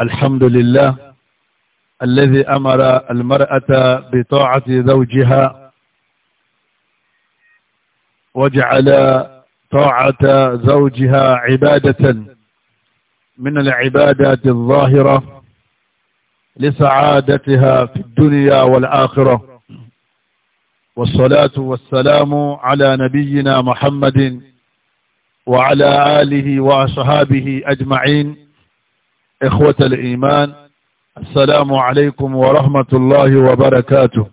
الحمد لله الذي أمر المرأة بطاعة زوجها وجعل طاعة زوجها عبادة من العبادات الظاهرة لسعادتها في الدنيا والآخرة والصلاة والسلام على نبينا محمد وعلى آله وصحابه أجمعين إخوة الإيمان السلام عليكم ورحمة الله وبركاته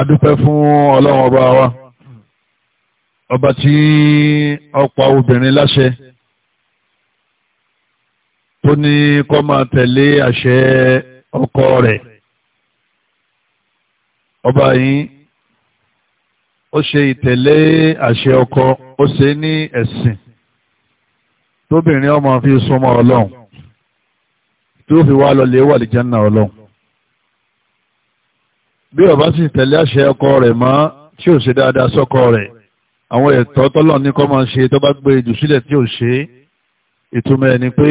adúpẹ́ fún ọlọ́run ọba wa ọba tí ó pa obìnrin láṣẹ tó ní kó máa tẹ̀lé àṣẹ ọkọ rẹ̀ ọba yìí ó ṣe ìtẹ̀lé àṣẹ ọkọ ó ṣe ní ẹ̀sìn tóbìnrin ọmọ fi súnmọ́ ọlọ́run tí ó fi wá lọ lè wà lè jẹ́ náà ọlọ́run bí ó bá sì tẹ̀lé àṣẹ ọkọ rẹ̀ mọ́ tí ò ṣe dáadáa sọ́kọ rẹ̀ àwọn ẹ̀tọ́ tọ́lọ̀ ní kọ́ máa ṣe tó bá gbé jù sílẹ̀ tí ò ṣe ìtumọ̀ ẹ̀ ni pé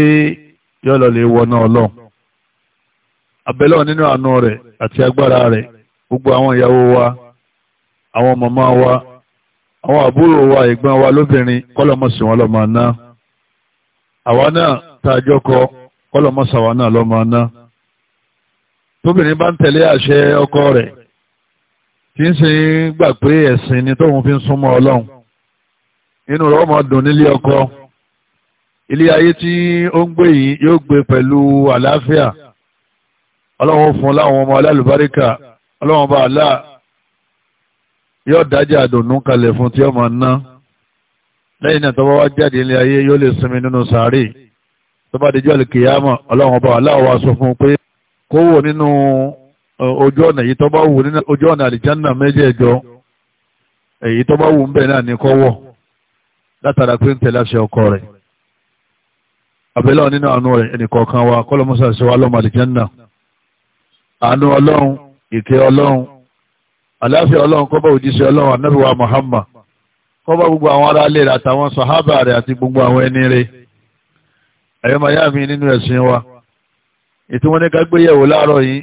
yọ́ lọ lè wọ náà ọlọ́run abẹ́lọ́ nínú àánú rẹ̀ àti agbára rẹ̀ gbogbo àwọn ìyàwó wa àwọn màmá wa àwọn àbúrò wa ẹ̀gbọ́n wa lóbìnrin kọ́lọ́mọ̀sí wọn lọ́mọ náà àwa náà tá a jọkọ kọlọmọsàwa náà lọ́mọ náà tóbìnrin bá ń tẹ̀lé àṣẹ ọkọ rẹ̀ kì í ṣe gbà pé ẹ̀sìn ni tóun fi ń súnmọ́ ọlọ́run inú rẹ̀ ọmọ dùn nílé ọkọ ilé ayé tí ó ń gbé yìí yóò gbé pẹ̀lú àlàáfíà ọlọ́run fún láwọn ọmọ alálùbáríkà ọlọ́run bá àlá yóò dájà àdùnnú kalẹ̀ fún tí ọmọ náà lẹ́yìn náà tọ́wọ́ wá jáde ilé ayé yóò lè sinmi nínú sàárè tó bá dijọ́ lè kìyàmọ̀ ọlọ́run ọba aláwọ̀ wa sọ fún un pé kó wò nínú ojú ọ̀nà èyí tó bá wù nínú ojú ọ̀nà àlìjánà méjèèjọ èyí tó bá wù ń bẹ̀ náà ní kọ́wọ́ látara pé ń tẹ̀lé àṣẹ ọkọ rẹ̀ àbẹ̀lọ́ nínú àánú rẹ̀ ẹnìkọ̀ọ̀kan wa kọ́lọ́mọ́sà ṣe wá lọ́mọ àlìjánà àánú ọlọ́run ìkẹ́ ọlọ́run àláfíà ọlọ́run kó òjíṣẹ́ ọlọ́run anábìwá Muhammad kó bá gbogbo àwọn ará lè àtàwọn sàhábà rẹ̀ àti gbogbo àwọn ẹni rẹ̀ ẹ̀yọ́ màyá mi nínú ẹ̀sìn wa ètò wọn ní ká gbéyẹ̀wò láàárọ̀ yìí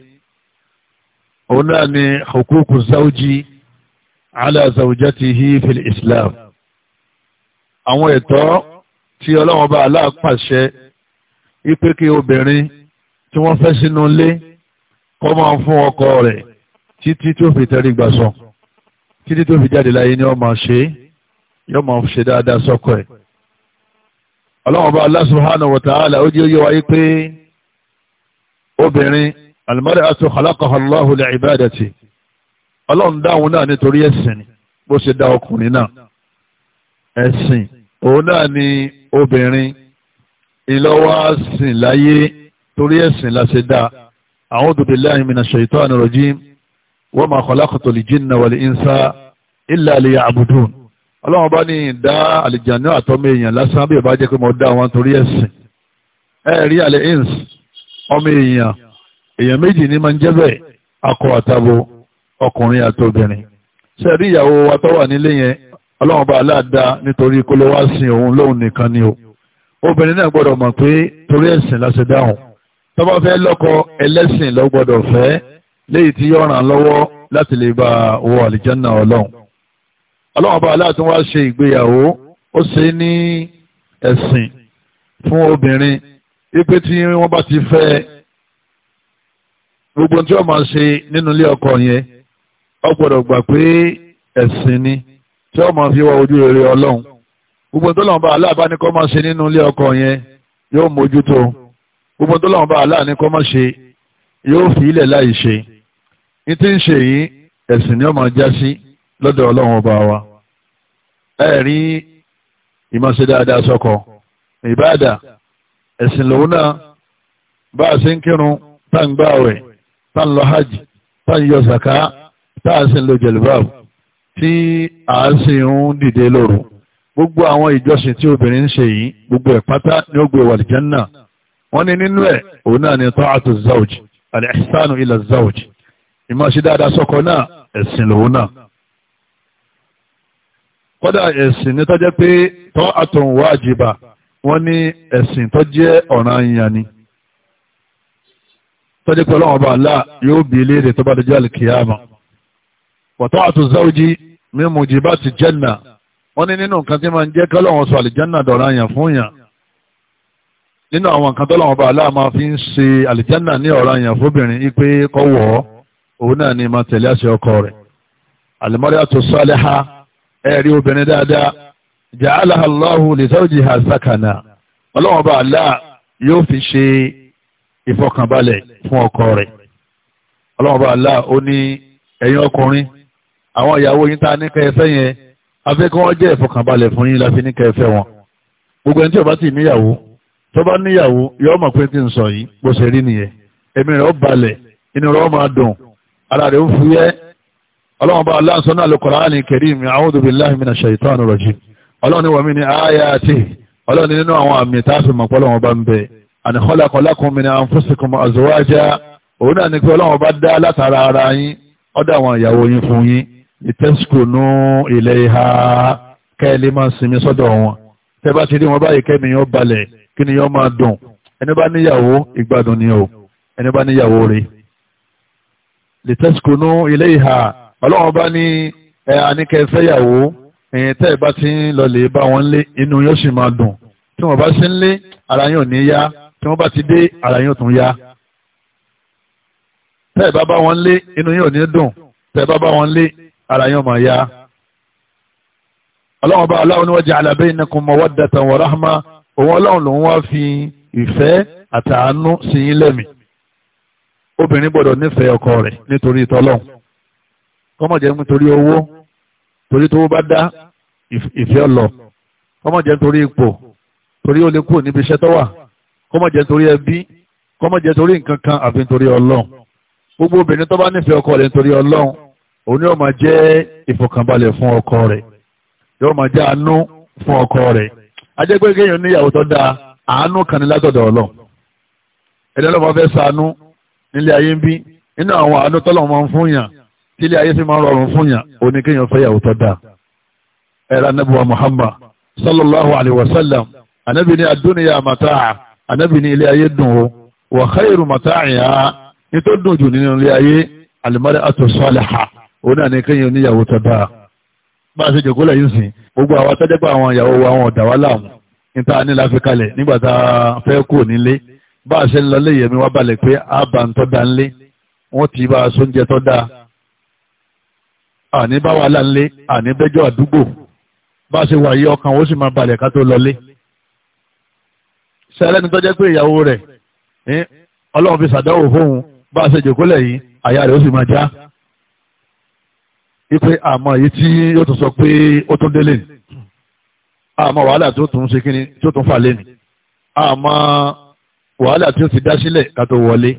òun náà ni hukuku zawji ala zawjatihi fil islam àwọn ẹ̀tọ́ tí ọlọ́wọ́n bá aláàpàṣẹ ipe kí obìnrin tí wọ́n fẹ́ sínú ilé kó máa fún ọkọ rẹ̀ títí tó fi tẹrí gbà sọ títí tó fi jáde láyé ni ó máa ṣe é yóò máa ṣe dáadáa sọ́kọ ẹ̀ ọlọ́run ọba Allah subhanahu wa ta'ala ó jẹ́ oyé wáyé pé obìnrin al-mar'atu khalaqaha Allahu li'ibadati ọlọ́run dáhùn náà nítorí ẹ̀sìn bó ṣe dá ọkùnrin náà ẹ̀sìn òun náà ni obìnrin ìlọ́wọ́ sìn láyé torí ẹ̀sìn la ṣe dá a'udhu billahi minash shaitanir rajim wa ma khalaqtu al-jinna wal insa illa liya'budun ọlọ́run bá ní ìdá àlìjànú àtọ́mọ èèyàn lásán bí ìbá jẹ́ pé mo dá wọn torí ẹ̀sìn ẹ rí àlẹ́ ins ọmọ èèyàn èèyàn méjì ní máa ń jẹ́ bẹ́ẹ̀ akọ àtabo ọkùnrin àtobìnrin ṣe rí ìyàwó wa tó wà nílé yẹn ọlọ́run bá aláàdá nítorí kó ló wá sin òun lóun nìkan ni o obìnrin náà gbọ́dọ̀ mọ̀ pé torí ẹ̀sìn la dáhùn tó bá fẹ́ lọ́kọ ẹlẹ́sìn ló fẹ́ léyìí tí yọ̀ràn lọ́wọ́ láti lè bá owó àlìjánná ọlọ́run ọlọ́wọ́n bá aláàtí wá ṣe ìgbéyàwó ó ṣe ní ẹ̀sìn fún obìnrin wípé tí wọ́n bá ti fẹ́ gbogbo tí wọ́n máa ṣe nínú ilé ọkọ yẹn ó gbọ́dọ̀ gbà pé ẹ̀sìn ni tí wọ́n máa fi wá ojú rere ọlọ́run gbogbo tó lọ́wọ́n bá aláàbá ní kó máa ṣe nínú ilé ọkọ yẹn yóò mójútó gbogbo tó lọ́wọ́n bá aláà ní kó máa ṣe yóò fi ilẹ̀ láì ṣe ní tí ń ṣe yìí ẹ̀sìn ni ó máa já sí lọ́dọ̀ ọlọ́run ọba wa ẹ̀rí ìmọ̀ọ́sí dáadáa sọ́kọ ìbáàdà ẹ̀sìn lòun náà bá a ṣe ń kírun tá ń gbààwẹ̀ tá ń lọ hajj tá ń yọ sàká tá a ṣe ń lo jẹ̀lúbáàbù tí a sì ń dìde lóru gbogbo àwọn ìjọsìn tí obìnrin ń ṣe yìí gbogbo ẹ̀ pátá ni ó gbé wà lìjánná wọ́n ní nínú ẹ̀ òun náà ni ta'atu zawj al-ihsanu ila zawj ìmọ̀ọ́sí dáadáa sọ́kọ náà ẹ̀sìn lòun náà kódà ẹ̀sìn ní tọ́jẹ́ pé tọ́ àtọ̀hún wájìbà wọ́n ní ẹ̀sìn tọ́jẹ́ ọ̀ranyàn ni tọ́jẹ́ pé ọlọ́run ọba àlá yóò bí léèrè tó bá dọjọ́ àlùkìyàmà wọ̀tọ́ àtúnzáwójì mímú jìbá ti jẹ́nà wọ́n ní nínú nǹkan tí máa ń jẹ́ kọ́lọ́run sọ àlìjẹ́nà dọ̀ranyàn fún yàn nínú àwọn nǹkan tọ́lọ́run ọba àlá máa fi ń ṣe àlìjẹ́nà ní ọ̀ranyàn fóbìnrin yìí kọ́wọ́ òun náà ni máa tẹ̀lé àṣẹ ọkọ rẹ̀ àlùmọ́rí àtúnṣálẹ́há ẹ̀rí obìnrin dáadáa ja'alaha Allahu li zawjiha sakana ọlọ́wọ́n yóò fi ṣe ìfọkànbalẹ̀ fún ọkọ rẹ̀ ọlọ́wọ́n bá ó ní ẹ̀yin ọkùnrin àwọn ìyàwó yín tá a ní kẹfẹ́ yẹn afẹ́kọ́ wọn jẹ́ ìfọkànbalẹ̀ fún yín wọn gbogbo ẹni tí bá sì níyàwó tó bá níyàwó yóò mọ̀ pé sọ yìí bó ṣe rí nìyẹn ọlọ́run bá aláà sọ́nà al-Qur'ani al-Karim a'udhu billahi minash shaitani rajim ọlọ́run ni wa min ayatihi ọlọ́run nínú àwọn àmì táàfin mọ̀pọ́lọ́wọ́n bá ń bẹ an khalaqa lakum min anfusikum azwaja òun náà ni pé ọlọ́run bá dá látara ara yín ọ̀dọ̀ àwọn ìyàwó yín fún yín litaskunu ilayha kẹ́lẹ́ máa sinmi sọ́dọ̀ wọn tẹ́ bá ti rí wọn báyìí kẹ́mi yóò balẹ̀ kí ni yóò máa dùn ẹni bá níyàwó ìgbádùn ni o ẹni bá níyàwó rẹ̀ litaskunu ilayha ọlọ́run bá ní ẹ àníkẹ́ fẹ́yàwó ẹ̀yìn tẹ́ ẹ bá ti ń lọlé bá wọn lé inú yóò sì máa dùn tí wọ́n bá sí ń lé ara yóò ní yá tí wọ́n bá ti dé ara yóò tún yá tẹ́ ẹ bá bá wọn lé inú yóò ní dùn tẹ́ ẹ bá bá wọn lé ara yóò máa yá. ọlọ́run bá aláwọ̀ ni wọ́n jẹ́ alábẹ́ ìnàkùn mawaddatan wa rahma òun ọlọ́run lòun wá fi ìfẹ́ àtàánú sí yín lẹ́mìí obìnrin gbọ́dọ̀ nífẹ̀ẹ́ ọkọ rẹ̀ nítorí tọ́lọ́run kọ́mọ̀ jẹ́ nítorí owó torí tó bá dá ìfẹ́ ọ̀lọ̀ kọ́mọ̀ jẹ́ nítorí ipò torí ó lè kúrò níbi iṣẹ́ tó wà kọ́mọ̀ jẹ́ nítorí ẹbí kọ́mọ̀ jẹ́ nítorí nǹkan kan àfi nítorí ọlọ́run gbogbo obìnrin tó bá nífẹ̀ẹ́ ọkọ rẹ̀ nítorí ọlọ́run òun yóò máa jẹ́ ìfọkànbalẹ̀ fún ọkọ rẹ̀ yóò máa jẹ́ àánú fún ọkọ rẹ̀ ajẹ́pẹ́ kéèyàn níyàwó tó dáa àánú kan ní látọ̀dọ̀ ọlọ́run ẹ̀dá ló máa fẹ́ ṣàánú nílé ayé ń bí nínú àwọn àánú tọ́lọ̀ máa ń fún yàn tílé ayé fi máa rọrùn fún yàn oníkéyàn fẹ́yàwó tó dáa ẹ̀rọ anábìwa Muhammad sallallahu alayhi wa sallam anábì ní adúniya mata'a anábì ní ilé ayé dùn o wa khayru mata'iha ní tó dùn jù nínú ilé ayé al-mar'atu salihah òun náà nìkéyàn oníyàwó tó dáa bá a ṣe jòkó lẹ́yìn sìn gbogbo àwọn atẹ́jẹ́pọ̀ àwọn ìyàwó wa àwọn ọ̀dà wa láàmú níta ní láfi kalẹ̀ nígbà tá a fẹ́ kú nílé bá a ṣe ń lọ léyèmí wá balẹ̀ pé a bá ń tọ́ da ńlé wọ́n ti bá a sóúnjẹ tọ́ da àní bá wà láńlé àní bẹ́jọ́ àdúgbò bá ṣe wà yí ọkàn ó sì máa balẹ̀ ká tó lọlé sẹ́lẹ́ni tó jẹ́ pé ìyàwó rẹ̀ ní ọlọ́run fi ṣàdánwò fóun bá ṣe jòkólẹ̀ yìí àyà rẹ̀ ó sì máa já wípé àmọ́ èyí tí ó tún sọ pé ó tún délé ni àmọ́ wàhálà tó tún ṣe kíni tó tún fà lẹ́nu àmọ́ wàhálà tí ti dá sílẹ̀ ká tó wọlé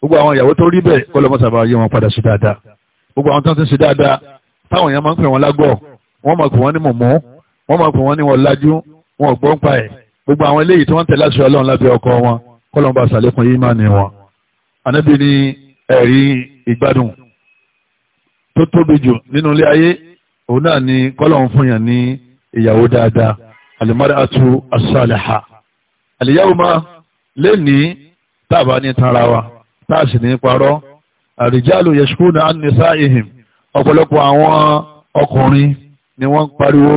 gbogbo àwọn ìyàwó tó rí bẹ́ẹ̀ kọ́lọ́mọ́sàbà yí wọn padà sí dáadáa gbogbo àwọn tó ń ṣe dáadáa táwọn èèyàn máa ń pè wọ́n lágọ̀ wọ́n máa pè wọ́n ní mọ̀mọ́ wọ́n máa pè wọ́n ní wọn lájú wọn ò gbọ́ ń pa ẹ̀ gbogbo àwọn eléyìí tí wọ́n ń tẹ̀lé àṣẹ ọlọ́run lábẹ́ ọkọ wọn kọ́lọ́n bá ṣàlékún yìí máa ní wọn. ànábì ní ẹ̀rí ìgbádùn tó tóbi jù nínú ilé ayé òun náà ni kọ́lọ́n fún yàn ní ìyàwó dáadáa al-mar'atu as-salihah al-yawma lẹ́nìí táàbà ní tanra wa táà sì ní parọ́ ar-rijalu nisa'ihim ọ̀pọ̀lọpọ̀ àwọn ọkùnrin ni wọ́n ń pariwo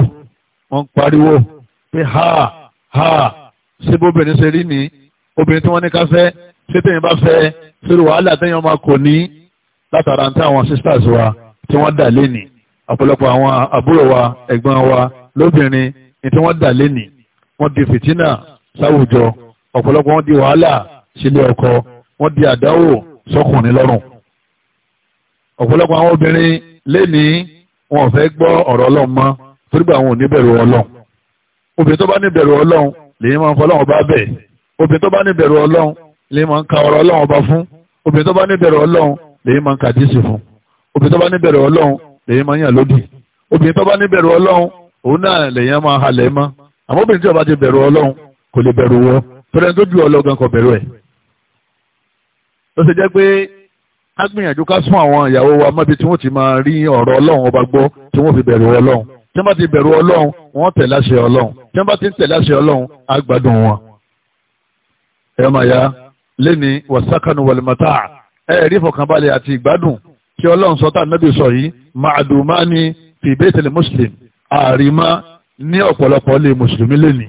wọ́n ń pariwo pé ha ha ṣé bóbìnrin ṣe rí ni obìnrin tí wọ́n ní ká fẹ́ ṣé tẹ̀yìn bá fẹ́ ṣé wàhálà tẹ̀yìn ọmọ kò ní látara ní àwọn sisters wa tí wọ́n dà lẹ́nìí ọ̀pọ̀lọpọ̀ àwọn àbúrò wa ẹ̀gbọ́n wa lóbìnrin ni tí wọ́n dà lẹ́nìí wọ́n di fìtínà sáwùjọ ọ̀pọ̀lọpọ̀ wọ́n di wàhálà sílé ọkọ wọ́n di àdáwò sọ́kùnrin lọ́rùn ọ̀pọ̀lọpọ̀ àwọn obìnrin lénìí wọn ò fẹ́ gbọ́ ọ̀rọ̀ ọlọ́run mọ́ torí pé àwọn ò ní bẹ̀rù ọlọ́run obìnrin tó bá ní bẹ̀rù ọlọ́run lèyìn máa ń fọ ọlọ́run ọba bẹ̀ obìnrin tó bá ní bẹ̀rù ọlọ́run lèyìn máa ń ka ọ̀rọ̀ ọlọ́run ọba fún obìnrin tó bá ní bẹ̀rù ọlọ́run lèyìn máa ń ka díìsì fún obìnrin tó bá ní bẹ̀rù ọlọ́run lèyìn máa ń yàn lódì obìnrin tó bá ní bẹ̀rù ọlọ́run òun náà lèyìn máa halẹ̀ mọ́ àmọ́ obìnrin tí ó ká gbìyànjú ká sún àwọn ìyàwó wa mọ́bi tí wọ́n ti máa rí ọ̀rọ̀ ọlọ́run ọba gbọ́ tí wọ́n fi bẹ̀rù ọlọ́run tí wọ́n bá ti bẹ̀rù ọlọ́run wọ́n tẹ̀ láṣẹ ọlọ́run tí wọ́n bá ti ń tẹ̀ láṣẹ ọlọ́run á gbádùn wọn. ẹ máa ya lẹ́ni wàsákànù wàlùmọ́tà ẹ rí ìfọ̀kànbalẹ̀ àti ìgbádùn tí ọlọ́run sọ tá ànábì sọ yìí màdùmá ni fìbẹ́tẹ̀lì mùsùlùm àrímá ní ọ̀pọ̀lọpọ̀ lè mùsùlùmí lẹ́ni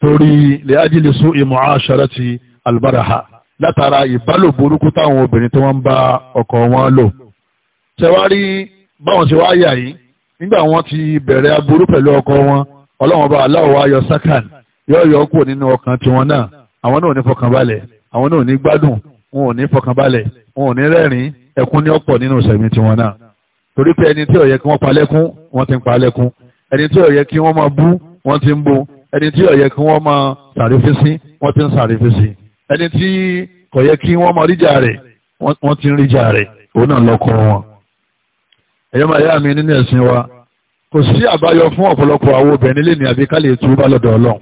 torí lè ájílẹ̀ sún ìmọ̀ àṣàrà ti látara ìbálò burúkú táwọn obìnrin tí wọ́n ń bá ọkọ wọn lò ṣẹwárí báwọn ṣe wá yà yìí nígbà wọ́n ti bẹ̀rẹ̀ aburú pẹ̀lú ọkọ wọn ọlọ́wọ́n bá aláwọ̀ wá yọ sákàn yọ yọ kúrò nínú ọkàn tiwọn náà àwọn náà ò ní fọkànbalẹ̀ àwọn náà ò ní gbádùn wọn ò ní fọkànbalẹ̀ wọn ò ní rẹ́rìn ẹkún ní ọ̀pọ̀ nínú ìṣẹ̀mí tiwọn náà torí pé ẹni tí ó kí wọ́n palẹ́kún wọ́n ti ń palẹ́kún ẹni tí ó kí wọ́n máa bú wọ́n ti ń bú ẹni tí ó kí wọ́n máa sàrífísí wọ́n ti ń sàrífísí ẹni tí kò yẹ kí wọ́n mọ ríjà rẹ̀ wọ́n ti ń ríjà rẹ̀ òun náà lọ́kọ wọn. ẹ̀yọ́ máa yá mi nínú ẹ̀sìn wa kò sí àbáyọ fún ọ̀pọ̀lọpọ̀ àwọn obìnrin lè ní àbí ká lè tu bá lọ́dọ̀ ọlọ́run.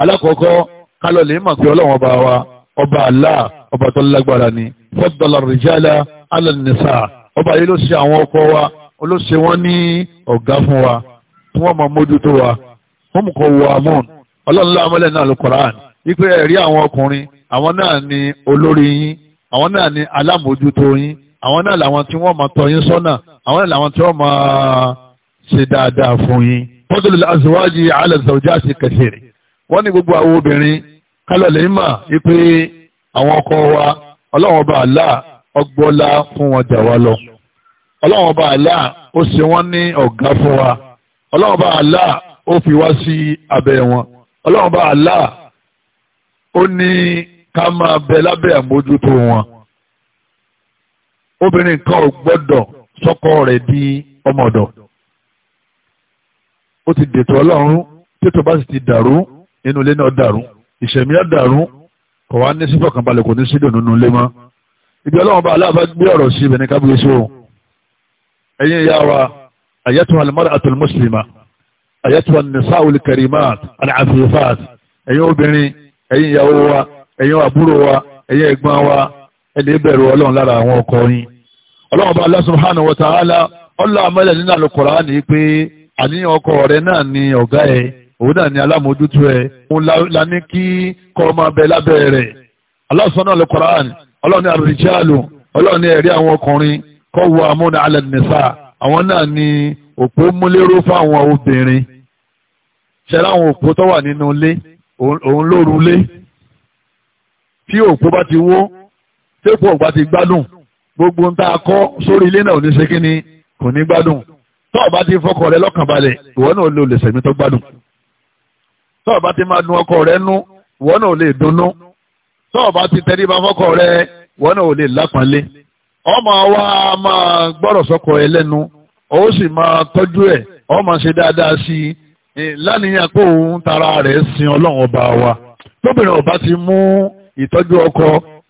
alákọ̀ọ́kọ́ ká lọ lè mọ̀ pé ọlọ́run ọba wa ọba Allah ọba tó lágbára ni faddala rijala ala nisa ọba yìí ló ṣe àwọn ọkọ wa ló ṣe wọ́n ní ọ̀gá fún wa tí wọ́n máa mójútó wa wọ́n mú wọ amóhùn ọlọ́run láàmúlẹ̀ náà ló Kùránì wípé ẹ̀rí àwọn ọkùnrin àwọn náà ni olórí yín àwọn náà ni alámòójútó yín àwọn náà làwọn tí wọ́n máa tọ́ yín sọ́nà àwọn náà làwọn tí wọ́n máa ṣe dáadáa fún yín. fọ́tòlù azuwájì ala zawjati kathiri wọ́n ní gbogbo àwọn obìnrin kálọ̀ lè mà wípé àwọn ọkọ wa ọlọ́wọ́n bá àlá ọgbọ́lá fún wọn jà wá lọ. ọlọ́wọ́n bá àlá ó ṣe wọ́n ní ọ̀gá fún wa ọlọ́wọ́n bá àlá ó fi wá sí abẹ́ wọn ọlọ́wọ́n bá àlá ó ní ká máa bẹ lábẹ́ àmójútó wọn. obìnrin kan ò gbọ́dọ̀ sọ́kọ rẹ̀ di ọmọ ọ̀dọ̀. ó ti dètò ọlọ́run tètò bá sì ti dàrú inú ilé náà dàrú ìṣẹ̀mí á dàrú kò wá ní sí fọkànbalẹ̀ kò ní sí dùn nínú ilé mọ́. ibi ọlọ́run bá aláàbá gbé ọ̀rọ̀ sí ibẹ̀ ní kábíyèsí o. ẹ̀yin ìyá wa ayatu al-mar'atu al-muslima ayatu an-nisa'u al-karimat al-afifat ẹ̀yin obìnrin ẹ̀yin ìyàwó wa ẹ̀yin àbúrò wa ẹ̀yin ẹ̀gbọ́n wa ẹ̀lẹ́ bẹ̀rù ọlọ́run lára àwọn ọkọ yín ọlọ́run bá Allah subhanahu wa ala ọlọ́ àmọ́lẹ̀ nínú al pé àníyàn ọkọ rẹ náà ni ọ̀gá ẹ̀. òun náà ni alámòójútó ẹ̀. òun la kí kọ́ ọmọ abẹ lábẹ́ rẹ̀ náà tí òpó bá ti wó tépò ọ̀gbà ti gbádùn gbogbo ń tá a kọ́ sórí ilé náà ò ní ṣe kí ni kò ní gbádùn tó o bá ti fọkọ rẹ lọ́kàn balẹ̀ ìwọ náà lè olè sẹ̀mí tó gbádùn tó o ti máa dun ọkọ rẹ nú ìwọ náà lè dunnú tó o bá ti tẹríba fọkọ rẹ ìwọ náà lè lápọ́nlé ọmọ wa máa gbọ́rọ̀ sọkọ ẹ lẹ́nu ó sì máa tọ́jú ẹ̀ ó máa ṣe dáadáa sí i lánìyàn pé òun tara rẹ̀ sin ọlọ́run ọba wa tóbìnrin ọba ti mú ìtọ́jú ọkọ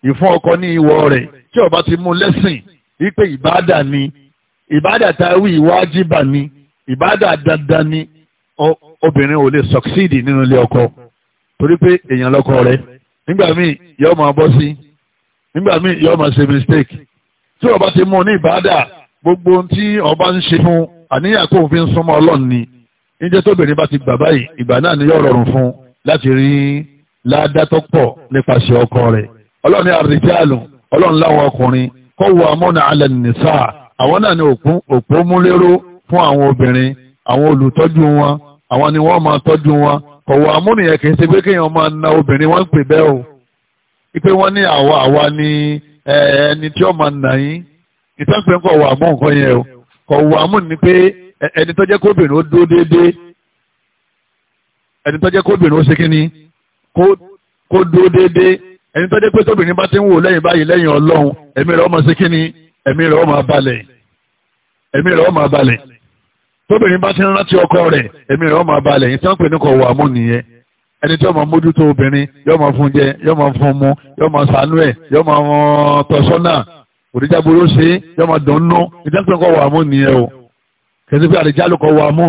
ìfún ọkọ ní ìwọ rẹ̀ tí ọba ti mú lẹ́sìn wípé ìbáàdà ni ìbáàdà táwí ìwájibà ni ìbáàdà dandan ni obìnrin ò lè succeed nínú ilé ọkọ torí pé èèyàn lọ́kọ rẹ̀ nígbà míì yóò máa bọ́ sí nígbà míì yóò máa ṣe mistake tí ọba ti mú ní ìbáàdà gbogbo tí ọba ń ṣe fún àníyàn kò fi ń súnmọ́ ọlọ́run ni níjẹ́ tóbìnrin bá ti gbà báyìí ìgbà náà ni yóò rọrùn fún láti rí ládàtọ̀ pọ̀ nípasẹ̀ ọkọ rẹ̀ ọlọ́run ní àrìjáàlù ọlọ́run láwọn ọkùnrin kọ́ wọ amọ́nà alẹ́ nìsá àwọn náà ní òpó múléró fún àwọn obìnrin àwọn olùtọ́jú wọn àwọn ni wọ́n máa tọ́jú wọn kọ̀ wọ amúnìyàn kì í ṣe pé kéèyàn máa na obìnrin wọ́n ń pè bẹ́ẹ̀ o ipe wọ́n ní àwa àwa ni ẹni tí ó máa nà yín ìtànpẹ̀ ń kọ̀ wọ amú nǹkan yẹn o kọ̀ wọ amú ni pé ẹni tó jẹ́ kóbìnrin ó dúró déédéé ẹni tó jẹ́ kóbìnrin ó ṣe kí kó dúró déédéé ẹni tó dé pé tóbìnrin bá ti ń wò lẹ́yìn báyìí lẹ́yìn ọlọ́run ẹ̀mí rẹ̀ ọmọ sí kínní ẹ̀mí rẹ̀ ọmọ abalẹ̀ ẹ̀mí rẹ̀ ọmọ abalẹ̀ tóbìnrin bá ti ń rántí ọkọ rẹ̀ ẹ̀mí rẹ̀ ọmọ abalẹ̀ yìí tán pè ní kò wà mú nìyẹn ẹni tí ọmọ mójútó obìnrin yóò máa fún jẹ yóò máa fún mu yóò máa ṣàánú ẹ yóò máa tọ́ sọ́nà òdìjáboro ṣe yóò máa dùn nú ìdáǹpẹ̀ kò wà mú nìyẹn o kẹsì pé àdìjálù kò wà mú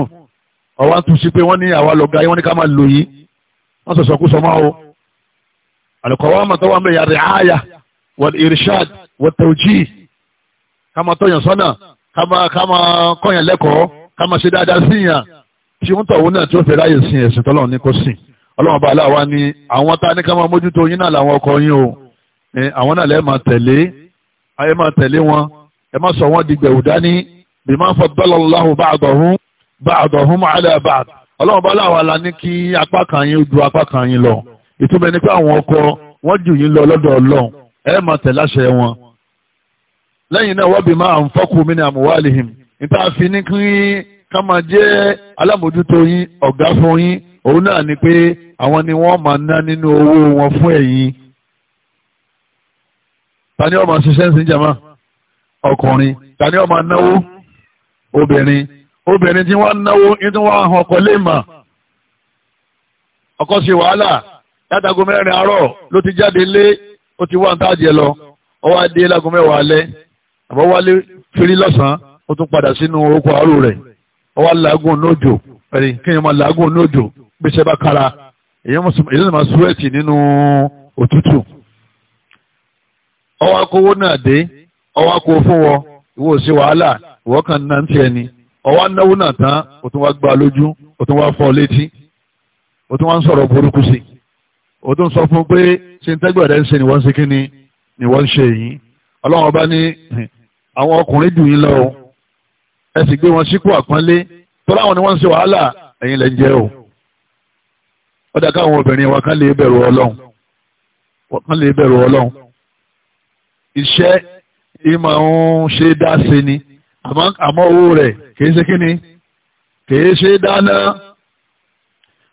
ọwọ́ àtúnṣe pé wọ́n ní àwa lọ́ga yìí wọ́n ní ká máa lò yìí wọ́n sọ̀sọ̀ kú sọ máa o alùkọ̀wọ́ mọ̀tọ́ wà mẹ́yà rẹ̀ ááyà wọ́n irishad wọ́n tẹ̀wọ́jì ká máa tọ́yàn sọ́nà ká máa kọ́yàn lẹ́kọ̀ọ́ ká máa ṣe dáadáa síyàn tí ó ń tọ̀wọ́ náà tí ó fi ráyè sin ẹ̀sìn tọ́lọ́run ní kó sìn ọlọ́run bá aláwa ni àwọn tá a ní ká mójútó yín náà làwọn ọkọ yín o àwọn náà lẹ́ẹ̀ máa tẹ̀lé ayé máa tẹ̀lé wọn ẹ má sọ wọn di gbẹ̀wù dání bima faddala Allahu ba'dahum ba'dahum ala ba'd ọlọ́run bá láwa la ní kí apá kan yín ju apá kan yín lọ ìtumọ̀ ẹni pé àwọn ọkọ wọ́n jù yín lọ lọ́dọ̀ ọlọ́run ẹ máa tẹ̀ láṣẹ wọn. lẹ́yìn náà wọ́n bí máa ń fọ́kù mí ní àmúwálìhìm níta fi ní kí ká máa jẹ́ alámòjútó yín ọ̀gá fún yín òun náà ni pé àwọn ni wọ́n máa ná nínú owó wọn fún ẹ̀yin. ta ni ṣiṣẹ́ ń sin jama ọkùnrin ta ni náwó obìnrin obìnrin tí wọ́n náwó inú wọ́n hàn ọkọ̀ lè mà ọkọ̀ sí wàhálà látago mẹ́rin ló ti jáde lé ó ti wá nǹkan lọ ọwọ́ dé lágo mẹ́wàá alẹ́ àbọ̀ wálé firi lọ́sàn-án ó tún padà sínú oko àárò rẹ̀ làágùn ẹ̀rí máa làágùn bá kára èyí ló máa súwẹ́ẹ̀tì nínú òtútù náà dé fún wọn ìwọ wàhálà ìwọ kan náà ń ọwọ́ anáwó náà tán o tún wá gbá lójú o tún wá fọ́ létí o tún wá ń sọ̀rọ̀ burúkú sí o tún sọ fún pé ṣe ń tẹ́gbẹ̀ẹ́ ń ṣe ni wọ́n ń ṣe kí ni ni wọ́n ń ṣe yìí ọlọ́run ọba ní àwọn ọkùnrin dùn yín lọ o ẹ sì gbé wọn sípò àpọ́nlé tọ́lá àwọn ni wọ́n ń ṣe wàhálà ẹ̀yin lẹ́ ń jẹ́ o ó dá káwọn obìnrin wa kán lè bẹ̀rù ọlọ́run kán lè bẹ̀rù ọlọ́run iṣẹ́ ìmọ̀ ń ṣe dá ṣe ni àmọ́ owó rẹ̀ kìí ṣe kíni kìí ṣe dáná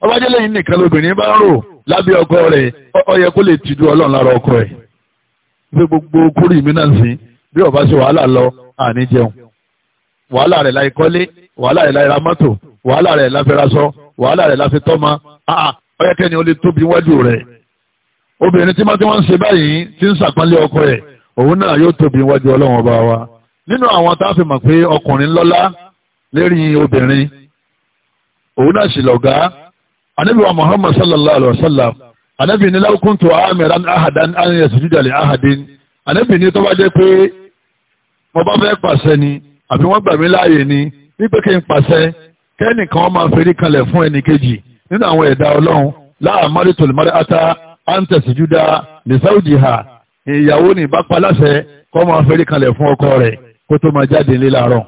ọbájẹ́lẹ̀ yìí nìkan lóbìnrin bá rò lábẹ́ ọkọ rẹ̀ ó yẹ kó lè tìdú ọlọ́run lára ọkọ ẹ̀ wípé gbogbo kúrì mí náà sí bí ọba ṣe wàhálà lọ àní jẹun wàhálà rẹ̀ láì kọ́lé wàhálà rẹ̀ láì ra mọ́tò wàhálà rẹ̀ láfi raṣọ wàhálà rẹ̀ láfi tọ́mọ ó kẹ́ni ó lè tóbi wájú rẹ̀ obìnrin tí wọ́n ti wọ́n ń ṣe báyìí ti ń ṣàpọ́nlé ọkọ ẹ̀ òun náà yóò tóbi wájú ọlọ́run ọba wa nínú àwọn tá a fi mọ̀ pé ọkùnrin lọ́lá lérí obìnrin òun náà sì lọ̀gá anabi muhammad sallallahu alaihi wa sallam anabi ní law kuntu amiran ahadan an yasjuda li ahadin anabi ní tó bá jẹ́ pé mo bá fẹ́ pàṣẹ ni àbí wọ́n gbà mí láàyè ni wípé kí n pàṣẹ kẹ́nìkan máa ferí kanlẹ̀ fún ẹnì kejì nínú àwọn ẹ̀dá ọlọ́run láàmárì tòlùmárì ata antas juda lisaujiha ìyàwó ní ìbápa láṣẹ kọ́ máa ferí kanlẹ̀ fún ọkọ rẹ̀ kó tó máa jáde nílé láàárọ̀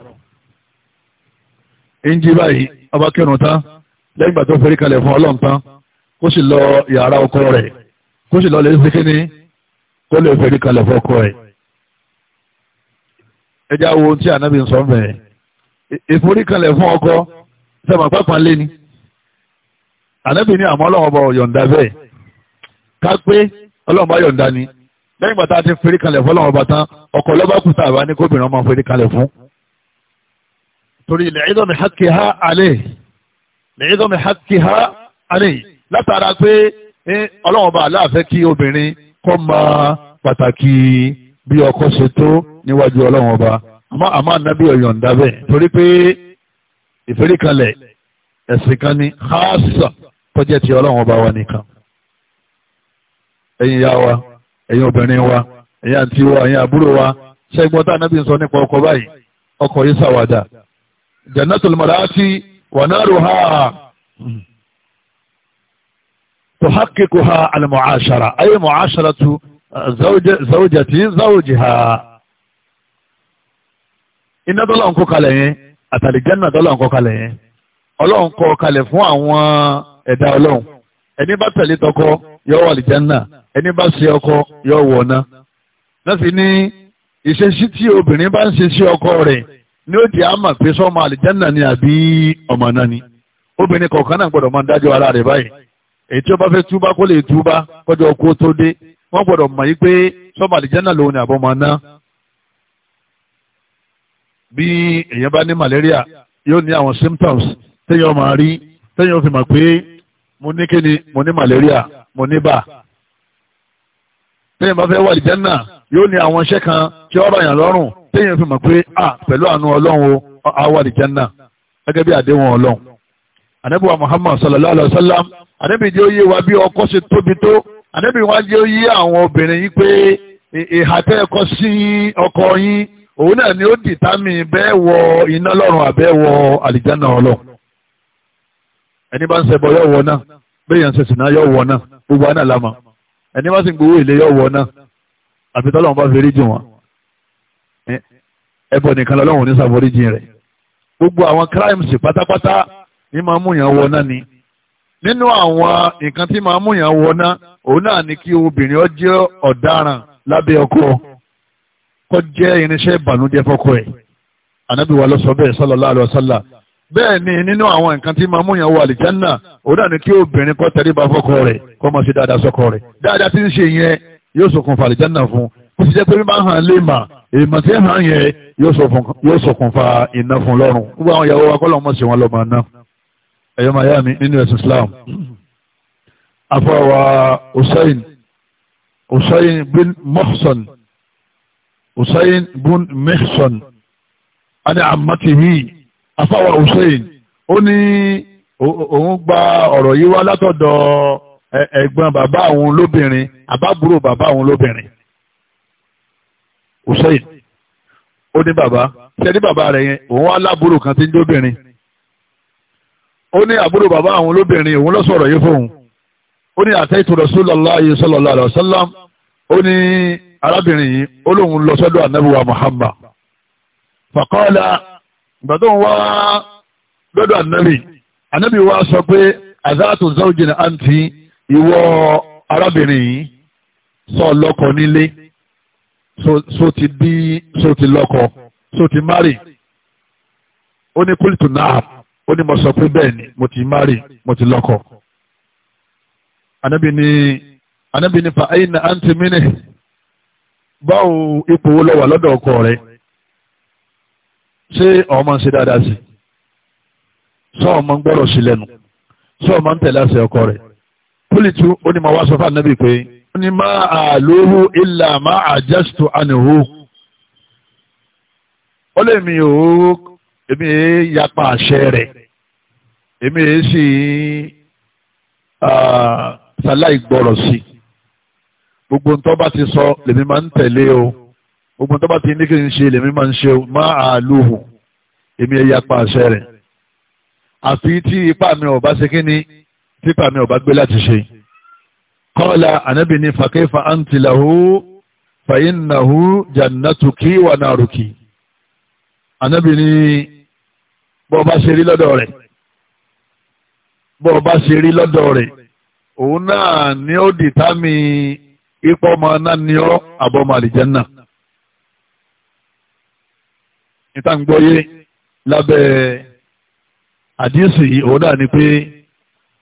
ẹnjí báyìí ọba kẹrùn tán lẹ́yìn ìgbà tó forí kalẹ̀ fún ọlọ́run tán kó sì lọ yàrá ọkọ rẹ̀ kó sì lọ lè ṣe kíní kó lè forí kalẹ̀ fún ọkọ rẹ̀ ẹjá wo tí ànábì ń sọ mẹ́ẹ̀ ìforí fún ọkọ sẹ́mà pápán lé ni ànábì ní àmọ́ ọlọ́run ọba yọ̀ǹda bẹ́ẹ̀ ká pé ọlọ́run bá yọ̀ǹda ni lẹ́yìn ìgbà tá a ti ferí kalẹ̀ fún ọlọ́run ọba tán ọkọ lọ́ba kù tá a bá ní kóbìnrin ọmọ ferí kalẹ̀ fún. torí ilẹ̀ ìdọ̀mí hakiha alẹ́ ilẹ̀ ìdọ̀mí hakiha alẹ́ látara pé ọlọ́run ọba aláàfẹ́ kí obìnrin kọ́ máa pàtàkì bí ọkọ ṣe tó níwájú ọlọ́run ọba àmọ́ àmọ́ ànábì ọ̀yọ̀ǹda bẹ́ẹ̀ torí pé ìfẹ́rí kalẹ̀ ẹ̀sìn kan ní haasa tọ́jẹ́ ti ọlọ́run ọba wa nìkan ẹ̀yin yá wa ẹ̀yin obìnrin wa ẹ̀yin àǹtí wa ẹ̀yin àbúrò wa ṣẹ́gbọ́n tá ànábì ń sọ nípa ọkọ báyìí ọkọ yìí ṣàwàdà jannatul mar'ati wa naruha tuhaqqiquha al-mu'ashara ay mu'asharatu zawjati zawjiha iná tọ́lọ̀ ń kó kalẹ̀ yẹn àtàlìjánà tọ́lọ̀ ń kó kalẹ̀ yẹn ọlọ́run kó kalẹ̀ fún àwọn ẹ̀dá ọlọ́run ẹni bá tẹ̀lé tọkọ yọ wà lìjánà ẹni bá ṣe ọkọ yọ wọ̀ ná láti ní ìṣesí tí obìnrin bá ń ṣe sí ọkọ rẹ̀ ní ó di àmà pé sọ́mọ àlìjánà ni àbí ọmọ náà ni obìnrin kọ̀ọ̀kan náà gbọ́dọ̀ máa ń dájọ́ ara rẹ̀ báyìí èyí tí ó bá fẹ́ túbá kó lè túbá kọjọ́ kó tó dé wọ́n gbọ́dọ̀ mọ̀ yí pé sọ́mọ àlìjánà lòun ni àbọ̀mọ náà bí èèyàn bá ní malaria yóò ní àwọn symptoms téèyàn máa rí téèyàn fi mọ̀ pé mo ní kíni mo ní malaria mo ní bá bẹ́ẹ̀ bá fẹ́ wà ìjẹ́nà yóò ní àwọn iṣẹ́ kan tí ọ̀rọ̀ yàn lọ́rùn téèyàn fi mọ̀ pé a pẹ̀lú àánú ọlọ́run o a wà ìjẹ́nà gẹ́gẹ́ bí àdéhùn ọlọ́run. ànábìwá muhammad sallallahu alayhi wa sallam ànábì jẹ́ oyé wa bí ọkọ ṣe tóbi tó ànábì wa jẹ́ oyé àwọn obìnrin yìí pé ìhà tẹ́ ẹ̀kọ́ sí ọkọ yín òun náà ni ó dìtámì bẹ́ẹ̀ wọ iná lọ́run àbẹ́ wọ àlìjánà ọlọ́run ẹni bá ń ṣẹbọ yọ wọ náà bẹ́ẹ̀ yẹn ń ṣe sìnà yọ wọ náà gbogbo àná làmọ́ ẹni bá sì ń gbowó èlé yọ̀ wọ náà àfi tọ́lọ́run bá fi ríjì wọn ẹbọ nìkan lọ́lọ́run ní sàforíjì rẹ̀ gbogbo àwọn crimes pátápátá ní máa mú yàn wọ náà ni nínú àwọn nǹkan tí máa mú yàn wọ náà òun náà ni kí obìnrin ó jẹ́ ọ̀daràn lábẹ́ ọkọ kó jẹ́ irinṣẹ́ ìbànújẹ́ fọ́kọ ẹ̀ ànábì wa ló sọ bẹ́ẹ̀ sallallahu alaihi bẹ́ẹ̀ ni nínú àwọn nǹkan tí máa múyàn wọ àlìjánà òun náà ni kí obìnrin kó tẹríba fọ́kọ rẹ̀ kó máa ṣe dáadáa sọ́kọ rẹ̀ dáadáa tí ń ṣe yẹn yóò ṣokùnfà àlìjánà fún kó sì jẹ́ pé máa hàn lè mà èèmọ̀ tí hàn yẹn yóò ṣokùnfà iná fún lọ́rùn gbogbo àwọn ìyàwó wa kọ́ lọ́mọ sí wọn lọ́mọ náà ẹ̀yọ́ máa yá mi nínú ẹ̀sìn Islam afọwà Usain Usain bin Muhsan Usain bin Mihsan afáwà hussein ó ní òun gba ọ̀rọ̀ yìí wá látọ̀dọ̀ ẹ̀gbọ́n bàbá òun lóbìnrin àbábúrò bàbá òun lóbìnrin hussein ó ní bàbá ṣẹ́ni bàbá rẹ̀ yẹn òun wá kan tí ń dóbìnrin ó ní àbúrò bàbá òun lóbìnrin òun ló sọ̀rọ̀ yìí fóun ó ní àtẹ́tù rasulullahi sallallahu alaihi wasallam ó ní arábìnrin yìí ó lóun lọ sọ́dọ̀ ànábì muhammad faqala ìgbà wa ń wá lọ́dọ̀ ànábì wa sọ pé àzáàtò zawjin anti iwọ arábìnrin yìí sọ lọkọ nílé so ti bí so ti lọkọ so ti mari ó ní kúlìtù náà ó ní mo sọ pé bẹ́ẹ̀ ni mo ti mari mo ti lọkọ ànábì ni ànábì ni fa na anti mínì báwo ipò wo lọ wà lọ́dọ̀ ọkọ rẹ̀. ṣé ọmọ ń ṣe dáadáa sí sọ ọmọ ń gbọ́rọ̀ sí lẹ́nu sọ ọmọ ń tẹ̀lé àṣẹ ọkọ rẹ̀ pólítù ó ní ma wá sọ fún ànábì pé ó ní má àlóhù ilà má àjẹsùtò ànìhù ó lè mi ò èmi èé yapa àṣẹ rẹ̀ èmi èé sì ṣaláì gbọ́rọ̀ sí gbogbo ntọ́ bá ti sọ lèmi máa ń tẹ̀lé o ogun tó bá ti ní kí n ṣe lèmi máa ń ṣe má a lóhùn èmi ẹ̀ yapa àṣẹ rẹ̀ àfi tí ipá mi ò bá ṣe kí ni tí ipá mi ò bá gbé láti ṣe kọ́lá ànábì ní fàkẹ́fà àǹtí làhú fàyínàhú jannatuki wà nàrùkì ànábì ní bọ́ bá ṣe rí lọ́dọ̀ rẹ̀ bọ́ bá ṣe rí lọ́dọ̀ rẹ̀ òun náà ni ó dìtámì ipò ọmọ náà ni ó àbọ̀mọ̀ àlìjẹ́ náà níta ń gbọ́yé lábẹ́ àdísì òun náà ni pé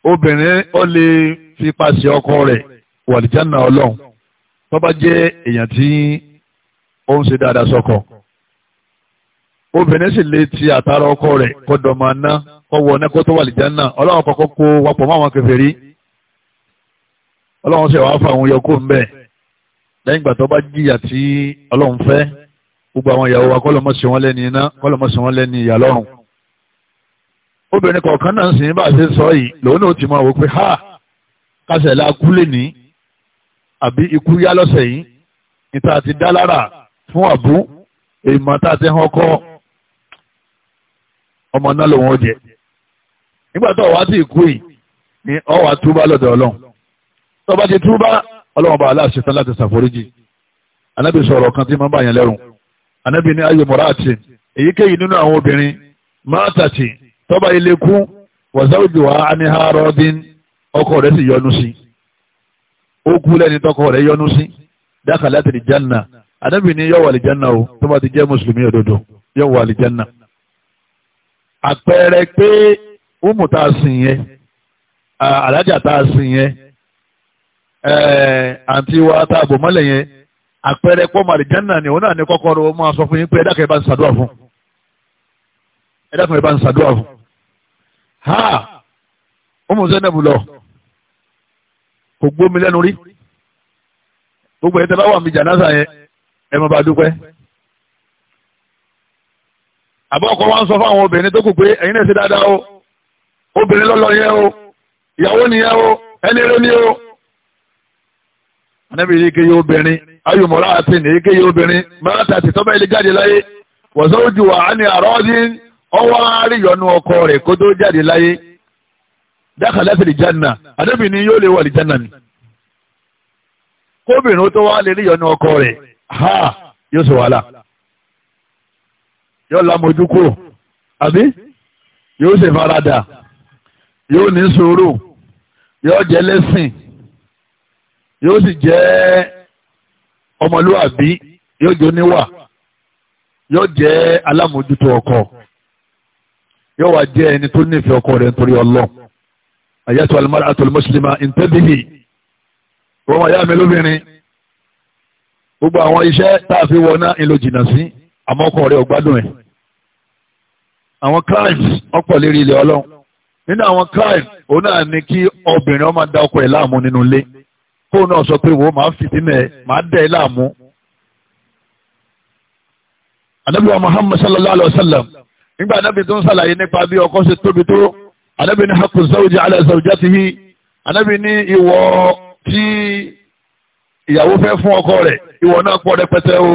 obìnrin ó lè fipá sí ọkọ rẹ̀ wàlìjánà ọlọ́run tó bá jẹ́ èèyàn tí ó ń ṣe dáadáa sọ́kọ obìnrin sì lè ti àtàrà ọkọ rẹ̀ kọ́dọ̀ máa ná kọ́wọ́ ọ̀nà kó tó wàlìjánà ọlọ́run kọ́kọ́ kó wapọ̀ máwọn kèfèrí ọlọ́run sì wá fà àwọn yọkó ń bẹ̀ lẹ́yìn ìgbà tó bá jìyà tí ọlọ́run fẹ́ gbogbo àwọn ìyàwó wa kọ́lọ̀ mọ́sí wọn lẹ́ni iná kọ́lọ̀ mọ́sí wọn lẹ́ni ìyà lọ́rùn obìnrin kọ̀ọ̀kan náà sì ń bá ṣe sọ yìí lòun náà ti máa wò pé ha kásẹ̀ la kú lè ní àbí ikú yá lọ́sẹ̀ yìí níta ti dá lára fún àbú èèmọ̀ tá a ti hàn kọ́ ọmọ náà lòun ó jẹ nígbà tó wàá ti kú yìí ni ọ wàá túbá lọ́dọ̀ ọlọ́run tó bá ti túbá ọlọ́run bá aláṣetán láti ṣàforíjì anábì kan tí máa ń bàyàn lẹ́rùn anabi ní ayò mọ̀ráàtì èyíkéyìí nínú àwọn obìnrin mọ́tàtì tọ́ba ilé kú wàsáwùjù wa aniharọ́dín ọkọ rẹ̀ sì yọnu sí ó kú lẹ́ni tọkọ rẹ̀ yọnu sí dákà láti di janna anabini yọ̀wọ̀ janna o tó ti jẹ́ mùsùlùmí òdodo yọ̀wọ̀ àlìjánà. àpẹẹrẹ pé tá a sìn yẹn alájà tá a sìn yẹn àǹtí a bò àpẹẹrẹ pọ́ màrìjánà ni òun náà ní kọ́kọ́rọ́ ó máa sọ fún yín pé ẹ̀dákan ẹ̀ bá ń ṣàdúrà fún ẹ̀dákan ẹ̀ bá ń ṣàdúrà fún ha ọmọ Zainab lọ kò gbómi lẹ́nu rí gbogbo ẹ̀ tẹ́ bá wà mí jànáza yẹn ẹ̀ mọ̀ bá dúpẹ́ àbọ̀ wa ń sọ fún àwọn obìnrin tó kù pé ẹ̀yin náà ṣe dáadáa o obìnrin lọ́lọ́ yẹn o ìyàwó nìyẹn o ẹni eré ni o anábìyí kiri obìnrin ayọ̀mọ̀lá àti nìyíkéyìí obìnrin máa tàti tọ́bẹ̀ ilé jáde láyé wọ̀sán ojú wa á ní àrọ́ọ́dí ọwọ́ àríyànú ọkọ rẹ̀ kó tó jáde láyé dákà láti lè jánà àdébì ni yóò lè wà lè jánà ni kóbìnrin tó wá lè ríyànú ọkọ rẹ̀ ha yóò sọ wàhálà yóò lámojú kúrò àbí yóò ṣe farada yóò ní sùúrù yóò jẹ́ lẹ́sìn yóò sì jẹ́ ọmọlúwàbí yóò jẹ́ oníwà yóò jẹ́ alámòjútó ọkọ yóò wá jẹ́ ẹni tó nífẹ̀ẹ́ ọkọ rẹ̀ nítorí ọlọ́run àyàtọ̀ alimọ́ra àtọ̀ mùsùlùmá ìntẹ́bìhì wọ́n wá mi lóbìnrin gbogbo àwọn iṣẹ́ tá a fi wọná ìlò jìnnà sí àmọ́ ọkọ rẹ̀ ò gbádùn ẹ̀ àwọn crimes ọ̀pọ̀ lérí ilẹ̀ ọlọ́run nínú àwọn crimes òun náà ni kí obìnrin ó máa ọkọ ẹ̀ láàmú nínú ilé kóun náà sọ pé wo máa fìdínlẹ̀ máa dẹ̀ ẹ́ láàmú. Ànábì wa Muhammad sallallahu alayhi wa sallam nígbà Ànábì tó ń sàlàyé nípa bí ọkọ ṣe tóbi tó Ànábì ní haqqu zawji ala zawjatihi Ànábì ní ìwọ tí ìyàwó fẹ́ fún ọkọ rẹ̀ ìwọ náà pọ̀ rẹpẹtẹ o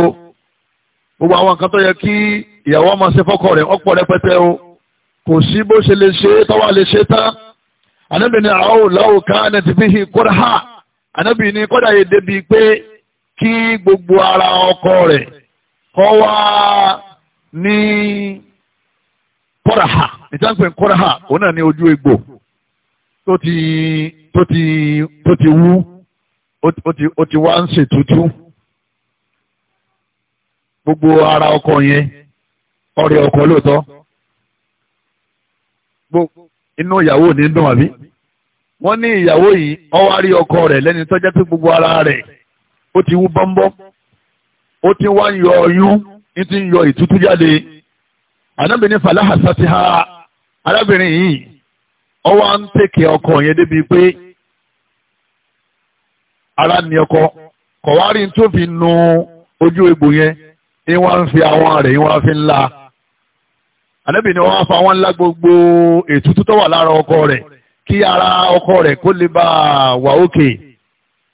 gbogbo àwọn nǹkan tó yẹ kí ìyàwó ọmọ ṣe fọ́kọ rẹ̀ ó rẹpẹtẹ o kò sí bó ṣe lè ṣe tọ́wọ́ lè ṣe tán Ànábì ní àwọn òláwò kan ẹ̀ ti fi ànábì ní kọ́dà yìí débi pé kí gbogbo ara ọkọ rẹ̀ kọ́ wá ní kọ́raha ìjànpẹ̀ kọ́raha òun náà ní ojú egbò tó ti tó ti tó ti wú ó gbogbo ara ọkọ yẹn ọrẹ ọkọ lóòótọ́ inú ìyàwó ní dùn àbí. wọ́n ní ìyàwó yìí ó wá rí ọkọ rẹ̀ lẹ́ni tó jẹ́ pé gbogbo ara rẹ̀ ó ti wú bọ́ńbọ́ ó ti wá ń yọ ọyún ní ti ń yọ ìtútú jáde anábìnrin falaha ha! arábìnrin yìí ó wá ń tẹ̀kẹ̀ ọkọ yẹn débi pé ara ni ọkọ kọ̀wárí tó fi nu ojú egbò yẹn ni wọ́n ń fi àwọn rẹ̀ ni wọ́n fi ń la anábìnrin wọn fa wọn ńlá gbogbo ètùtù tó wà lára ọkọ rẹ̀. kí ara ọkọ rẹ̀ kó lè bá wà òkè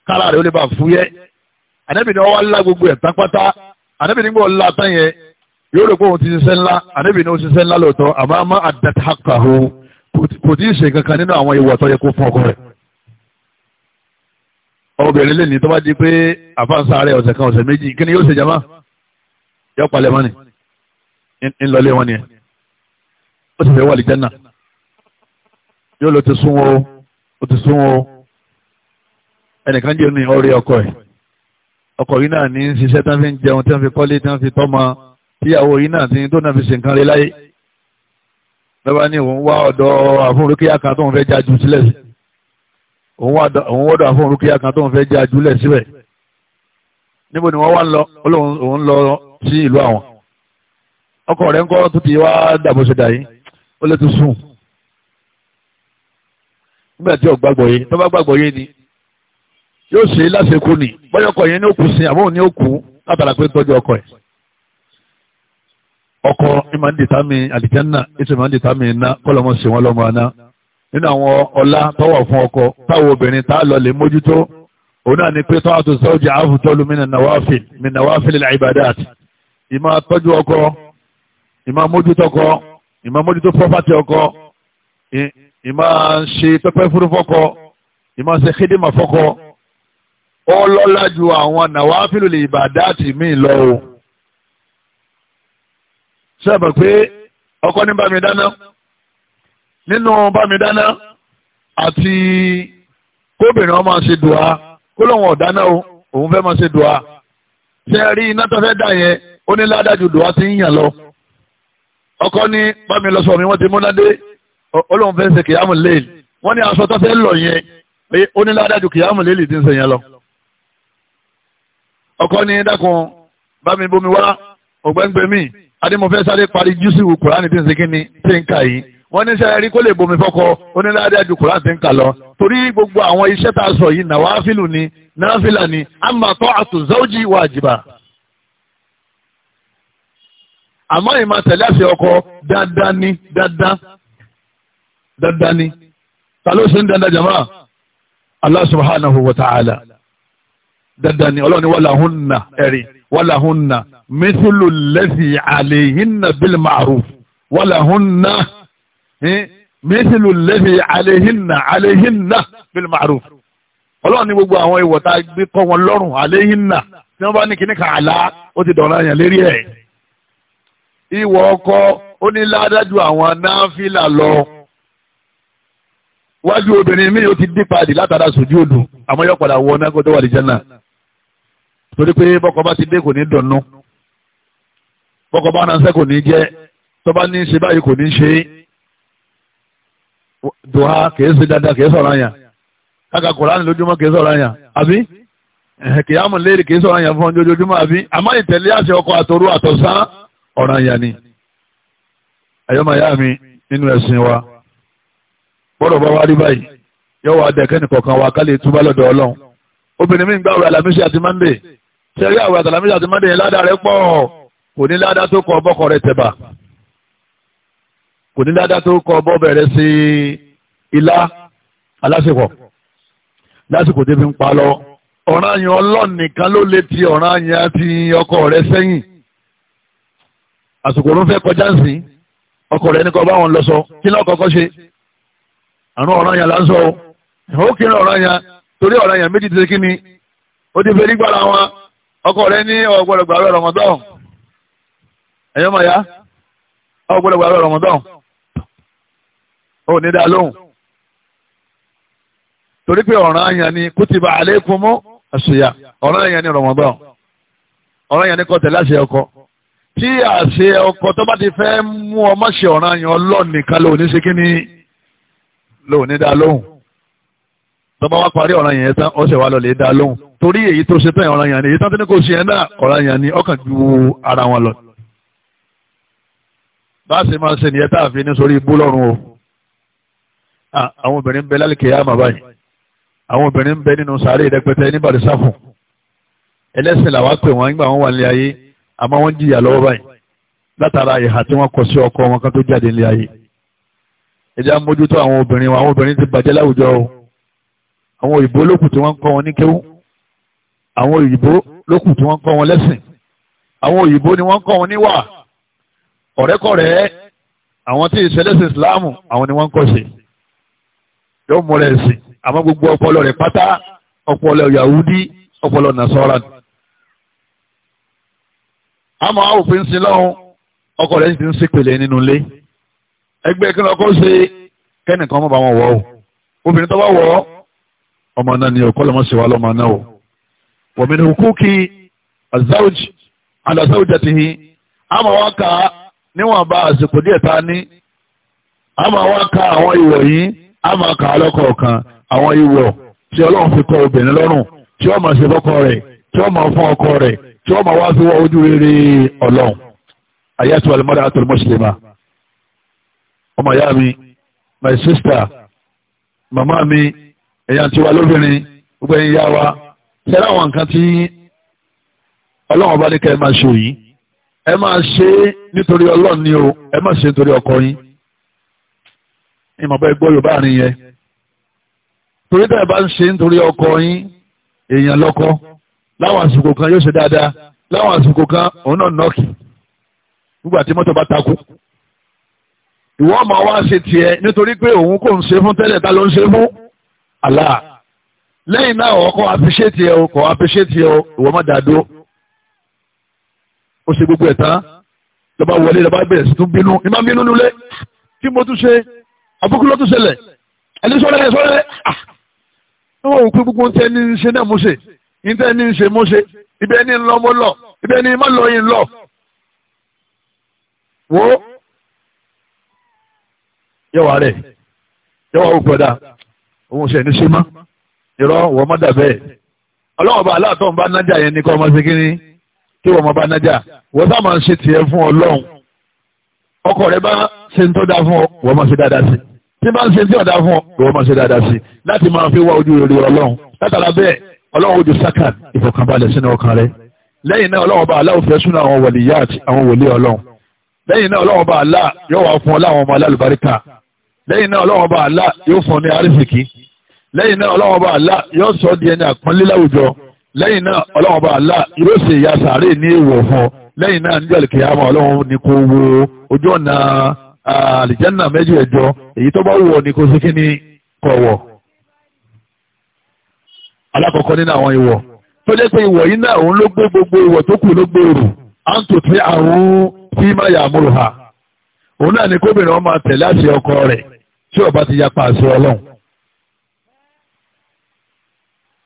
kára rẹ̀ ó lè bá fúyẹ́ ànábì ni wọ́n wá lá gbogbo ẹ̀ pátápátá ànábì nígbà wọ́n lá tán yẹn yóò rò pé òun ti ṣiṣẹ́ ńlá ànábì ni ó ṣiṣẹ́ ńlá lóòótọ́ àmọ́ àmọ́ àdàtàkàhó kò tí ì ṣe kankan nínú àwọn ìwà tó yẹ kó fún ọkọ rẹ̀ obìnrin lè ní tó pé àfáǹsá rẹ̀ ọ̀sẹ̀ kan ọ̀sẹ̀ méjì kí ni yóò ṣe jama yóò palẹ̀ mọ́ni ńlọlé wọn ni ó sì fẹ́ wà lìjẹ́ náà yóò lọ ti sún o ó ti sún o ẹnìkan jẹ́ ní ọ̀rẹ́ ọkọ ẹ̀ ọkọ yìí náà ní ṣiṣẹ́ tí wọ́n fi ń jẹun tí wọ́n fi kọ́lé tí wọ́n fi tọ́mọ tíyàwó yìí náà ti tó náà fi ṣe nǹkan láyé lọ́ba ní òun wá ọ̀dọ̀ àfúnrúkíyà kan tóun fẹ́ jájú sílẹ̀ òun wọ́dọ̀ àfúnrúkíyà kan tóun fẹ́ jájú lẹ̀ síbẹ̀ níbo ni wọ́n wá ń lọ òun lọ sí ìlú àwọn ọkọ rẹ̀ ń kọ́ tó ti wá dàbòsídà yìí ó lè tún sùn nígbà tí ò gbàgbọ́ yé tó bá gbàgbọ́ yé ni yóò ṣe é lásìkò ni bọ́yọ̀ ọkọ yẹn ní òkú sin àbọ̀ ní òkú látara pé tọ́jú ọkọ ẹ̀ ọkọ ní máa ń dìtà mi àlìjánná ètò máa ń dìtà mi iná kọ́lọ́mọ sí wọn lọ́mọ aná nínú àwọn ọlá tọ́wọ̀ fún ọkọ táwọn obìnrin tá a lọ lè mójútó òun náà ni pé tọ́wọ́ tó sọ́jà áfùtọ́lù mí nàwáfì mí nàwáfì lil ibadat ìmọ̀ tọ́jú ọkọ ìmọ̀ mójútó ọkọ ìmọ̀ mójútó pọ́fàtì ọkọ ìmá ṣe pẹ́pẹ́ fúru fọ́kọ ìmá ṣe kédèmà fọ́kọ ó lọ́lá ju àwọn nàwáfílù lè ìbàdáàtì míì lọ o sábà pé ọkọ ní bámi dáná nínú bámi dáná àti kóbìnrin ọmọ ṣe dùá kó lóun ọ̀dáná o òun fẹ́ máa ṣe dùá ṣe rí iná tó fẹ́ dà yẹn ó ní ládájú dùá ti ń yàn lọ ọkọ ní bámi lọ sọ mi wọ́n ti múná dé olóhùn fẹ́ ṣe kìyàmù léèlì wọ́n ní aṣọ tó fẹ́ lọ yẹn pé ó ní ládájú kìyàmù léèlì ti ń ṣe yẹn lọ. ọkọ ní dákun bámi bomi wá ògbẹ́ngbẹ́ mi adémọ̀fẹ́ sáré parí jùsù kùránì tí ń ṣe ni tí ń kà yìí wọ́n ní sẹ́yìn rí kó lè bomi fọ́kọ ó ní ládájú kùránì tí ń kà lọ torí gbogbo àwọn iṣẹ́ tá a sọ yìí nàwáfílù ni náfìlà ni amma ta'atu zawji wajiba àmọ́ ìmọ̀ tẹ̀lé àṣẹ ọkọ dandan ni dandan dandan ni ta ló ṣe ń dandan jama Allah subhanahu wa ta'ala dandan ni ọlọ́ni wà láhùnà ẹ̀rí wà láhùnà mithlu allathi alayhinna bil ma'ruf wà láhùnà mithlu allathi alayhinna alayhinna bil ma'ruf ọlọ́ni gbogbo àwọn ìwọ̀ta gbé kọ́ wọn lọ́rùn alayhinna tí wọ́n bá ní kíní kan àlá ó ti dọ̀rọ̀ yẹn lérí ẹ̀ ìwọ ọkọ ó ní ládájú àwọn náà fìlà lọ wájú obìnrin mi yóò ti dín paadì látara sùjú òdù àmọ́ yóò padà wọ ọ̀nà kó tó wà lìjẹ́ náà torí pé bọ́kọ bá ti dé kò ní dọ̀nù bọ́kọ bá ránṣẹ́ kò ní jẹ́ tó bá ní ṣe báyìí kò ní ṣe dùhà kìí ṣe dáadáa kìí sọ̀rọ̀ àyàn káka kùránì lójúmọ́ kìí sọ̀rọ̀ àyàn àbí kìí àmọ̀ léèrè kìí sọ̀rọ̀ àyàn fún ojoojúmọ́ àbí àmọ́ ìtẹ̀lé àṣẹ ọkọ àtòru àtọ̀sán ọ̀ràn àyàn ni àyọ̀mọ̀ àyà mi nínú ẹ̀sìn wa bọ́rọ̀ bá wá rí báyìí yóò wá dẹ̀kẹ́ nìkọ̀ọ̀kan wa ká lè túbá lọ́dọ̀ ọlọ́run obìnrin mi ń gbàwé àlàmísì àti mọ́ndé ṣe rí àwẹ̀ àtàlàmísì àti mọ́ndé yẹn ládàá rẹ pọ̀ kò ní ládàá tó kọ ọbọ̀kọ rẹ tẹ̀bà kò ní ládàá tó kọ ọbọ̀ bẹ̀rẹ̀ sí ilá aláṣepọ̀ lásìkò tí fi ń pa lọ ọ̀ràn àyàn ọlọ́run nìkan ló lè ti ọ̀ràn àyàn àti ọkọ rẹ sẹ́yìn àsìkò ló fẹ́ kọjá sí ọkọ rẹ ní kọ báwọn lọ sọ kí lọ́kọ̀ọ́kọ́ ṣe àrùn ọ̀rọ̀ yẹn lásán o ó kiri ọ̀rọ̀ yẹn torí ọ̀rọ̀ yẹn méjì ti ṣe kí ni ó ti fẹ́ nígbàrà wọn ọkọ rẹ ní ọ̀gbọ̀dọ̀ gbàrọ̀ Ramadan ẹ̀yọ́ mọ̀ ya ọ̀gbọ̀dọ̀ gbàrọ̀ Ramadan ó ní dá lóhùn torí pé ọ̀ràn yẹn ni kutiba alaykum àṣùyà ọ̀ràn yẹn ni Ramadan ọ̀ràn yẹn ni kọ́ tẹ̀lé àṣẹ ọkọ tí àṣẹ ọkọ tó bá ti fẹ́ mú ọmọ ṣe ọ̀ràn yẹn ọlọ́ọ̀nìkan ló ní ni lòun ní dá lóhùn tọ́ba wá parí ọ̀ràn yẹn tán ọ̀sẹ̀ wa lọ lè dá lóhùn torí èyí tó ṣe tán ọ̀ràn yẹn ni èyí tán tí ní kò ṣe yẹn náà ọ̀ràn yẹn ni ọkàn ju ara wọn lọ. bá a ṣe máa ń ṣe nìyẹn tá a fi ní sórí ibú lọ́rùn o àwọn obìnrin ń bẹ lálùkè yá màbá àwọn obìnrin ń bẹ nínú sàárè rẹpẹtẹ ní bàrísàfù ẹlẹ́sìn làwa pè wọ́n nígbà wọn wà nílé ayé àmọ́ wọ́n jìyà lọ́wọ́ báyìí látara ìhà tí wọ́n kọ sí ọkọ wọn kan tó jáde nílé ayé ẹjẹ́ amójútó àwọn obìnrin wa àwọn obìnrin ti bàjẹ́ láwùjọ o àwọn òyìnbó lókù tí wọ́n ń kọ́ wọn ní kéwú àwọn òyìnbó lókù tí wọ́n ń kọ́ wọn lẹ́sìn àwọn òyìnbó ni wọ́n ń kọ́ wọn níwà ọ̀rẹ́kọ̀rẹ́ àwọn tí ìṣẹ̀lẹ̀sìn ìsìláàmù àwọn ni wọ́n ń kọ́ ṣe yóò mú rẹ̀ sí àmọ́ gbogbo ọpọlọ rẹ̀ pátá ọpọlọ yahudi ọpọlọ nasara àmọ́ àwòfin sí lọ́hùn ọkọ rẹ̀ ti ń ṣèpèlè nínú ilé ẹgbẹ́ kí lọ́kọ́ ṣe kẹ́nìkan ọmọ bá wọn wọ̀ ọ́ obìnrin tó bá wọ̀ ọ́ ọmọ náà ni ọkọ lọ́mọ ṣèwà lọ́mọ náà o wọ̀mí ni òkú kí azawj alazawjatihi àmọ́ wọn kà á níwọ̀nba àsìkò díẹ̀ ta ní àmọ́ wọn kà àwọn ìwọ̀ yìí àmọ́ kà á lọ́kọ̀ọ̀kan àwọn ìwọ̀ tí ọlọ́run fi kọ obìnrin lọ́rùn tí ó ṣe fọ́kọ rẹ̀ tí ó fún ọkọ rẹ̀ tí ó máa fi wọ ojú rere ọlọ́run ayatu al-mar'atu al-muslima ọmọ ìyá mi my sister màmá mi ẹ̀yà tiwa lóbìnrin gbogbo ẹ̀yin ìyá wa ṣẹlẹ̀ àwọn nǹkan tí ọlọ́run bá ní kẹ́ ẹ máa ṣe yìí ẹ máa ṣe é nítorí ọlọ́run ni o ẹ má ṣe nítorí ọkọ yín ìmọ̀bẹ́ gbọ́ yorùbá àárín yẹn torí tẹ́ ẹ bá ń ṣe nítorí ọkọ yín èèyàn lọ́kọ láwọn àsìkò kan yóò ṣe dáadáa láwọn àsìkò kan òun náà nọ́ọ̀kì nígbà tí mọ́tò bá takú ìwọ máa wá ṣe tiẹ̀ nítorí pé òun kò ń ṣe fún tẹ́lẹ̀ ta ló ń ṣe fún Allah lẹ́yìn náà ọkọ appreciate ẹ o kọ appreciate ẹ o ìwọ má dàá dúró ó ṣe gbogbo ẹ̀ tán lọ́ba wọlé lọ́ba bẹ̀rẹ̀ sí tún bínú ní má bínú nulẹ̀ tí mo tún ṣe àbúkú ló tún ṣẹlẹ̀ ẹni sọ́rẹ́ ẹ sọ́rẹ́ ah ní wọ́n pé gbogbo ntẹ́ ní ṣe náà mo ṣe ntẹ́ ní ṣe mo ṣe ibẹ̀ ní ń lọ mo lọ ibẹ̀ ní má lọ yín lọ wo yẹwà rẹ̀ yẹwà ó gbọ́dá òun ṣe ní ṣe má irọ́ wọ́n má dà bẹ́ẹ̀ ọlọ́wọ́n bá aláàtọ̀ ń bá nájà yẹn ní kọ́ ọmọ sikiri kí wọ́n mọ bá nájà wọ́n sá máa ń ṣe tiẹ̀ fún ọlọ́run ọkọ rẹ bá ṣe ń tó dá fún ọ wọ́n máa ṣe dáadáa sí tí bá ń ṣe tí ọ̀dá fún ọ wọ́n máa ṣe dáadáa sí láti máa fi wá ojú rere ọlọ́run látara bẹ́ẹ̀ ọlọ́run ojú sákà ìfọ̀kànbalẹ̀ sínú ọkàn rẹ lẹ́yìn náà ọlọ́run bá aláwọ̀ fẹ́ súnú àwọn wọ̀lìyá àti àwọn wòlíì ọlọ́run lẹ́yìn náà ọlọ́run bá alá yóò wá fún ọ láwọn ọmọ alálùbáríkà lẹ́yìn náà ọlọ́wọ́n bá àlá yóò fún ní àrífìkì lẹ́yìn náà ọlọ́wọ́n bá àlá sọ di ẹni àpọ́nlé lẹ́yìn náà ọlọ́wọ́n bá àlá yóò sàárè ní èèwọ̀ fún ọ lẹ́yìn náà níjọ́ lè kéèyàn ọlọ́wọ́n ní wo ojú ọ̀nà ẹ̀jọ èyí tó bá wù ọ ní ha òun náà kóbìnrin tí ó bá ti yapa àṣẹ ọlọ́run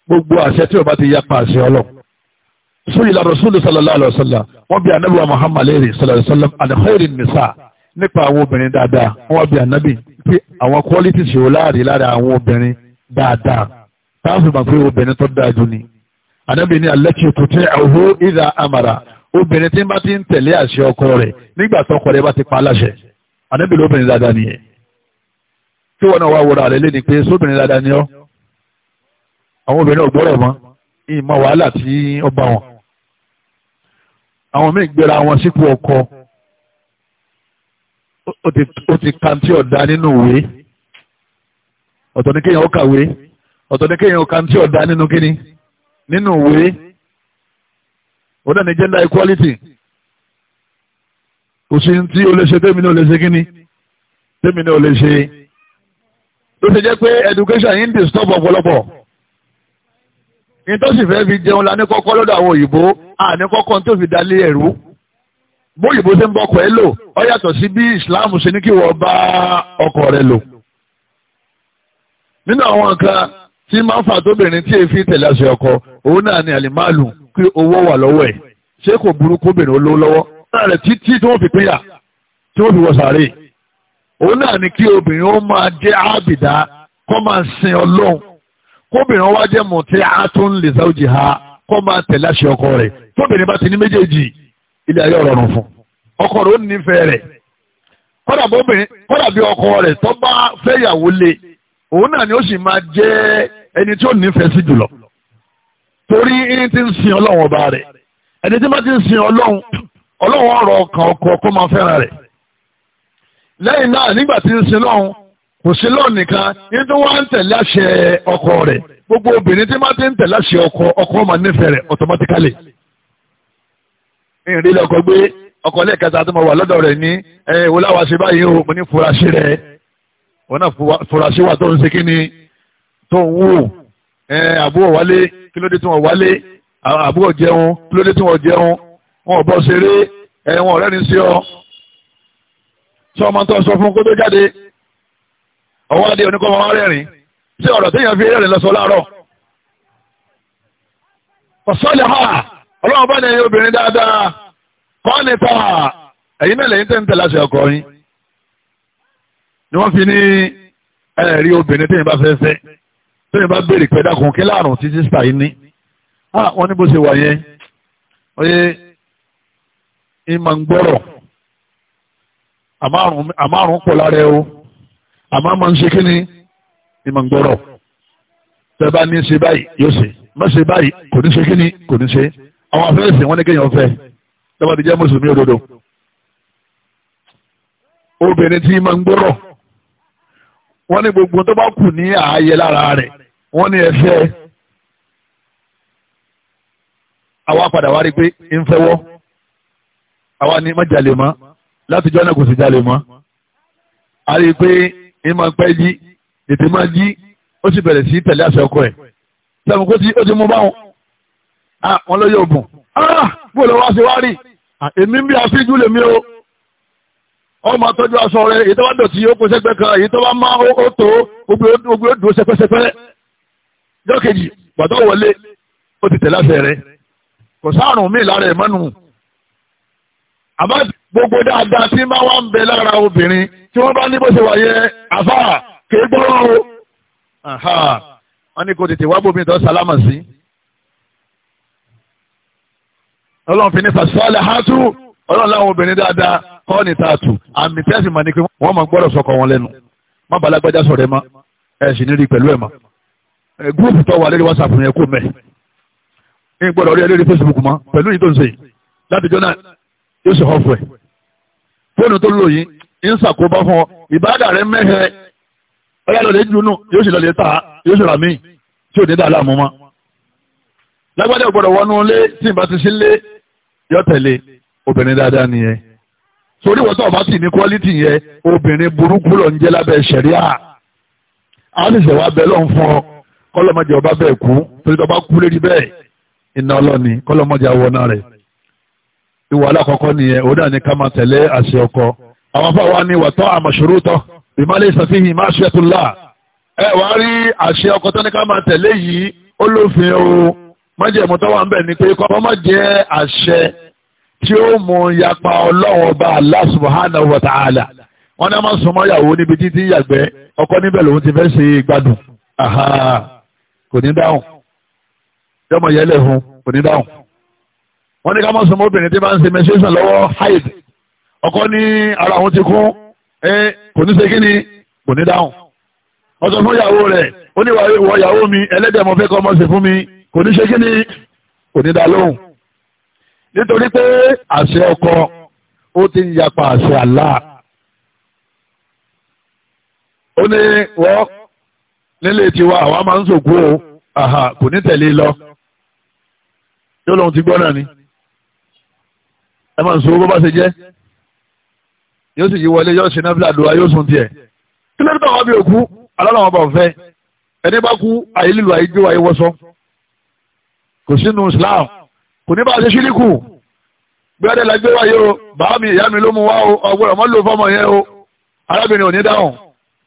gbogbo àṣẹ tí ó bá ti yapa àṣẹ ọlọ́run sóyè la rasulù sallallahu alayhi wa sallam wọ́n bí anabi wa muhammad alayhi sallallahu alayhi wa sallam àti xeyiri nisa nípa àwọn obìnrin dáadáa wọ́n bí anabi pé àwọn quality ṣòwò láàrin lára àwọn obìnrin dáadáa táàfin máa pé obìnrin tó dáa jù ni anabi ní alẹ́kì tó tẹ ọ̀hún ìdá amara obìnrin tí bá ti ń tẹ̀lé àṣẹ ọkọ rẹ̀ nígbà tó ọkọ rẹ̀ bá ti pa aláṣẹ anabi lóbìnrin dáadáa nìyẹn tí wọ́n náà wá wòrà rẹ̀ léde pé sóbìnrin dáadáa ni ọ́ àwọn obìnrin ò gbọ́rọ̀ mọ́ ìmọ̀ wàhálà tí ó bá wọn àwọn míì gbéra wọn sípò ọkọ ó ti kàǹtí ọ̀dà nínú ìwé ọ̀tọ̀ ní kéèyàn ó kàwé ọ̀tọ̀ ní kéèyàn ó kàǹtí ọ̀dà nínú kíni nínú ìwé ó ní gender equality kò sí ní tí o lè ṣe tèmi ní o lè ṣe kíni tèmi ní o lè ṣe ló ṣe jẹ́ pé education yìí ń disturb ọ̀pọ̀lọpọ̀ ní tó sì fẹ́ fi jẹun la ní kọ́kọ́ lọ́dọ̀ àwọn òyìnbó àní kọ́kọ́ tó fi dalé ẹ̀rú bóyìnbó ṣe ń bọ́ ọkọ ẹ lò ọ yàtọ̀ sí bí Islam ṣe ní kí wọ́n bá ọkọ rẹ lò nínú àwọn nǹkan tí máa ń fà tóbìnrin tí èéfín tẹ̀lé aṣọ ọkọ òun náà ni àlìmáàlù kí owó wà lọ́wọ́ ẹ̀ ṣé kò burú kóbìnrin olówó lọ́wọ́ náà rẹ̀ títí tí wọ́n fi pínyà tí wọ́n fi wọ sàárè òun náà ni kí obìnrin ó máa jẹ́ kó máa sin ọlọ́run kóbìnrin wá jẹ́ mọ̀tí àtún lè sáwùjì ha kó máa tẹ̀lé àṣẹ ọkọ rẹ̀ tóbìnrin bá ti ní méjèèjì ilé ayé ọ̀rọ̀ fún ọkọ rẹ̀ ó nífẹ̀ẹ́ rẹ̀ kódà bí ọkọ rẹ̀ tó bá fẹ́ yàwó lé òun náà ni ó sì máa ẹni tí ó nífẹ̀ẹ́ sí jùlọ torí ẹni tí ń sin ọlọ́run ọba rẹ̀ ẹni tí bá ti ń sin ọlọ́run ọlọ́run ọ̀rọ̀ ọkàn ọkọ kó máa lẹ́yìn náà nígbà tí ń sin lọ́hùn kò sí lọ́ọ̀ nìkan yín tó wá ń tẹ̀lé àṣẹ ọkọ rẹ̀ gbogbo obìnrin tí máa ti ń tẹ̀lé àṣẹ ọkọ ọkọ máa nífẹ̀ẹ́ rẹ̀ automatically. ìrìn ilé ọkọ gbé ọkọ lẹ́ẹ̀kẹta tó máa wà lọ́dọ̀ rẹ̀ ní ẹ wo láwa ṣe báyìí o mo ní furasí rẹ̀ wọn náà furasí wà tó ń ṣe kí ni tó ń wò ẹ àbúrò wálé kí ló dé tí wọ́n wálé àbúrò jẹun kí ló dé tí wọ́n jẹun wọn ò bọ́ tí ọmọ tó sọ fún kó tó jáde ọwọ́ adé oníkọ́ ọmọ rẹ́rìn sí ọ̀rọ̀ téèyàn fi rẹ́rìn lọ́sọ láàárọ̀ ọ̀sọ́lẹ̀ ha ọlọ́run bá ní ẹyẹ obìnrin dáadáa kọ́ ní ta ẹ̀yin náà lẹ́yìn tẹ́ǹtẹ̀ láti ọkọ yín ni wọ́n fi ní ẹ̀rí obìnrin téèyàn bá fẹ́ fẹ́ téèyàn bá béèrè pé dákun kí láàrùn tí sísà yín ní ah, wọ́n ní bó ṣe wà yẹn ó yẹ ìmọ̀ ń gbọ́rọ̀ àmárùn pọ̀ lára ẹ o àmọ́ máa ń ṣe kí ni ìmọ̀ ń gbọ́rọ̀ tẹ́ bá ní ṣe báyìí yóò ṣe má ṣe báyìí kò ní ṣe kí ni kò ní ṣe àwọn afẹ́sẹ̀ wọn ní kéèyàn fẹ́ tẹ́ ti jẹ́ mùsùlùmí òdodo obìnrin tí máa ń gbọ́rọ̀ wọ́n ní gbogbo tó bá kù ní ààyè lára rẹ̀ wọ́n ní ẹ̀fẹ́ àwa padà wá rí pé ń fẹ́wọ́ àwa ní májàlè mọ́ látijọ́ náà kò sì jalè mọ́ a rí i pé ní máa pẹ́ jí tètè máa jí ó sì bẹ̀rẹ̀ sí tẹ̀lé àṣẹ ọkọ ẹ̀ sẹ́mu kó ó ti mú báwọn wọn lọ yóò bùn bó lọ wá sí wá rí èmi ń bí aṣíjú lèmi o ọ máa tọ́jú aṣọ rẹ èyí tó bá dọ̀tí ó kó sẹ́gbẹ́ kan èyí tó bá máa ó tó gbogbo ó dùn sẹ́pẹ́sẹ́pẹ́ jọ́kejì gbàtọ́ wọlé ó ti tẹ̀lé àṣẹ rẹ kò sáàrùn míì lára ẹ̀ mọ́nu àbá gbogbo dáadáa tí máa wá ń bẹ lára obìnrin tí wọ́n bá ní bó ṣe wà yẹ àfà kéé gbọ́rọ̀ o. wọ́n ní kò tètè wá bómi tó sálámà sí. ọlọ́run fi ní fasọ́lẹ̀ hátú ọlọ́run láwọn obìnrin dáadáa kọ́ ní tààtù àmì tẹ́sí mà ní pé wọ́n máa gbọ́dọ̀ sọkọ wọn lẹ́nu má balágbájá sọ̀rọ̀ ẹ má ẹ sì ní rí pẹ̀lú ẹ má gúrùpù tó wà lórí whatsapp yẹn kó mẹ́ ẹ gbọ́dọ̀ rí ẹ lórí facebook mọ́ pẹ̀lú yìí látijọ́ náà yóò sì hàn fún ẹ fóònù tó lò yìí ń ṣàkóbá fún ọ ìbáàdà rẹ mẹ́hẹ ọyá lọ́lẹ̀ jùnú yóò sì lọ́lẹ̀ ta yóò sì rà míì tí ò ní dá láàmú mọ́ lágbádá gbọ́dọ̀ wọnú lé tí ìbá ti sí lé yọ tẹ̀lé obìnrin dáadáa nìyẹn torí wọ́n tó ọba sì ní quality yẹn obìnrin burúkú lọ ń jẹ́ lábẹ́ ṣẹ̀ríà á sì ṣẹ̀wá bẹ́ẹ̀ lọ́n fún ọ kọ́lọ́mọdé ọba bẹ́ẹ̀ kú torí ọba kú lérí ìwà alákọ̀ọ́kọ́ nìyẹn ó dà ní ká máa tẹ̀lé àṣẹ ọkọ àwọn afáwa ní wàtọ́ àmọ̀ṣòro tọ́ ìmọ̀lẹ́ ìsàfihàn máa ṣe tó là ẹ wà á rí àṣẹ ọkọ tó ní ká máa tẹ̀lé yìí ó lófin o májèmú tó wà ń bẹ̀ ni pé kọ́ má jẹ́ àṣẹ tí ó mú yapa ọlọ́run ọba Allah subhanahu wa wọn ní a máa sọmọ ìyàwó níbi títí yàgbẹ́ ọkọ níbẹ̀ lòun ti fẹ́ ṣe gbádùn kò ní dáhùn yọmọ yẹlẹ hun kò ní dáhùn wọ́n ní ká mọ̀ sọmọ obìnrin tí bá ń ṣe menstruation lọ́wọ́ haid ọkọ ní ara òun ti kún ẹ kò ní ṣe kí ni kò ní dáhùn wọ́n sọ fún ìyàwó rẹ̀ ó ní wọ ìyàwó mi ẹlẹ́dẹ̀ mo fẹ́ kọ́ ọmọ sí fún mi kò ní ṣe kí ni kò ní dá lóhùn nítorí pé àṣẹ ọkọ ó ti ń yapa àṣẹ Allah ó ní wọ́n nílé tiwa àwa máa ń sòkú o kò ní tẹ̀lé lọ yóò lóun ti gbọ́ náà ni ẹ máa ń sọ bọ́bá ṣe jẹ́ yóò sì yí wọlé yóò ṣe náfìlà àdúrà yóò sun tiẹ̀ kí ló dé tọ́wọ́ bí òkú alọ́lọ́wọ́ bá fẹ́ ẹni bá kú àyè lílo àyè gbé wa yé wọ́sọ́ kò sínú Islam kò ní bá a ṣe ṣílíkù gbẹ́dẹ́ la gbé wa yé o bàá mi ìyá mi ló mu wá o ọgbọ́dọ̀ mọ́ lò fọ́mọ yẹn o arábìnrin ò ní dáhùn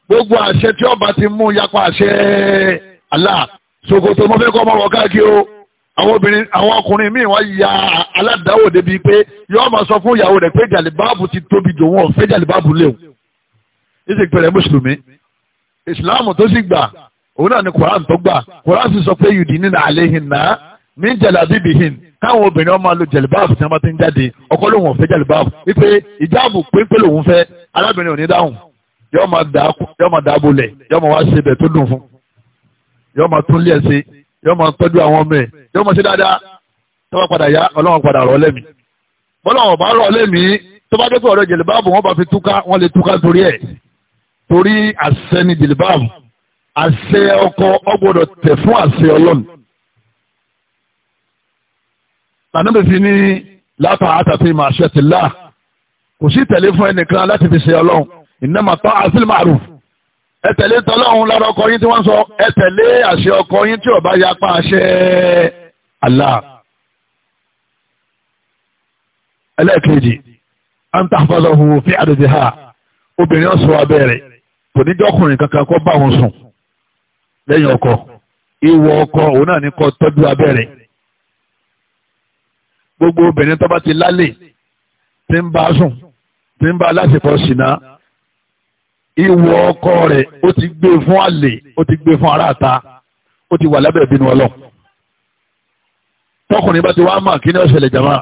gbogbo àṣẹ tí ọba ti mú yapa àṣẹ Allah ṣòkòtò mo fẹ́ kọ́ ọmọ wọ̀ káàkiri o àwọn obìnrin àwọn ọkùnrin míì wọ́n ya aládàáwò débi pé yọ́ọ́ máa sọ fún ìyàwó rẹ̀ pé jàlíbáàbù ti tóbi jò wọ́n fẹ́ jàlíbáàbù léwu ìsìn pẹ̀lẹ́ mùsùlùmí ìsìláàmù tó sì gbà òun náà ni koran tó gbà koran sì sọ pé yìdí nínú àléhìn náà ní jàlábíbì hìn káwọn obìnrin ọmọ lo jàlíbáàbù tí wọ́n bá ti ń jáde ọkọ lòun ò fẹ́ jàlíbáàbù wípé ìjáàbù pínpín lòun fẹ́ arábìnrin ò ní dáhùn yóò máa tọ́jú àwọn ọmọ ẹ̀ yóò máa ṣe dáadáa tó bá padà yá ọlọ́run padà rọ̀ lẹ́mí bọ́lọ́run bá rọ̀ lẹ́mí tó bá dẹ́kun ọ̀rọ̀ jìlìbáàbù wọ́n bá fi túká wọ́n lè túká torí ẹ̀ torí àṣẹ ni jìlìbáàbù àṣẹ ọkọ ọgbọ́dọ̀ tẹ̀ fún àṣẹ ọlọ́run lànàbì fi ní látà àtàtì màṣẹ tìlá kò sí tẹ̀lé fún ẹnìkan láti fi ṣe ọlọ́run ìnáma tó àṣìlmáàrùfù ẹ tẹ̀lé tọ́lọ́run lára ọkọ yín tí wọ́n sọ ẹ tẹ̀lé àṣẹ ọkọ yín tí ó bá yapa àṣẹ Allah. ẹlẹ́ẹ̀kejì antahfazahu fi adadiha obìnrin ọ̀sọ̀ abẹ́rẹ́ kò ní jọ́kùnrin kankan kó bá wọn sùn lẹ́yìn ọkọ ìwọ ọkọ òun náà ní kó tọ́jú abẹ́rẹ́ gbogbo obìnrin tó bá ti lálẹ́ tí ń bá sùn tí ń bá láṣepọ̀ ṣìnà ìwọ ọkọ rẹ̀ ó ti gbé e fún àlè ó ti gbé e fún aráàta ó ti wà lábẹ́ ìbínú ọlọ́ tọkùnrin bá ti wá mà kí ni ó ṣẹlẹ̀ jàmá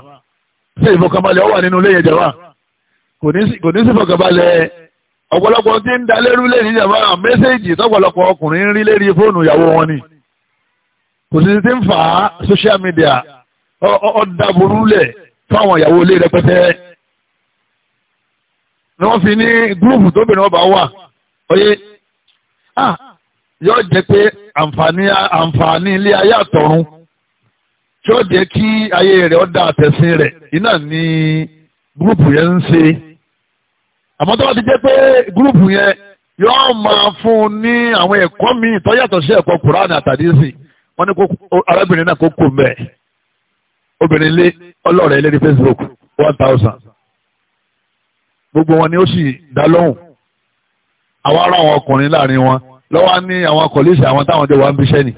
ṣé ìfọkànbalẹ̀ ó wà nínú ilé yẹn jàmá kò ní sí ìfọkànbalẹ̀ ọ̀pọ̀lọpọ̀ tí ń dalérú lé ní jàmá mẹ́sẹ̀gì tọ́pọ̀lọpọ̀ ọkùnrin ń rí lérí fóònù ìyàwó wọn ni kò sì ti ń fà á social media ọ̀dàbùrúlẹ̀ fáwọn ìyàwó ilé rẹpẹtẹ ni wọ́n fi ní gúrùpù tóbìnrin ọba wà oyè yóò jẹ́ pé àǹfààní àǹfààní ilé ayé àtọ̀run tí ó jẹ́ kí ayé rẹ̀ ó dá àtẹ̀sìn rẹ̀ iná ní gúrùpù yẹn ń ṣe àmọ́ tó bá ti jẹ́ pé gúrùpù yẹn yóò máa fún un ní àwọn ẹ̀kọ́ míì tó yàtọ̀ sí ẹ̀kọ́ kùránì àtàdísì wọ́n ní kó arábìnrin náà kó kò mẹ́ẹ̀ obìnrin lé ọlọ́ọ̀rẹ́ lé Facebook one thousand gbogbo wọn ni ó sì dá lóhùn àwọn ará àwọn ọkùnrin láàrin wọn lọ́wọ́ ní àwọn kọ̀lẹ́sì àwọn táwọn jọ wà ń bíṣẹ́ nì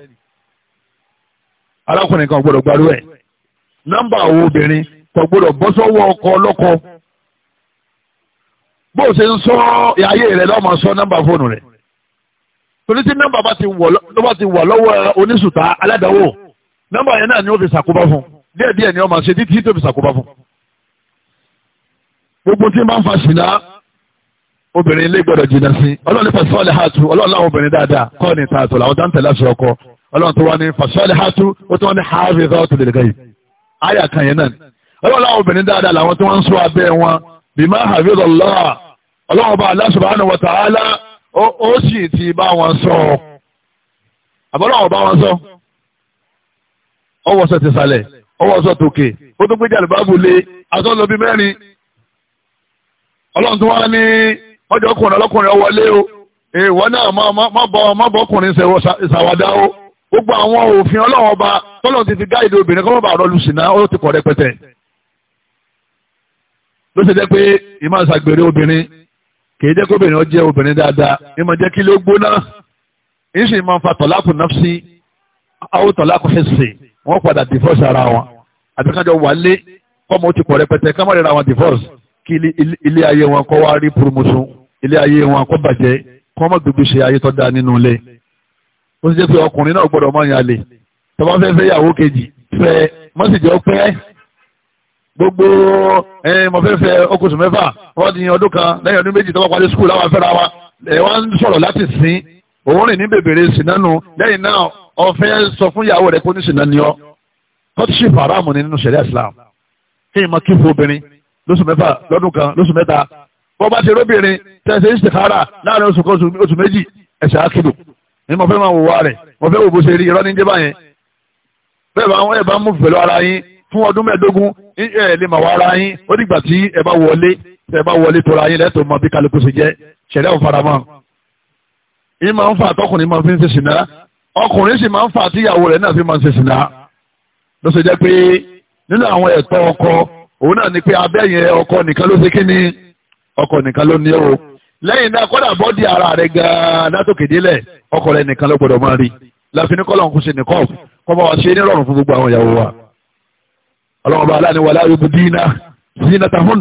arákùnrin kan gbọ́dọ̀ gbarú ẹ̀ nọ́mbà àwọn obìnrin kò gbọ́dọ̀ bọ́ sọ́wọ́ ọkọ ọlọ́kọ bó o ṣe ń sọ ayé rẹ lọ́mọ sọ nọ́mbà fóònù rẹ̀ torí tí nọ́mbà bá ti wà lọ́wọ́ oníṣùtà aládàáwò nọ́mbà yẹn náà ni ó fi ṣàkóbá fún díẹ̀díẹ̀ ni ó ṣe títí tó fi ṣàkóbá fún gbogbo tí n bá ń fa ṣìnà obìnrin ilé gbọ́dọ̀ jìnnà sí ọlọ́run ní fasọ́ọ̀lì hàtú ọlọ́run láwọn obìnrin dáadáa kọ́ ní tààtò làwọn dáńtẹ̀ láti ọkọ ọlọ́run tó wá ní fasọ́ọ̀lì hàtú ó tó wá ní hàáfì ìfọ́ọ̀tò lè gẹ̀yìn àyà kan yẹn náà ọlọ́run láwọn obìnrin dáadáa làwọn tó wá ń sọ abẹ́ wọn bímá hàfíìdọ̀lọ́à ọlọ́run bá Allah subhanahu wa ta'ala ó sì ti bá wọn sọ àbọ̀lọ́wọ̀ bá wọn sọ ọwọ́ sọ ti sàlẹ̀ ọwọ́ sọ tòkè ó tó gbé ọlọ́run tó wá ní ọjọ́ ọkùnrin ọlọ́kùnrin ọwọlé o ìwọ náà má bọ ọkùnrin ìṣàwádà o gbogbo àwọn òfin ọlọ́run ọba tọ́lọ́run ti fi gáàdì obìnrin kọ́ mọ́ bàa rọlù sínú ó ti pọ̀ rẹpẹtẹ ló ṣe jẹ́ pé ìmọ̀ ìṣàgbèrè obìnrin kì í jẹ́ kó obìnrin jẹ́ obìnrin dáadáa ìmọ̀ jẹ́ kí ló gbóná èyí sì máa ń fa tọ̀láàkù nafsi àwọn tọ̀láàkù hissi wọ́n padà divorce ara wọn àbíkájọ wà lé kọ́mọ ó ti pọ̀ rẹpẹtẹ kámọ́ rẹ̀ ra wọn divorce kí ilé ayé wọn kọ́ wá rí promotion ilé ayé wọn kọ́ bàjẹ́ kọ́ mọ̀ gbogbo ṣe ayé tó dáa nínú ilé ó sì jẹ́ pé ọkùnrin náà gbọ́dọ̀ mọ̀ yàn lè tọ́ba fẹ́ fẹ́ yàwó kejì fẹ́ mọ́sìjọ́ pẹ́ gbogbo ẹ̀ẹ́n mo fẹ́ fẹ́ okòsùn mẹ́fà wọ́n di ọdún kan lẹ́yìn ọdún méjì tọ́ba parí skul láwọn afẹ́ra wa ẹ̀ wá ń sọ̀rọ̀ láti sìn òun rìn ní bèbèrè sìnánu lẹ́yìn náà ó sọ fún ìyàwó rẹ̀ kó ní sìnánu yọ kọ́tíṣì fàrámù nínú sẹ̀rí islam kí n máa kí fún obìnrin lóṣù mẹ́fà lọ́dún kan lóṣù mẹ́ta bọ́ bá ti róbìnrin tẹ̀sẹ̀ ìṣèkára láàrin oṣù kan oṣù méjì ẹ̀ṣẹ̀ àkìlò ni mo fẹ́ máa wò wá rẹ̀ mo fẹ́ wò bó ṣe rí irọ́ ní jẹ́ báyẹn bẹ́ẹ̀ bá wọn ẹ̀ bá mú pẹ̀lú ara yín fún ọdún mẹ́ẹ̀ẹ́dógún ẹ̀ lè mà wá ara yín ó dìgbà tí ẹ bá wọlé tẹ bá wọlé tora yín lẹ́tọ̀ọ́ mọ bí kálukú ṣe jẹ́ ṣẹ̀dá ò fara mọ́ yín máa ń fa àtọkùnrin máa fi ń ṣe ṣìnà ọkùnrin sì máa ń fa àtìyàwó rẹ̀ náà fi máa ń ṣe ṣìnà ló ṣe jẹ́ pé nínú àwọn ẹ̀tọ́ ọkọ òun náà ni pé abẹ́ yẹn ọkọ nìkan ló ṣe kí ni ọkọ nìkan ló ní o lẹ́yìn náà kọ́dà bọ́dì ara rẹ̀ gan-an látòkè délẹ̀ ọkọ rẹ̀ nìkan ló gbọ́dọ̀ máa rí láfi kọ́lọ̀ kó ṣe nìkan kọ́ bá wa ṣe nírọ̀rùn fún gbogbo àwọn ìyàwó wa ọlọ́run bá aláàánú wà láàyò bu dínà zina tahun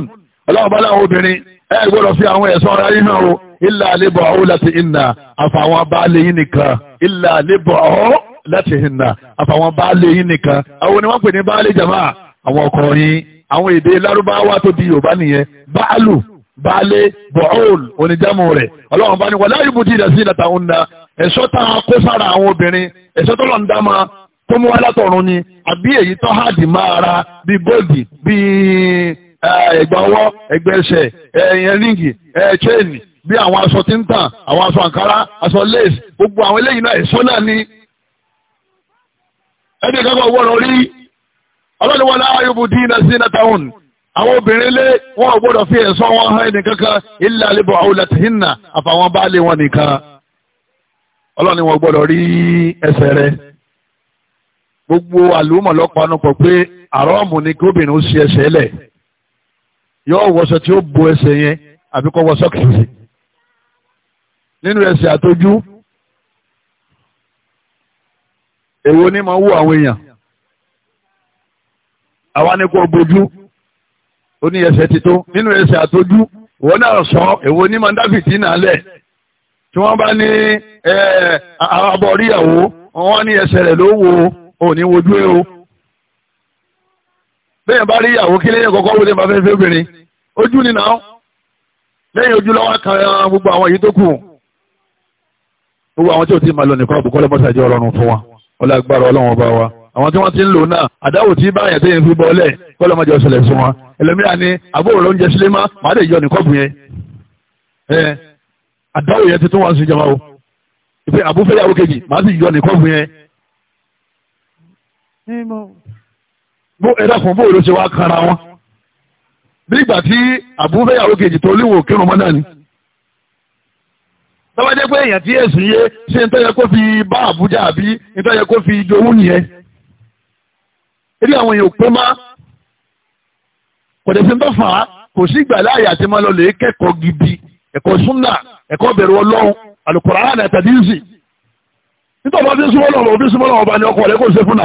ọlọ́run bá aláàánú obìnrin ẹ gbọ́dọ̀ fi àwọn ẹ̀sọ́ ara yín hàn o ilà àlebọ̀ ọ̀hún láti ìnà àfàwọn abáàlẹ̀ yín nìkan ilà àlebọ̀ ọ̀hún láti ìnà àfàwọn abáàlẹ̀ yín nìkan àwọn oníwàpè ní baálé jàmáà àwọn ọkọ yín àwọn èdè lárúbáwá tó di yorùbá nìyẹn Baale, baálé bọ̀ọ́l onídàmú rẹ̀ ọlọ́run bá ní wọ́n na ẹ̀ṣọ́ tá a kó sára àwọn obìnrin ẹ̀ṣọ́ tó lọ́n dáma tó mú wá ni àbí èyí tó háàdì máa ra bíi góòdì bíi ríngì bí àwọn aṣọ gbogbo àwọn eléyìí náà náà ni ọlọ́ni wọn láàyè bù dín iná sí nàtàwọn àwọn obìnrin lé wọn ò gbọdọ̀ fi ẹ̀sọ́ wọn hàn nìkankan ilé àlebọ̀ àwòlàtìhìnà àfàwọn baálé wọn nìkan ọlọ́ni wọn gbọdọ̀ rí ẹsẹ̀ rẹ̀ gbogbo àlùmọ̀ lọ́pàánu pọ̀ pé àrọ́ọ̀mù ni kí obìnrin ó ṣe ẹsẹ̀ lẹ̀ yóò wọṣọ tí ó bo ẹsẹ̀ yẹn àbí kọ́ wọ sọ́ọ̀kì sí nínú ẹsẹ̀ àtọ́jú èwo ni máa ń wú àwọn èèyàn àwa ni kò bójú ó ní ẹsẹ̀ ti tó nínú ẹsẹ̀ àtọ́jú ìwọ náà sọ èwo ní mandafiti náà lẹ̀ tí wọ́n bá ní abọ́ríyàwó wọ́n ní ẹsẹ̀ rẹ̀ ló wo òní wojú ẹ o bẹ́ẹ̀ bá rí ìyàwó kí lẹ́yìn kọ́kọ́ wọlé bá fẹ́ẹ́ fẹ́ obìnrin ojú ni náà lẹ́yìn ojú lọ́wọ́ kan gbogbo àwọn èyí tó kù gbogbo àwọn tí ò tí ì lọ nìkan àbùkọ́ lọ́mọ́sàájọ́ ọlọ́run fún wa ọlọ́gbàrá ọlọ́run ọba wa àwọn tí wọ́n ti ń lò náà àdáwò tí báyà tẹ́yìn fi bọ́ọ̀lẹ̀ kọ́lọ́mọdé ọ̀sẹ̀lẹ̀ fún wọn ẹlòmíràn ni àbúrò ló ń jẹ sílé má má lè yọ nìkọ́bù yẹn ẹ àdáwò yẹn ti tún wá sí ìjọba o ìpè àbúfẹ́yàwó kejì má sì yọ nìkọ́bù yẹn. bó ẹ̀dá fún bóòlù ṣe wá kára wọn bí ìgbà tí àbúfẹ́yàwó kejì tó léwò kírun mọ́ ni tọ́wọ́ pé èèyàn tí èsì yé ṣe ń tọ́yẹ kó fi bá àbújá àbí ń tọ́yẹ kó fi jowú nìyẹn eré àwọn èèyàn pé má kò dẹ̀ sí á kò sí ìgbà láàyè àti máa lọ lè kẹ́kọ̀ọ́ gidi ẹ̀kọ́ súnà ẹ̀kọ́ bẹ̀rù ọlọ́run àlùkùránì àtàdínsì nítorí ọba tí ń súnmọ́ lọ́wọ́ ọba ń súnmọ́ lọ́wọ́ ọba ni ọkọ̀ rẹ̀ kò ṣe fún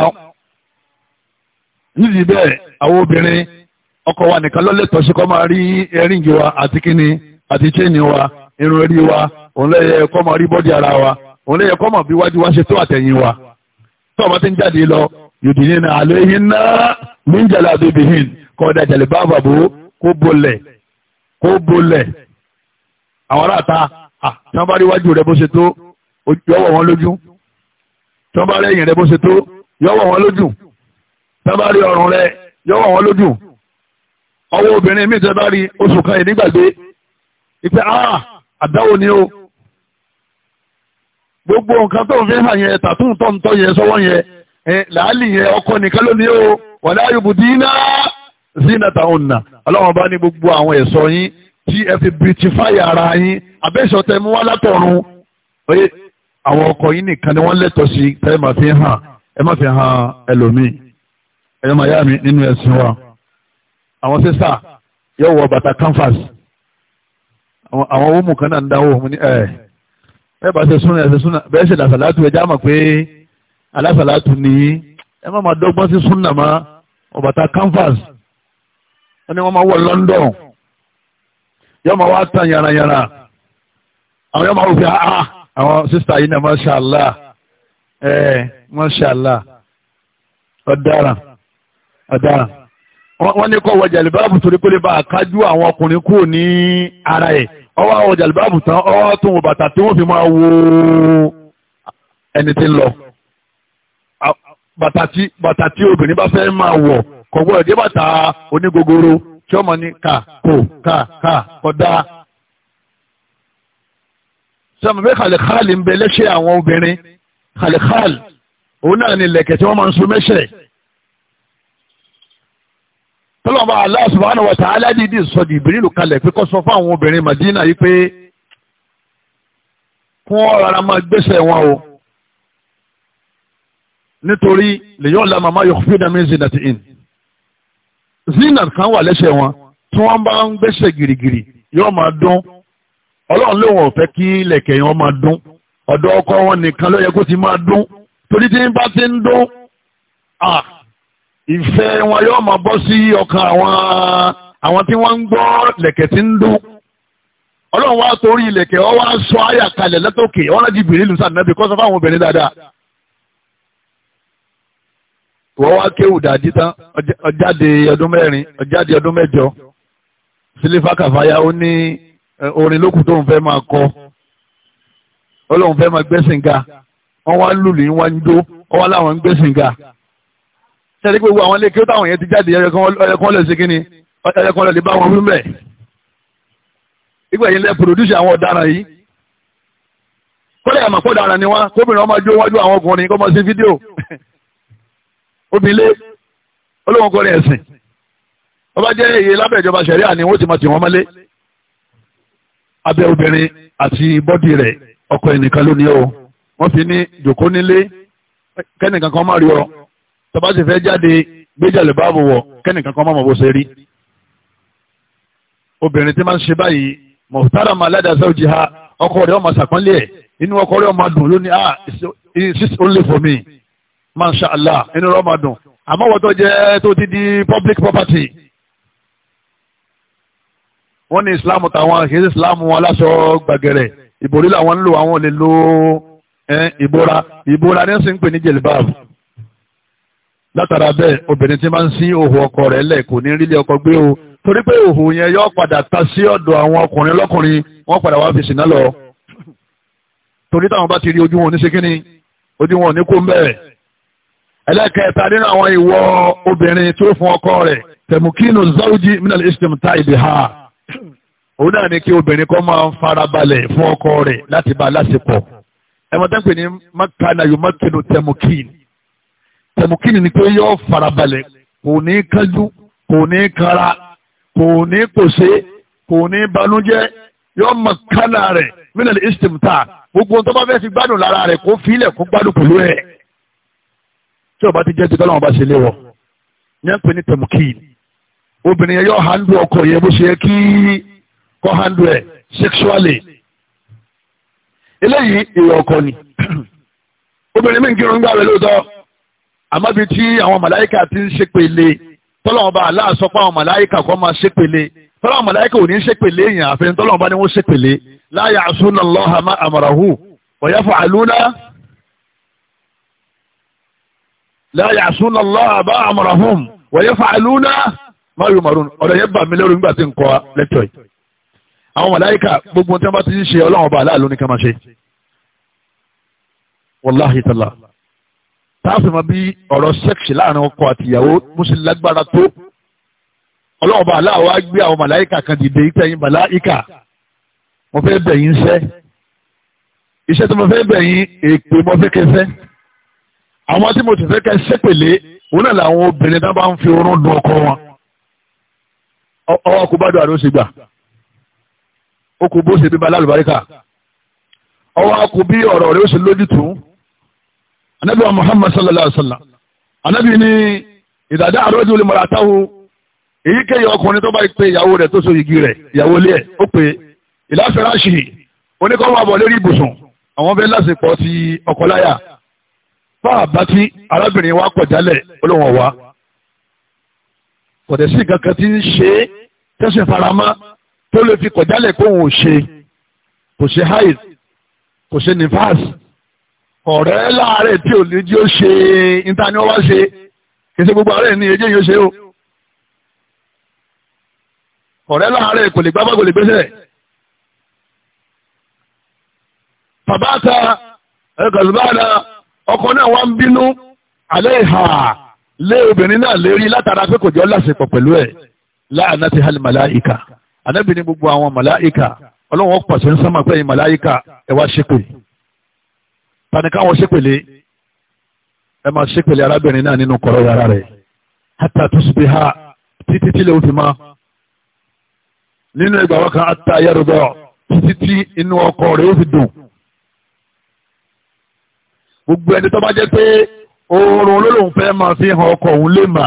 nídìí bẹ́ẹ̀ àwọn ọkọ wa nìkan lọ́lẹ́tọ̀ sí kọ́ máa rí ẹ̀ríǹgì wa àti kíni àti wa irun wa òun lẹ́yẹ kọ́ ara wa òun lẹ́yẹ kọ́ wa ṣe tó wa ọba lọ yudinina alayhinna min jalabibihin bihin. da jàlèbáàbà bò kó bolẹ̀ kó bolẹ̀ àwọn aráàta ah, tí wọ́n bá rí iwájú rẹ̀ bó ṣe tó yọ̀wọ̀ wọn lójú tí wọ́n bá rí ẹ̀yìn rẹ̀ bó ṣe tó yọ̀wọ̀ wọn lójú tí wọ́n bá rí ọrùn rẹ̀ yọ̀wọ̀ wọn lójú ọwọ́ obìnrin míì tẹ́ bá rí oṣù kan yìí nígbàgbé ìpè ah àdáwò ni o gbogbo nǹkan tó ń fi hàn yẹn tàtúntọ̀ yẹn sọ́wọ́ yẹn làálì yẹn ọkọ nìkan lónìí o wàlá ayọ̀bù dínà zinata ọ̀nà ọlọ́wọ́n bá ní gbogbo àwọn ẹ̀ṣọ́ yín tí ẹ fi beautify ara yín abẹ́sọ̀ tẹ mú wá látọ̀run oye àwọn ọkọ yín nìkan ni wọ́n lẹ́tọ̀ọ́ sí tẹ́ ẹ máa fi hàn ẹ máa fi hàn ẹlòmíì ẹ̀yọ́ máa yá mi nínú ẹ̀sìn wa àwọn sísà yóò wọ bàtà canvas àwọn wọ́ọ̀mù kan náà ń dáwọ́ ẹ̀ bẹ́ẹ̀ bá ṣe súnà ẹ̀ ṣe súnà bẹ́ẹ̀ ṣe làṣà látú ẹja mọ̀ pé alásàlátù ní ẹ má máa dọ́gbọ́n sí súnà ọ̀bàtà canvas wọ́n ní wọ́n máa wọ London yọ́ máa wá tàn yàrá-yàrá àwọn yọ́ máa wò fi àá ah, ah, àwọn sísá yìí náà masha Allah ẹ̀ masha Allah ọ̀daràn ọ̀daràn wọ́n ní kọ́ wọ jàlìbáàbù torí pé lè bá àkájú àwọn ọkùnrin kúrò ní ara ẹ̀ ọwọ́ àwọn jàlìbáàbù tán ọwọ́ tó wọ bàtà tí wọ́n fi máa wo ẹni tí ń lọ bàtà tí bàtà tí obìnrin bá fẹ́ máa wọ̀ kò gbọ́dọ̀ dé bàtà onígogoro tí ọmọ ní ka, kò kà kà kọ̀dá. sọ́mọ bí kàlẹ́kàlì ń bẹ lẹ́sẹ̀ àwọn obìnrin kàlẹ́kàlì òun náà ni lẹ̀kẹ̀ tí wọ́n máa ń so mẹ́sẹ̀ tọ́lọ́mọ Allah subhanahu wa ta'ala dìídì sọ Jibrilu kalẹ̀ pé kó sọ fún àwọn obìnrin Madina yìí pé kún ọ̀rọ̀ ara máa gbẹ́sẹ̀ wọn o nítorí lèyọ́ la màmá yọ fún ìdámẹ́ zinati in zina kan wà lẹ́sẹ̀ wọn tí wọ́n bá ń gbẹ́sẹ̀ girigiri yóò máa dún ọlọ́run lóun ò fẹ́ kí ilẹ̀kẹ̀ yẹn máa dún ọ̀dọ̀ ọkọ wọn nìkan ló yẹ kó ti máa dún torí tí bá ti ń dún ìfẹ́ wọn yóò máa bọ́ sí ọkàn àwọn tí wọ́n ń gbọ́ lẹ̀kẹ̀ tí ń dún ọlọ́run wá torí ilẹ̀kẹ̀ ọ wá sọ àyà kalẹ̀ látòkè ọ̀rọ̀ di bìrìlù sànẹ́bí kọ́ sọ fáwọn wọ́n wá kéwù dàjí tán ọjáde ọdún mẹ́rin ọjáde ọdún mẹ́jọ sílífà kàfáyà ó ní orin lókùn tóun fẹ́ máa kọ ó lóun fẹ́ máa gbẹ́sìn ga wọ́n wá lùlù yín wá ń dó wọ́n wá láwọn ń gbẹ́sìn ga sẹ́ni pé gbogbo àwọn ilé kí ó táwọn yẹn ti jáde ẹ̀yọkan lọ sí kí ni ẹ̀yọkan lọ lè bá wọn wímẹ̀ ìgbà yìí lẹ́ pòdùsì àwọn ọ̀daràn yìí kọ́lẹ̀ àmọ̀pọ̀ ọ̀daràn ni wọ́n kóbìnrin ọmọ jó wájú àwọn ọkùnrin kọ́mọ sí fídíò obìnrin olóhùn kọrin ẹ̀sìn wọ́n bá jẹ́ iye lábẹ́ ìjọba ṣẹ̀ríà ni wọ́n ti máa tì wọ́n mọ́lé abẹ́ obìnrin àti bọ́dì rẹ̀ ọkọ ẹnìkan ló ní o wọ́n fi ní jòkó nílé kẹ́nìkan kan má rí ọ tọ́ba sì fẹ́ jáde gbéjàlè báàbò wọ̀ kẹ́nìkan kan má mọ̀ bó ṣe rí obìnrin tí máa ń ṣe báyìí mọ̀tàrà máa ládàá sáwùjì ha ọkọ rẹ̀ ọmọ sàpọ́nlé ẹ̀ inú ọkọ rẹ̀ ọmọ dùn lónìí ah it's only for me masha allah inú Ramadan. dùn àmọ́ wọ́n tó jẹ́ tó ti di public property wọ́n ní islam tàwọn kìí islam wọn aláṣọ gbàgẹ̀rẹ̀ ìbòrí làwọn ń lò àwọn ò lè lo ìbora ìbora ní sì ń pè ní jilbab látara bẹ́ẹ̀ obìnrin tí máa ń sí òhò ọkọ rẹ̀ lẹ̀ kò ní rílé ọkọ gbé o torí pé òhò yẹn yọ padà ta sí ọ̀dọ̀ àwọn ọkùnrin lọ́kùnrin wọ́n padà wá fi sìnà lọ torí táwọn bá ti rí ojú wọn ní ṣe ojú wọn ní kó ń bẹ́ẹ̀ ẹlẹ́kẹ̀ẹ́ta nínú àwọn ìwọ obìnrin tí ó fún ọkọ rẹ̀ tẹ̀mùkínú zawji minal istimta ibiha òun náà ni kí obìnrin kọ́ máa ń farabalẹ̀ fún ọkọ rẹ̀ láti bá a láṣepọ̀ ẹ̀mọ́tẹ́pẹ̀ ní makana yomakinu tẹ̀mùkín tẹ̀mùkín ni pé yóò farabalẹ̀ kò ní kánjú kò ní kara kò ní kòṣe kò ní banújẹ́ yóò makana rẹ̀ minal istimta gbogbo tó tí ọba ti jẹ́ ti tọ́lọ́wọ́n bá ṣe lé wọ ní ẹ̀pẹ́ ní tẹ̀mùkì obìnrin yẹn yọ handu ọkọ yẹn bó ṣe yẹ kí kọ́ handu ẹ̀ sexually eléyìí èrò ọkọ ni obìnrin mi ń kírun gbàgbé lóòótọ́ àmọ́ bíi tí àwọn màláìkà ti ń ṣépele tọ́lọ́wọ́n bá aláà sọ àwọn màláìkà kọ́ máa ṣépele tọ́lọ́wọ́n màláìkà ò ní ṣépele èèyàn àfẹn tọ́lọ́wọ́n bá ní wọ́n ṣépele la ya'suna Allaha ma amarahu wa la ya'suna Allah ma amarahum wa yaf'aluna ma yu'marun ọ̀rọ̀ yẹn bà mí lẹ́rù nígbà tí n kọ́ lẹ́tọ̀ yìí. àwọn màláìkà gbogbo tí wọ́n bá ti ń ṣe ọlọ́run ọba aláàlú ní ká máa ṣe. wàláhi tàlà táàfin ma bí ọ̀rọ̀ sẹ́ẹ̀kì láàrin ọkọ àtìyàwó mùsùlùmí lágbára tó ọlọ́run ọba aláàwọ̀ á gbé àwọn màláìkà kan dìde ìtẹ̀yìn màláìkà mo fẹ́ bẹ̀yìn iṣẹ́ iṣẹ́ tó mo fẹ́ bẹ̀yìn èpè mo fẹ́ kẹfẹ́ àwọn tí mo ti fẹ́ kẹ́ sépèlé òun náà làwọn obìnrin tó bá ń fi oorun dun ọkọ wọn ọwọ́ kò bá dùn àdó ṣe gbà ó kò bó ṣe bí balá àlùbáríkà ọwọ́ kò bí ọ̀rọ̀ rẹ̀ ó ṣe lójútùú anabi wa muhammad sallallahu alaihi wa sallam anabi ni ìdàdá àròjù lè mọ̀ra táwọn èyíkéyìí ọkùnrin tó bá pe ìyàwó rẹ̀ tó so igi rẹ̀ ìyàwó ilé ẹ̀ ó pe ìlàfẹ́ràn ṣì oníkọ́ wà lórí ibùsùn àwọn bẹ́ẹ̀ lásìkò ti ọkọ fáà bá tí arábìnrin wa kọ̀ jálẹ̀ olóhùn wa kọ̀dẹ̀ sí kankan tí ń ṣe é tẹ́sán faramá tó lè fi kọ̀jálẹ̀ kó òun ò ṣe kò ṣe haid kò ṣe nifas ọ̀rẹ́ láàárẹ̀ tí ò ní jí ó ṣe níta ni wọ́n wá ṣe kì í ṣe gbogbo àárẹ̀ ní ẹjẹ́ yìí ó ṣe o ọ̀rẹ́ láàárẹ̀ kò lè gbábá kò lè gbéṣẹ̀ bàbá ta ẹ̀kọ́ lùbáàdà ọkọ náà wá ń bínú alẹ́ ìhà lé obìnrin náà lérí látara pé kò jọ lásìkò pẹ̀lú ẹ̀ láàánà ti hali màláìka anábì ní gbogbo àwọn màláìka ọlọ́run ó pàṣẹ ń sámà pé ẹ̀yin màláìka ẹ wá ṣépè tani káwọn ṣépèlé ẹ máa ṣépèlé arábìnrin náà nínú kọ̀rọ̀ yàrá rẹ̀ hátà tó ha títí tí lè fi máa nínú ìgbà wákàtí àtàyẹrù bọ̀ títí tí inú ọkọ rẹ̀ ó fi dùn gbogbo ẹni tó bá jẹ́ pé oorun olólùfẹ́ fẹ́ máa fi hàn ọkọ òun lè mà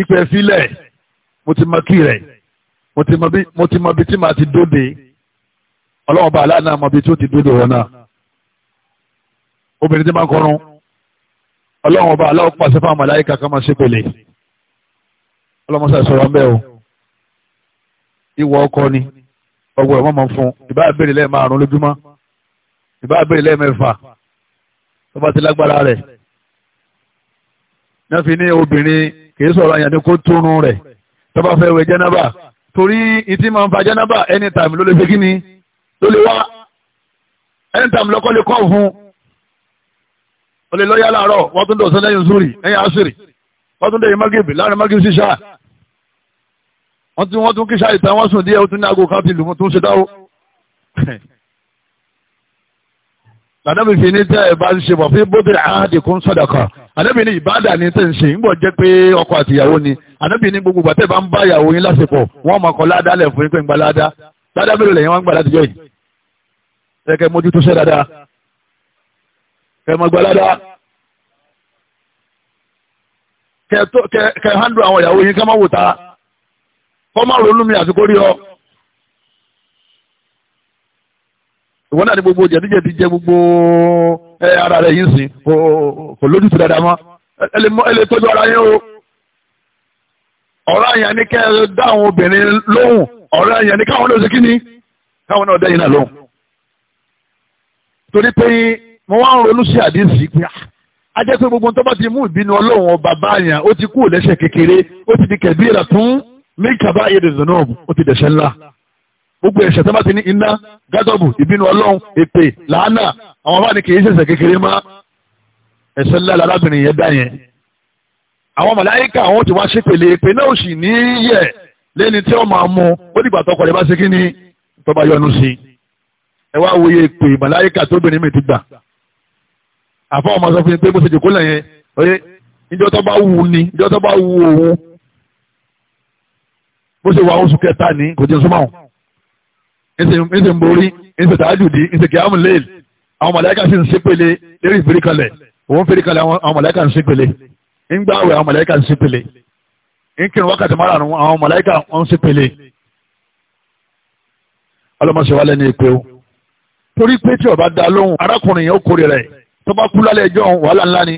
ìpè sílẹ̀ mo ti mọ kí rẹ̀ mo ti mọ bí tí màá ti dóde ọlọ́wọ́n bá aláàánú mọ bí tí ó ti dóde wọn náà obìnrin tí máa ń kọrun ọlọ́wọ́n bá aláwọ̀ pàṣẹ fún àmàlà ayíká kan máa ṣe pèlè ọlọ́mọṣà sọ̀rọ̀ ń bẹ́ o ìwọ ọkọ ni ọgbọ ẹ̀ mọ́ mọ́ fún ìbá àbẹ̀rẹ̀ lẹ́ẹ̀ lójúmọ́ ìbá àbẹ̀rẹ̀ tó bá ti lágbára rẹ̀ náà fi ní obìnrin kìí sọ̀rọ̀ àyàn ní kó túnrun rẹ̀ tó bá fẹ́ wẹ̀ jẹ́nàbà torí ìtí máa ń fa jẹ́nàbà anytime ló lè fi kí ni ló lè wá anytime lọ́kọ́ lè kọ́ fún ó lè lọ́yà láàárọ̀ wọ́n tún dọ̀sán lẹ́yìn zuri lẹ́yìn asiri wọ́n tún dẹ̀yìn magib láàrin magib ṣíṣà wọ́n tún wọ́n tún kíṣà ìtàn wọ́n sùn díẹ̀ ó tún ní aago kan ti lù mú tún ṣe dáwó. lànàbì fi ní tẹ́ ẹ bá ń ṣe bọ̀ fí bóde àádì kún sọ́dọ̀kọ̀ ànábì ní ìbáàdà ní tẹ́ ń ṣe ń bọ̀ jẹ́ pé ọkọ àti ìyàwó ni ànábì ní gbogbo bàtẹ́ bá ń bá ìyàwó yín lásìkò wọ́n mọ̀ kọ́ ládàá lẹ̀ fún yín pé ń gba ládàá ládàá mélòó lẹ́yìn wọ́n ń gbà láti jọ yìí kẹ́kẹ́ mójú tó ṣe dáadáa kẹ́ mọ̀ gba ládàá kẹ́ handle àwọn ìwọ náà ní gbogbo jẹ̀díjẹ̀dí jẹ gbogbo ara rẹ̀ yìí sìn kò lójútu dáadáa mọ́ ẹ lè tọ́jú ara yín o ọ̀rọ̀ àyàn ní kẹ́ ẹ dá àwọn obìnrin lóhùn ọ̀rọ̀ àyàn ní káwọn lóṣù kí ni káwọn náà dẹ́yìn náà lóhùn. torí pé mo wá ń ronú sí àdéhùn pé ah, a jẹ́ pé gbogbo tó bá ti mú ìbínú ọlọ́run ọba báyàn ó ti kú lẹ́sẹ̀ kékeré ó ti di kẹ̀bí ìlà tún mí kàbá ìdè zùnú ó ti dẹ̀ṣẹ̀ ńlá gbogbo ẹ̀ṣẹ̀ tó bá ti ní iná gádọ́bù ìbínú ọlọ́run èpè làánà àwọn bá ní kì í ṣẹ̀ṣẹ̀ kékeré mọ́ ẹ̀ṣẹ̀ ńlá lárábìnrin yẹn dá yẹn. àwọn màláyíkà àwọn ti wá ṣépele èpè náà sì ní yẹ lẹ́ni tí wọ́n máa mú ó dìgbà tọkọ rẹ̀ bá ṣe kí ni tó bá yọnu sí i. ẹ wá wòye èpè màláyíkà tó bìnrin mi ti gbà. àfọ ọmọ sọ fún mi pé bó ṣe jòkó lẹ́yìn oye ẹsẹ̀ ń borí ẹsẹ̀ tààjùdì ẹsẹ̀ kìámù lẹ́ẹ̀l àwọn màláíkà sì ń ṣépele lérí ìfìríkalẹ̀ òun fìríkalẹ̀ àwọn màláíkà ń ṣépele ń gbààwẹ̀ àwọn màláíkà ń ṣépele ń kírun wákàtí márùn-ún àwọn màláíkà ń ṣépele ọlọ́mọṣẹ́ wa lẹ́nu ìpè o torí pé tí ọba dá lóhùn arákùnrin yẹn ó kórè rẹ̀ tó bá kú lálẹ́ ẹjọ́ wàhálà ńlá ni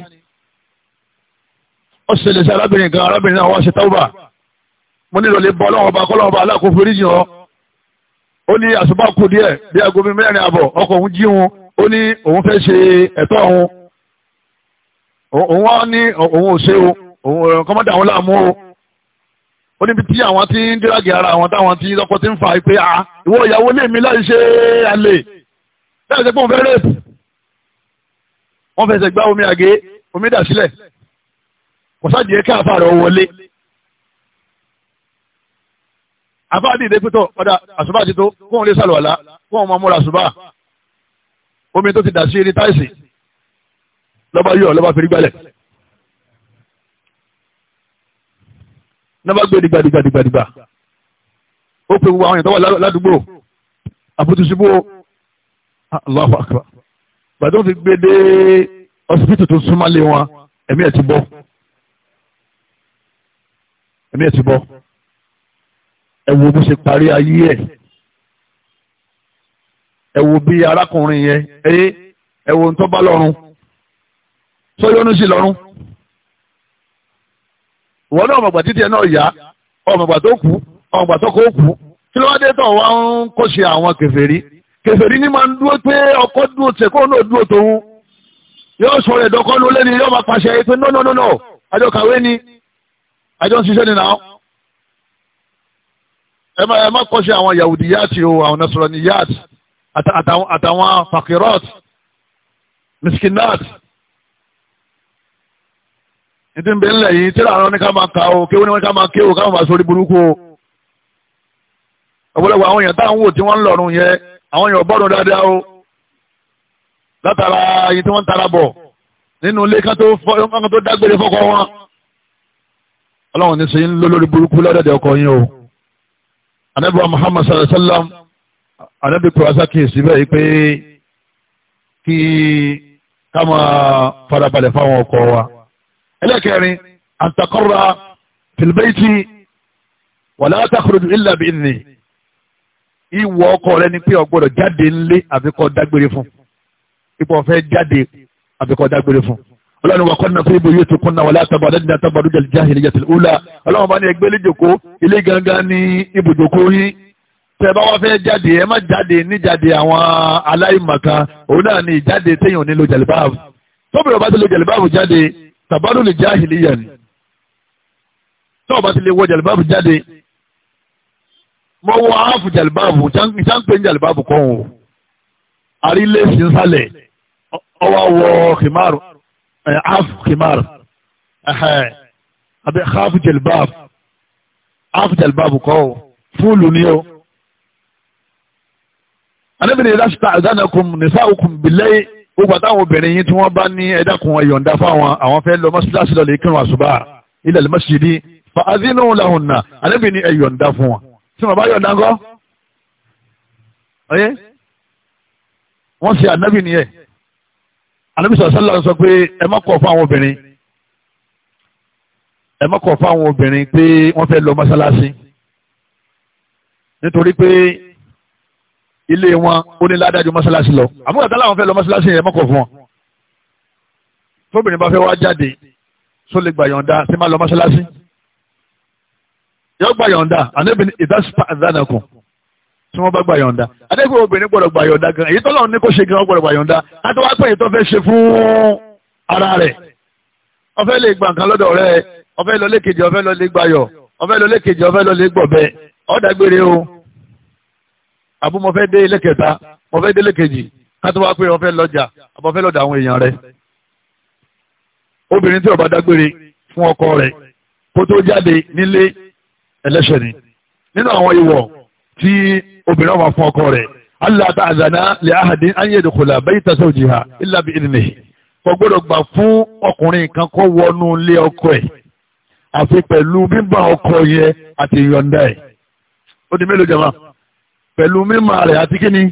ó ṣẹlẹ̀ sí arábìnrin kan arábìnrin náà wá ṣe táwùbà mo nílò lè bọ́ ọlọ́wọ́ ọba kọ́lọ́wọ́ ọba aláàkóso oríjì ọ́ ó ní àṣùbà kù díẹ̀ bí aago bíi mẹ́rin àbọ̀ ọkọ òun jí òun ó ní òun fẹ́ ṣe ẹ̀tọ́ òun òun wá ní òun ò ṣe o òun kọ́mọ́dé àwọn láàmú o ó níbi tí àwọn ti ń díràgì ara àwọn táwọn ti lọ́kọ ti ń fa ìpè à ìwọ ìyàwó lè mi láì ṣe àlè láì ṣe pé òun fẹ́ rèpù wọ́n fẹsẹ̀ gbá omi àgé omi dà sílẹ̀ kò sáà jẹ́ káàfà rẹ̀ wọlé àbá dìde pítọ̀ padà àṣùbà ti tó kóun lè sàlùwàlá kóun máa múra àṣùbà omi tó ti dà sí eré táìsì lọ́ba yọ lọ́ba fèrè gbalẹ̀ lọ́ba gbé dìgbàdìgbàdìgbà ó pe gbogbo àwọn ìtọ́wà ládùúgbò àbútùsíbò Allahu Akbar bàtà ti gbé dé ọsibítù tó súnmọ́lé wọn ẹ̀mí ẹ̀ ti bọ́ ẹ̀mí ẹ̀ ti bọ́ ẹ wo bó ṣe parí ayé ẹ̀ ẹ wo bí arákùnrin yẹn ẹ ẹ wo tó bá lọ́rùn sọ́yọ́nù sí lọ́rùn ìwọ náà ọmọ ìgbà títí ẹ náà yá ọmọ ìgbà tó kú ọmọ ìgbà tó kó kú kí ló wá dé tó wá ń kó ṣe àwọn kèfèrí kèfèrí ní máa ń dúró pé ọkọ dúró tẹ kó náà dúró tòun yóò sọ rẹ̀ dọ́kọ́ ló lẹ́ni yóò máa pàṣẹ pé no no no no àjọ kàwé ni àjọ ń ṣiṣẹ́ nìyàwó ẹ má kọ́ sí àwọn yahudiyaati o àwọn nasaraniyaati àtàwọn fakirot miskinat nítorí ń bẹ ńlẹ̀ yìí tíra àwọn ní ká máa ka o kéwọ́n ní wọ́n ká máa kéwò káwọn bá sórí burúkú o ọ̀pọ̀lọpọ̀ àwọn èèyàn táwọn wò tí wọ́n ń lọ́rùn yẹn àwọn èèyàn bọ́ọ̀rùn dáadáa o látara yìí tí wọ́n ń tara bọ̀ nínú ilé kan tó dágbére fọ́kọ wọn ọlọ́run ní sèyí ń lólórí burúkú lọ́dọ̀dẹ̀ ọkọ yín o anabi wa muhammad sallallahu alaihi wa sallam anabi kura sákèsí bẹ́ẹ̀ pé kí ká máa farabalẹ̀ fáwọn ọkọ wa ẹlẹ́kẹrin antakọ́ra filibeeti wàlá takhruj illa bi idhni ìwọ ọkọ rẹ ni pé o jáde ńlé àbíkọ́ dágbére fún ipò ọ̀fẹ́ jáde àbíkọ́ dágbére fún ọlọ́run wa kọ́nà fún ibo yóò ti kúnna wọlé àtàbàdàn ní àtàbàdàn jahiliyatil ula ọlọ́run bá ní ẹgbẹ́ lẹ́jọ̀kọ́ ilé gangan ní ibùjókòó yín tẹ́ bá wá fẹ́ jáde ẹ má jáde níjáde àwọn aláìmọ̀kan òun náà ní ìjáde téèyàn nílò jàlibáàbù tóbi ọba ti lo jàlibáàbù jáde tàbádùn lè jahiliya ni tó bá ti lè wọ jàlibáàbù jáde mo عاف خمار أبي خاف جلباب عاف جلباب قو فول نيو أنا بني لا استأذنكم نساؤكم بالليل gbogbo àtàwọn obìnrin yìí tí wọ́n bá ní ẹ̀dàkùn ẹ̀yọ̀ǹda fáwọn àwọn fẹ́ lọ mọ́síláṣí lọ lè kírun àṣùbà ilẹ̀ lọ́mọ́sídìí fa azínú lahunna ànábì ní ẹ̀yọ̀ǹda fún wọn tí wọ́n bá yọ̀ǹda ńkọ́ ọ̀yẹ́ wọ́n ṣe ànábì nìyẹn anábìsọ̀ sálà sọ pé ẹ má kọ̀ fún àwọn obìnrin ẹ má kọ̀ fún àwọn obìnrin pé wọ́n fẹ́ lọ mọ́sálásí nítorí pé ilé wọn ó ní ládájú mọ́sálásí lọ àmúgbàtà làwọn fẹ́ lọ mọ́sálásí yẹn mọ́kọ̀ fún wọn tóbìnrin bá fẹ́ wá jáde só lè gbà yọ̀ǹda sí má lọ mọ́sálásí yọ gbà yọ̀ǹda ànábìnrin ìdásípà àdánakùn tí wọ́n bá gbà yọ̀ǹda adékò obìnrin gbọ́dọ̀ gbà yọ̀ǹda gan èyí tọ́lọ́run ní kó ṣe gan gbọ́dọ̀ gbà yọ̀ǹda láti wá pé èyí tó fẹ́ ṣe fún ara rẹ̀ ó fẹ́ lè gba nǹkan lọ́dọ̀ rẹ̀ ó fẹ́ lọ lékejì ó fẹ́ lọ lè gbayọ̀ ó fẹ́ lọ lékejì ó fẹ́ lọ lè gbọ̀bẹ ọ̀dàgbére o àbú mo fẹ́ dé lẹ́kẹta mo fẹ́ dé lẹ́kejì láti wá pé ó fẹ́ lọ́jà àbọ̀ fẹ́ lọ́dọ̀ àwọn èèyàn rẹ̀ obìnrin tí ó bá dágbére fún ọkọ rẹ̀ kó tó jáde nílé ẹlẹ́ṣẹ̀ ni nínú àwọn ìwọ̀ tí obìnrin ọmọ fún ọkọ rẹ̀ allah ta'azana li ahadin an yadkhula bayta zawjiha illa bi idnihi kò gbọ́dọ̀ gbà fún ọkùnrin kan wọnú ilé ọkọ ẹ̀ àfi pẹ̀lú bíbá ọkọ yẹ àti yọ̀ǹda ẹ̀ ó di mélòó jama pẹ̀lú mímọ̀ rẹ̀ àti kíni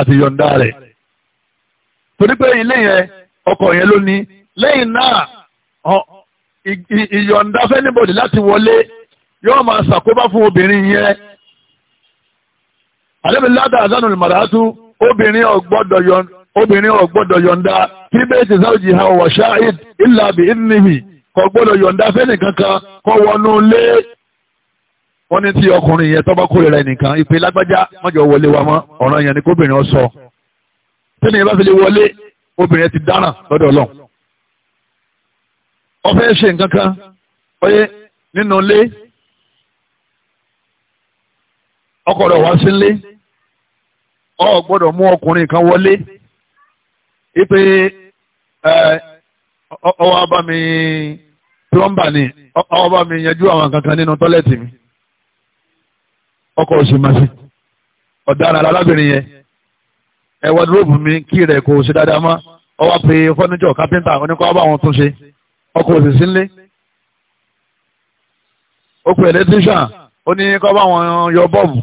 àti yọ̀ǹda rẹ̀ torí pé ilé yẹn ọkọ yẹn ló ní lẹ́yìn náà ìyọ̀ǹda fẹ́ níbòdì láti wọlé yóò máa ṣàkóbá fún obìnrin yẹn àdébìládà àzánù ìmọ̀láàtú obìnrin ọ̀gbọ́dọ̀ yọ̀ǹda kí bẹ́ẹ̀tì sáwùjì ha wọ̀ ṣáàid ìlàbí ìnìhì kò gbọ́dọ̀ yọ̀ǹda fẹ́nì kankan kọ́ wọnú lé wọ́n ní tí ọkùnrin yẹn tọ́ba kórìíra ẹnìkan ìpè lágbájá mọ́jọ wọlé wa mọ́ ọ̀ràn yẹn ni kóbìnrin ọ sọ yẹn bá fi lè wọlé obìnrin ti dáràn lọ́dọ̀ ọlọ́run ó ṣe nǹkan kan nínú ilé ọkọ rẹ̀ wá sí ilé ọ gbọ́dọ̀ mú ọkùnrin kan wọlé ipe ọwọ́ bá mi plọ́mbà ni ọwọ́ bá mi yanjú àwọn kankan nínú tọ́lẹ́tì mi ọkọ̀ òsì máa ṣe ọ̀daràn alábìnrin yẹn ẹ wọ́dúróòbù mi kí rẹ̀ kò ṣe dáadáa mọ́ ọwọ́ pe fọ́níjọ́ kápẹ́ńtà oníkọ́ bá wọn tún ṣe ọkọ̀ òsì sí nílé ó pe ẹ̀lẹ́tíríṣàn ó ní kọ́ bá wọn yọ bọ́ọ̀bù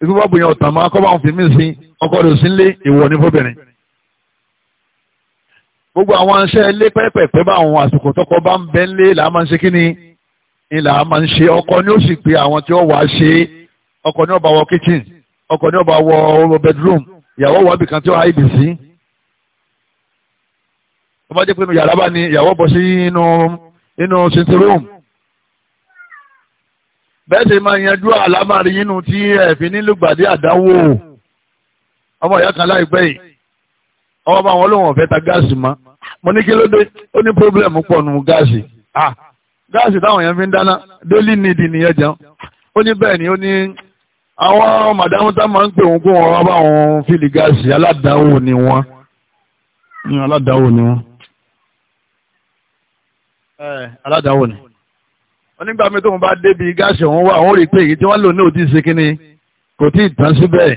ikú bá bùyàn ọ̀tàn máa kọ́ bá ń fi mí sí ọkọ rẹ̀ sí lé ìwọ ní fóbìnrin. gbogbo àwọn aṣẹ́ ilé pẹ́pẹ́pẹ́ bá àwọn àsìkò tọkọ bá ń bẹ́ lé là máa ń ṣe kí ni ìlà á máa ń ṣe ọkọ ni ó sì pe àwọn tí ó wàá ṣe ọkọ ni ó bá wọ kitchen ọkọ ni ó bá wọ bedroom ìyàwó wọ ibìkan tí ó háìbì sí. wọ́n bá jẹ́ pé inú yàrá bá ní ìyàwó bọ̀ sí inú inú sitting room bẹ́ẹ̀ ṣe máa yanjú àlámàrí yínú tí ẹ̀fín nílùgbàdì àdánwò ọmọ ìyá kan láìpẹ́ yìí ọmọ bá wọn lóun ọ̀fẹ́ ta gáàsì mọ́ mo ní kí ló dé ó ní pírọ́blẹ̀mù pọ̀ nù gáàsì ah gáàsì táwọn èèyàn fi ń dáná délì nídìí nìyẹn jẹun ó ní bẹ́ẹ̀ ni ó ní àwọn màdámù tá máa ń pè wọn kó wọn wá báwọn fílì gáàsì aládàáwò ni wọn aládàáwò ni wọn aládàáwò ni onígbà mi tóun bá débi gáàsì ọ̀hún wà wọ́n rí èyí tí wọ́n lò ní òtí ṣe kò tí ì tán síbẹ̀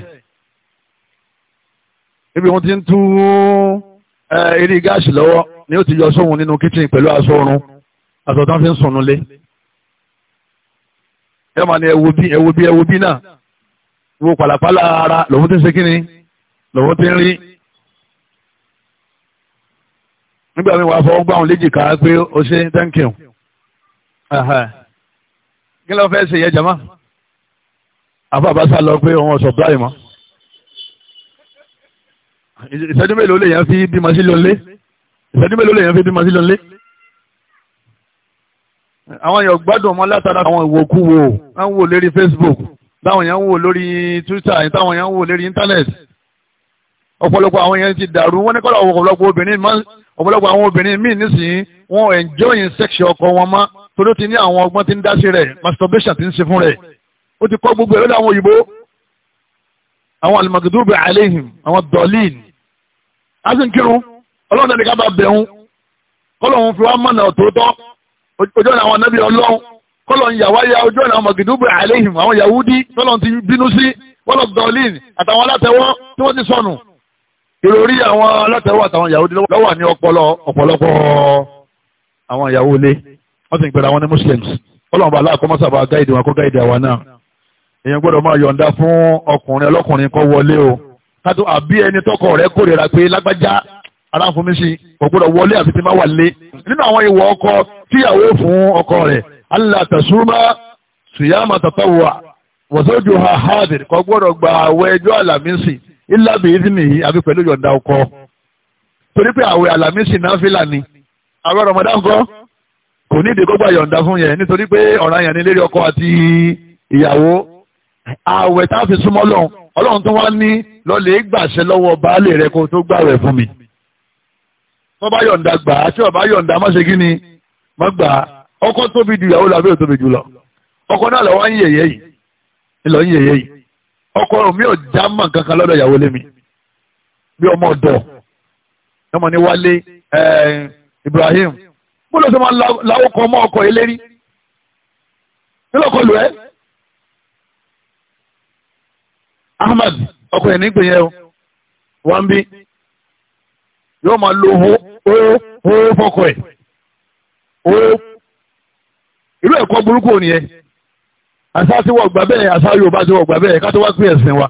ibi wọn ti ń tú eré gáàsì lọ́wọ́ ni ó ti yọ sóhun nínú kíchìn pẹ̀lú aṣọ oorun aṣọ tán fi ń sùn nulẹ̀ ẹ máa ní ẹwo bí ẹwo bí ẹwo bí náà wo pàlàpàlà ara lòun ti ń ṣe lòun ti ń rí nígbà mi wà fọwọ́ gbà wọn léjìká pé o ṣe thank you kí ló fẹ́ ṣe yẹ jama àfa àbáṣá lọ pé òun ọ̀sọ̀ bíláì mọ́ ìṣẹ́jú mélòó lè yàn fi bímọ sí lónlé ìṣẹ́jú mélòó lè yàn fi bímọ sí lónlé àwọn èèyàn gbádùn ọmọ látara àwọn ìwòkuwò wọn wò lórí Facebook táwọn èèyàn wò lórí Twitter táwọn èèyàn wò lórí íńtánẹ́ẹ̀tì ọ̀pọ̀lọpọ̀ àwọn èèyàn ti dàrú wọn ní kọ́lá ọ̀pọ̀lọpọ̀ obìnrin ọ̀pọ̀lọpọ̀ àwọn obìnrin míì nísìnyí wọn enjoy sex ọkọ wọn mọ́ torí ó ti ní àwọn ọgbọ́n tí ń dá rẹ̀ masturbation ti ń ṣe fún rẹ̀ ó ti kọ́ gbogbo ẹ̀ lọ́dọ̀ àwọn òyìnbó àwọn alimagudubi aleihim àwọn dọ̀lín asinkirun ọlọ́run náà ní ká bá bẹ̀rù kọ́lọ́hún fi wá mọ̀nà òtòótọ́ ojú ọ̀nà àwọn anábì ọlọ́run kọ́lọ́hún yàwá ya ojú ọ̀nà àwọn magidubi aleihim àwọn yahudi tọ́lọ́hún ti bínú sí wọ́lọ́ dọ̀lín àtàwọn alátẹ̀wọ́ tí wọ́n ti sọnù ìròrí àwọn alátẹ̀wọ̀ àtàwọn Yahudi lọ́wọ́ ní ọpọlọ ọ̀pọ̀lọpọ̀ àwọn ìyàwó ilé wọ́n sì ń pẹ̀lú àwọn ní Muslims ọlọ́run bá aláàkọ́ mọ́ sábà gáìdì wọn kó gáìdì àwa náà èèyàn gbọ́dọ̀ máa yọ̀ǹda fún ọkùnrin ọlọ́kùnrin kó wọlé o kátó àbí ẹni tọkọ rẹ̀ kórìíra pé lágbájá aláǹfọmísì kò gbọ́dọ̀ wọlé àfi tí má wà lé nínú àwọn ìwọ ọkọ tíyàwó fún ọkọ rẹ̀ Allah tasuma suyama tatawa wọ́sọ́jú ha hadir kò gbọ́dọ̀ gba àwẹ̀ ẹjọ́ àlàmísì ìlàbí ìdínìyí àbí pẹ̀lú yọ̀ǹda ọkọ torí pé àwẹ̀ àlàmísì náfìlà ni àwẹ̀ Ramadan kọ́ kò ní ìdè gbọ́gbà yọ̀ǹda fún yẹn nítorí pé ọ̀ràn yẹn ni lérí ọkọ àti ìyàwó àwẹ̀ tá a fi súnmọ́ lọ́hùn ọlọ́run tó wá ní lọ́lẹ̀ gbàṣẹ lọ́wọ́ baálé rẹ kó tó gbàwẹ̀ fún mi tó bá yọ̀ǹda gbà á tí ó bá yọ̀ǹda má ṣe kí ni má gbà á ọkọ tóbi ju ìyàwó làbẹ́ òtóbi jù lọ ọkọ náà lọ́wọ́ ń yẹ̀yẹ́ yìí ọkọ mi ò já mọ̀ kankan lọ́dọ̀ ìyàwó lé mi bí ọmọ ọ̀dọ̀ ọmọ ní wálé eh, Ibrahim bó ló ṣe máa láwọ́ kọ ọmọ ọkọ eléri nílọ́kọ lù ẹ́ Ahmad ọkọ ẹ̀ nígbè yẹn o wọ́n ń bí yóò máa lo owó owó fọkọ ẹ̀ owó irú ẹ̀kọ́ burúkú ò nìyẹn àṣà tí wọ́n gbà bẹ́ẹ̀ àṣà Yorùbá tí wọ́n gbà bẹ́ẹ̀ ká tó wá pín ẹ̀sìn wa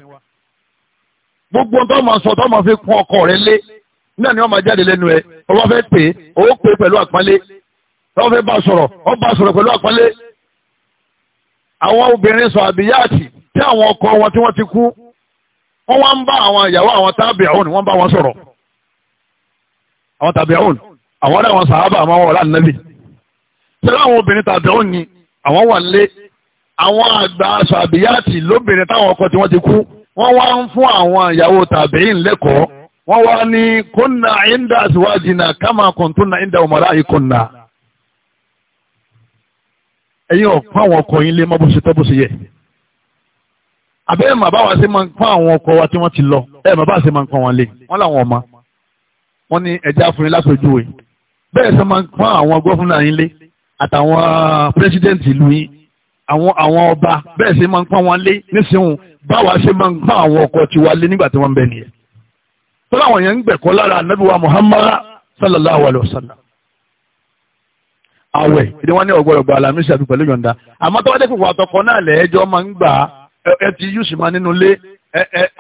gbogbo tó máa sọ tó máa fi kún ọkọ rẹ lé náà ni wọ́n máa jáde lẹ́nu ẹ ọba fẹ́ pè é ó pè é pẹ̀lú àpọ́nlé wọ́n fẹ́ bá sọ̀rọ̀ wọ́n bá sọ̀rọ̀ pẹ̀lú àpọ́nlé àwọn obìnrin sọ àbíyáàtì tí àwọn ọkọ wọn tí wọ́n ti kú wọ́n wá ń bá àwọn ìyàwó àwọn tábìà òun wọ́n bá wọn sọ̀rọ̀ àwọn tábìà òun àwọn ọ̀dà àwọn sàhábà àwọn ọ̀rá nàbì ṣẹlẹ̀ àwọn obìnrin tábìà òun ni àwọn wà lé àwọn àgbà sàbíyàtì lóbìnrin táwọn ọkọ tí wọ́n ti kú wọ́n wá ń fún àwọn ìyàwó tàbíyìn lẹ́kọ̀ọ́ wọ́n wá ní kúnna inda azwajina kama kuntunna inda umaraikunna ẹ̀yin ọ̀pọ̀ àwọn ọkọ yín lé mọ́ bó ṣe tọ́ bó ṣe yẹ àbẹ́rẹ́ màbá wa ṣe máa ń pọ́n àwọn ọkọ wa tí wọ́n ti lọ ẹ̀ màbá ṣe máa ń pọ́n wọn lé wọ́n làwọn ọmọ wọn ní ẹja fún yín lápèjúwe bẹ́ẹ̀ ṣe máa ń pọ́n àwọn gọ́fúnà yín lé àtàwọn pírẹ́sídẹ́ǹtì ìlú yín àwọn àwọn ọba bẹ́ẹ̀ ṣe máa ń pọ́n wọn lé nísìnyìí báwa ṣe máa ń pọ́n àwọn ọkọ tiwa lé nígbà tí wọ́n ń bẹ nìyẹn tọ́lá àwọn yẹn ń gbẹ̀kọ́ lára ànábì wa Muhammad sallallahu alayhi wa sallam àwẹ̀ ìdí wọn ní ọgbọ́dọ̀ gba alamisi àti pẹ̀lú yọ̀ǹda àmọ́ tọ́wọ́ dẹ́kun wà tọkọ náà lẹ́ẹ̀jọ́ máa ń gbà ẹ ti yúùsì máa nínú ilé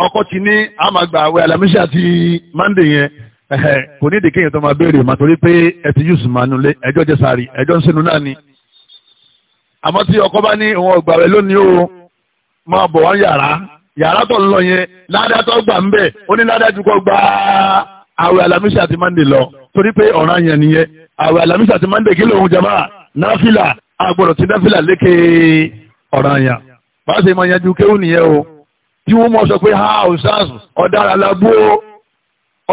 ọkọ ti ní a máa gba alamisi àti mande yẹn kò ní ìdíkẹ́yìn tó máa béèrè màtòrí pé ẹ ti yúùsì máa nínú ilé ẹjọ́ jẹ́ sáré ẹjọ́ ń sinú náà ni àmọ́ tí ọkọ bá ní òun ọgbà rẹ̀ lónìí o máa bọ̀ wọ́n yàrá yàrá tó ń lọ yẹn ládàá tó gbà ń bẹ̀ ó ní ládàá ju kọ́ gba àwẹ̀ alamisa àti mande lọ torí pé ọ̀ràn yẹn nìyẹn àwẹ̀ alamisa àti mande kí lóun jama náfìlà àgbọ̀dọ̀ ti náfìlà lékè ọ̀ràn yẹn bá a ṣe máa yanjú kéwù nìyẹn o tí wọ́n mọ̀ sọ pé ha ọ̀sán ọ̀daràn làbú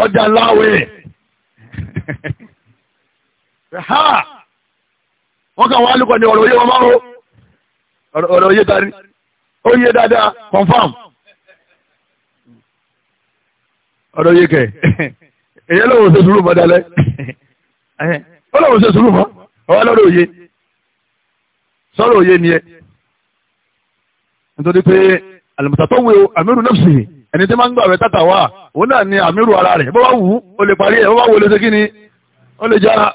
ọjà láwẹ̀ ha wọ́n kàn wá lùkọ̀ ní ọ̀rọ̀ òye wọn máa ń ro ọ̀rọ̀ òye tari ó yé dáadáa confam ọ̀rọ̀ òye kẹ̀ èyẹ lọ́wọ́ ṣe sùúrù mọ́ dalẹ̀ ó lọ́wọ́ ṣe sùúrù mọ́ ọ̀rọ̀ lọ́rọ̀ òye sọ́rọ̀ òye ni ẹ nítorí pé àlùmọ̀tàtọ́ wo àmírù nọ́ọ̀sì ẹni tí máa ń gbà rẹ̀ tàtà wá òun náà ni àmírù ara rẹ̀ bó bá wù ú ó lè parí ẹ̀ bó bá wù ó lè ṣe kí ni ó lè jára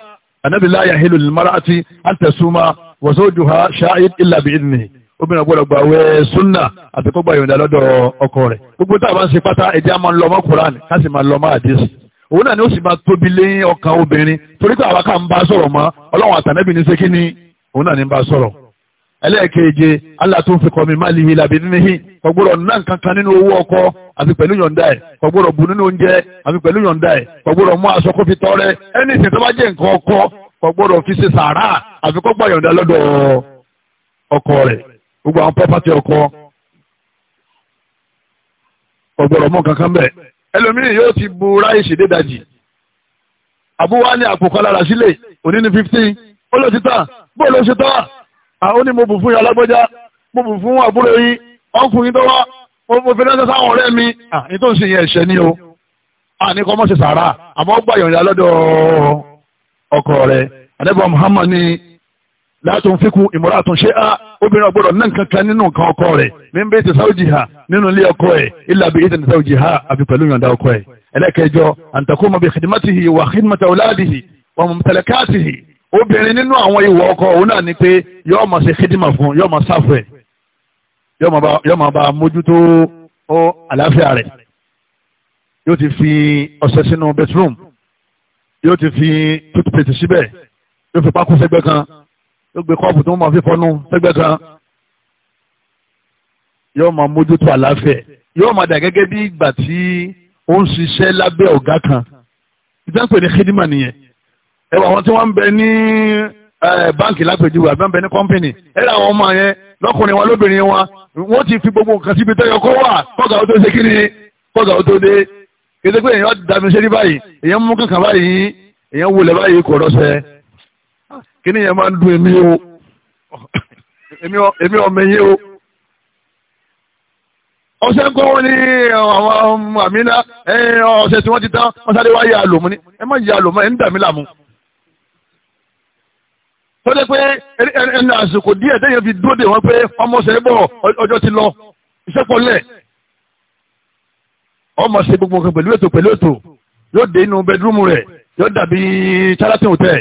anabi láyà hílù lìmọ́ra àti àtẹ̀súnmá wọ́sọ́jú ha ṣááyé ìlà bí ìdìní obìnrin gbọ́dọ̀ gbà wẹ́ súnà àti kó gbà yọ̀ǹda lọ́dọ̀ ọkọ rẹ̀ gbogbo tá a bá ń ṣe pátá ẹ̀jẹ̀ a máa ń lọ ọmọ koran ká sì máa lọ ọmọ òun náà ni ó sì máa tóbi lé ọkàn obìnrin torí pé àwa ká ń bá sọ̀rọ̀ mọ́ ọlọ́run àtànẹ́bì ní ṣe ni òun náà ni ń bá sọ̀rọ̀ ẹlẹ́ẹ̀keje Allah tó ń fi kọ́mi má lihi làbí níhì kò gbọ́dọ̀ nínú owó ọkọ àti pẹ̀lú yọ̀ǹda ẹ̀ kò bù nínú oúnjẹ àti pẹ̀lú yọ̀ǹda ẹ̀ kò mú aṣọ kó fi tọrẹ ẹni ìsìn tó bá jẹ́ ọkọ fi ṣe sàárà àfi kó yọ̀ǹda ọkọ rẹ̀ gbogbo àwọn pọ́pátì ọkọ mú bẹ́ẹ̀ yóò ti bu ráìsì àbúwá ní sílẹ̀ òní àwọn ní mo bù fún alágbọ́já mo bù fún àbúrò yín ọkùnrin tó wá mo fi ránṣẹ́ sáwọn ọ̀rẹ́ mi ní tó ń ṣe yẹn ẹ̀ṣẹ̀ ni o àní kọ́ mọ́ ṣe sàárà àmọ́ gbà yọ̀ǹda lọ́dọ̀ ọkọ rẹ̀ àdẹ́bọ̀ Muhammad ni láti fi kun ìmọ̀ra àtúnṣe á obìnrin ọgbọ́dọ̀ náà kankan nínú nǹkan ọkọ rẹ̀ mi ń bẹ́ẹ̀ ti sáwọ́ jìhà nínú ilé ọkọ ẹ̀ ìlàbí ìtẹ̀ nìsáwọ́ jìhà àbí pẹ̀lú yọ̀ǹda ọkọ ẹ̀ ẹlẹ́kẹjọ àǹtakùn mọ̀bí khidmatihi wà khidmata ọ̀làdìhì wà mọ̀mọ̀tẹ̀lẹ̀káàtìhì obìnrin nínú àwọn ìwọ ọkọ òun náà ni pé yóò máa ṣe kídìmọ̀ fún yóò máa sáfù ẹ̀ yóò máa bá mójútó àlàáfíà rẹ̀ yóò ti fi ọṣẹ sínú bedroom yóò ti fi toothpaste síbẹ̀ yóò fi pákó sẹ́gbẹ́ kan yóò gbé kọ́ọ̀pù tó máa fi fọnú sẹ́gbẹ́ kan yóò máa mójútó àlàáfíà yóò máa dà gẹ́gẹ́ bí ìgbà tí ó ń ṣiṣẹ́ lábẹ́ ọ̀gá kan ìtàn pè ní kídìmọ̀ nìyẹn ẹwà àwọn tí wọ́n ń bẹ ní báǹkì lápèjúwe àbí wọ́n ń bẹ ní kọ́ńpìnì ẹ̀rọ àwọn ọmọ yẹn lọ́kùnrin wọn lóbìnrin wọn wọ́n ti fi gbogbo nǹkan síbi tẹ́yọ kó wà kọ́gà ó ṣe kí ni kọ́gà ó tó dé kété pé èèyàn dàbí ṣe rí báyìí èèyàn mú kankan báyìí èèyàn wulẹ̀ báyìí kò rọ́ṣẹ́ kí ni èèyàn máa ń dun èmi o èmi ọmọ yín o ọṣẹ ń kó wọn ní àwọn àmì náà ọṣẹ tí wọ́n ti tán wọ́n sáré wá yà ni ẹ má yà lòmù ẹ ń dà mí tó dé pé ẹni àsìkò díẹ̀ téèyàn fi dúró dè wọ́n pé ọmọ ṣe ọjọ́ ti lọ iṣẹ́ pọ̀ ọmọ ṣe gbogbo nǹkan pẹ̀lú ètò pẹ̀lú ètò yóò dé inú bẹdúrúmù rẹ̀ yóò dàbí charlatan hotel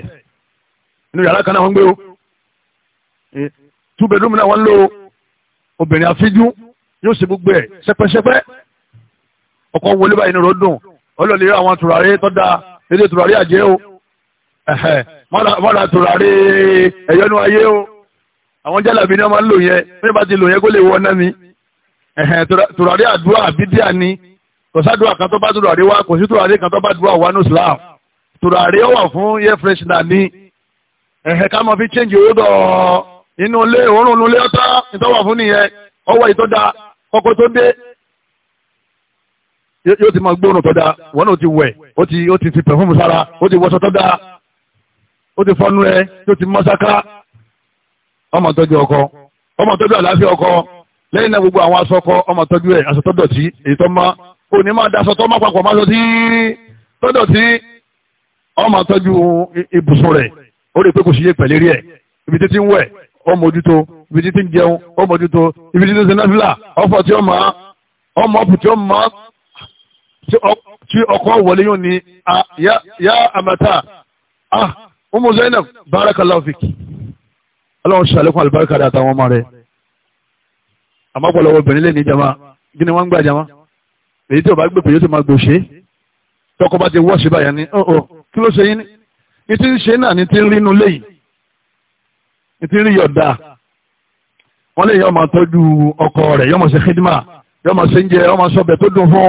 inú yàrá kan náà wọ́n gbé o tú bẹdúrúmù náà wọ́n lò obìnrin àfíjú yóò ṣe gbogbo ẹ̀ ṣẹpẹṣẹpẹ ọkọ wọlé báyìí ní ròdùn ọlọ́ọ̀lẹ́ àwọn tùràrí tó dáa ilé tùràrí àjẹ́ o. mọ́ra tùràrí ẹ̀yọ́nú ayé o àwọn jálàbí ni wọ́n máa ń lò yẹn bí wọ́n bá ti lò yẹn kó lè wọ́n náà ni tùràrí àdúrà bídíà ni kò sádùá kan tó bá tùràrí wá kò sí tùràrí kan tó bá dùá wá ní fún ni ká mọ̀ fi owó dọ̀ inú ilé òórùn ilé ọ̀tá ti máa gbóòórùn ti wẹ̀ ó ti pẹ̀fúmù sára ó ó ti fọ́nú rẹ tó ti mọ́ sáká ọmọ tọ́jú ọkọ ọmọ tọ́jú àlàáfíà ọkọ lẹ́yìn náà gbogbo àwọn aṣọ ọkọ ọmọ tọ́jú ẹ̀ aṣọ tọ́dọ̀ tí èyí tọ́ mọ́ ó ní máa daṣọ tọ́ má papọ̀ má sọ tí tọ́dọ̀ tí ọmọ tọ́jú ibùsùn rẹ̀ ó rí i pé kò sí yé pẹ̀lẹ́ rí ẹ̀ ibi títí ń wẹ̀ ọmọ ojúto ibi títí ń jẹun ọmọ ojúto ibi títí ń sinafila ọfọ tí ọmọ ọmọ ọpù tí ọmọ tí ọkọ wọlé yóò ní yá àmàtà ah, ah Umu Zainab baraka fiki ọlọ́run ṣàlékún àlùbáríkà dàtà àwọn ọmọ rẹ̀ àmọ́pọ̀lọpọ̀ obìnrin lè ní jama kí ni wọ́n ń gbà jama èyí tí ò bá gbé pèyí tó máa gbòṣe tọkọ bá ti wọ́ ṣe báyà ni ọ̀ọ́ kí ló ṣe yín ní ti ń ṣe náà ní ti ń rí inú léyìí ní ti ń rí yọ̀dà wọ́n lè yọ máa tọ́jú ọkọ rẹ̀ yọ máa ṣe xidima yọ máa ṣe ń jẹ yọ máa ṣe ọbẹ̀ tó dùn fún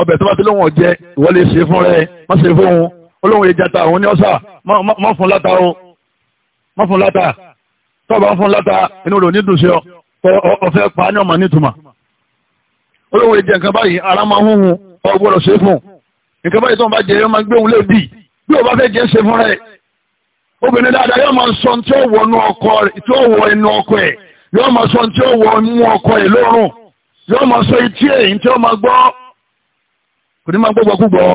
ọbẹ̀ tó bá ti lóun ọ̀jẹ̀ ìwọ lè ṣe fún rẹ̀ má ṣe fún òun olóhùn ìjàta òun ní ọ̀sà mọ́ fún láta o mọ́ fún láta tọ́ọ̀bà fún láta inú rò ní dùsẹ́ ọ ọ̀fẹ́ pa ní ọmọ nítumọ̀ olóhùn ìjẹ nǹkan báyìí ara máa hún hun ọgbọ́dọ̀ ṣe fún nǹkan báyìí tó ń bá jẹ yóò máa gbé òun lébi bí o bá fẹ́ jẹ́ ṣe fún rẹ obìnrin dáadáa yóò máa sọ tí ó wọ inú ọkọ tí ó wọ inú ọkọ ẹ yóò máa sọ tí ó wọ inú ọkọ ẹ lọ́rùn yóò máa sọ etí ẹ̀yìn tí ó máa gbọ́ kò ní máa gbọ́ gbọ́ gbọ́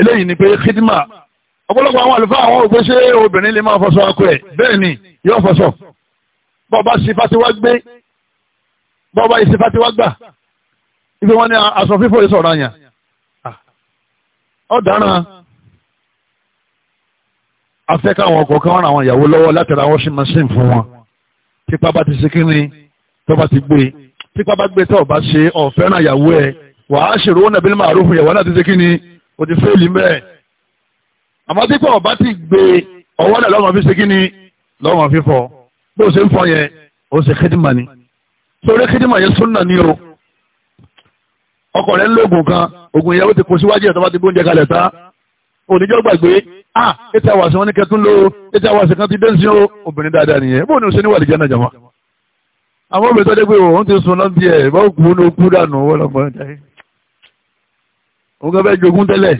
eléyìí ni pé khidma ọ̀pọ̀lọpọ̀ àwọn àlùfáà àwọn òpin ṣé obìnrin lè máa fọṣọ akọ ẹ̀ bẹ́ẹ̀ ni yóò fọṣọ bọ́ọ̀bá sífàtíwá gbé bọ́ọ̀bá ìsífàtíwá gbà ibi wọn ni aṣọ fífò yìí sọ̀rọ̀ àyàn ọ̀daràn ah, afẹ́ káwọn ọkọ̀ kan ràn àwọn ìyàwó lọ́wọ́ láti ra wọ́n sí machine fún wọn tipa bá ti ṣe kínní tó bá ti gbé tipa bá gbé tó bá ṣe ọ̀fẹ́ràn ìyàwó ẹ̀ wàá ṣèrò wọn nàbí màrúfù ìyàwó náà ti ṣe kínní o ti fẹ́ẹ̀lì mẹ́ẹ̀ àmọ́ tí pé ọba ti gbé ọwọ́ rẹ̀ lọ́mọ fi ṣe kí ni lọ́mọ fi fọ bó o ṣe ń fọ yẹn o ṣe kédìmà ni sórí kédìmà yẹn súnà ni o ọkọ rẹ̀ ń lóògùn kan oògùn ìyàwó ti kó síwájú ẹ̀ tó bá ti gbóúnjẹ kalẹ̀ tá oníjọ́ gbàgbé ah ètò àwàsàn wọn ni kẹtún ló ètò àwàsàn kan ti dé sí o obìnrin dáadáa nìyẹn bó o ní o ṣe ní wàlíjà náà jàmá àwọn obìnrin tó dé pé òun ti sun lọ́ndí òun kan fẹ́ jogún tẹ́lẹ̀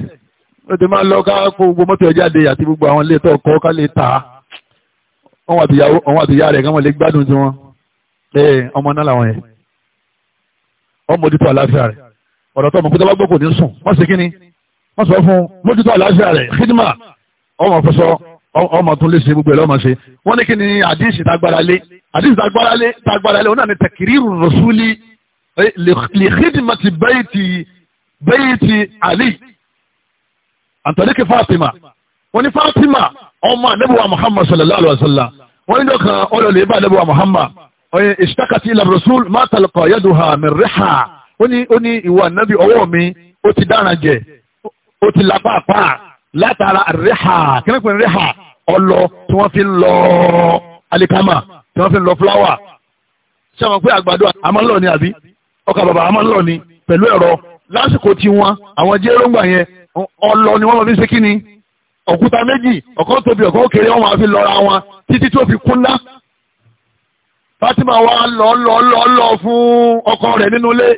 ó ti máa ń lọ ká kó gbogbo mọ́tò ẹ̀ jáde àti gbogbo àwọn ilé tó kọ́ ká lè tà á òun àtìyá rẹ̀ kán wọ́n lè gbádùn tiwọn ọmọ náà làwọn yẹn ọmọ òdìtọ̀ àlàáfíà rẹ̀ ọ̀rọ̀ tó ọmọ kúta bá gbọ́ kò ní sùn wọ́n sì kíni wọ́n sọ fún mójútó àlàáfíà rẹ̀ hídímà ọmọ fẹsọ ọmọ tún lè ṣe gbogbo ẹ̀ lọ́mọ ṣe wọ́n ní kí ni àdíṣì tagbára lé àdíṣì tagbára lé tagbára lé onáà ní tẹkìrìrù rọ̀súlì lè hídímà ti bẹ́ẹ̀ ti bẹ́yìtì ali àtàlẹ́kẹ̀ fatima wọ́n ní fatima ọmọ anabiwa muhammad sallallahu alayhi wa sallam wọ́n ní dọ́kan ọlọ́lẹ̀ ibà anabiwa muhammad ọ̀yẹ́ ìṣitakàtì ilà rasul má talqa yaduha min riha ó ní ó ní ìwà anabi ọwọ́ mi ó ti dára jẹ ó ti lápá àpá látara riha kíni pé riha ọlọ tí wọ́n fi ń lọ alikama tí wọ́n fi ń lọ fúláwà ṣé àwọn pé àgbàdo àmọ́ ni àbí ọkà bàbà àmọ́ ni pẹ̀lú ẹ̀rọ lásìkò tí wọn àwọn jẹ́rọ̀ngbà yẹn ọlọ ni wọ́n máa fi ṣe kí ni òkúta méjì ọ̀kan tóbi ọ̀kan òkèrè wọ́n máa fi lọ́ra wọn títí tó fi kúnná Fatima wa lọ lọ lọ lọ fún ọkọ rẹ̀ nínú ilé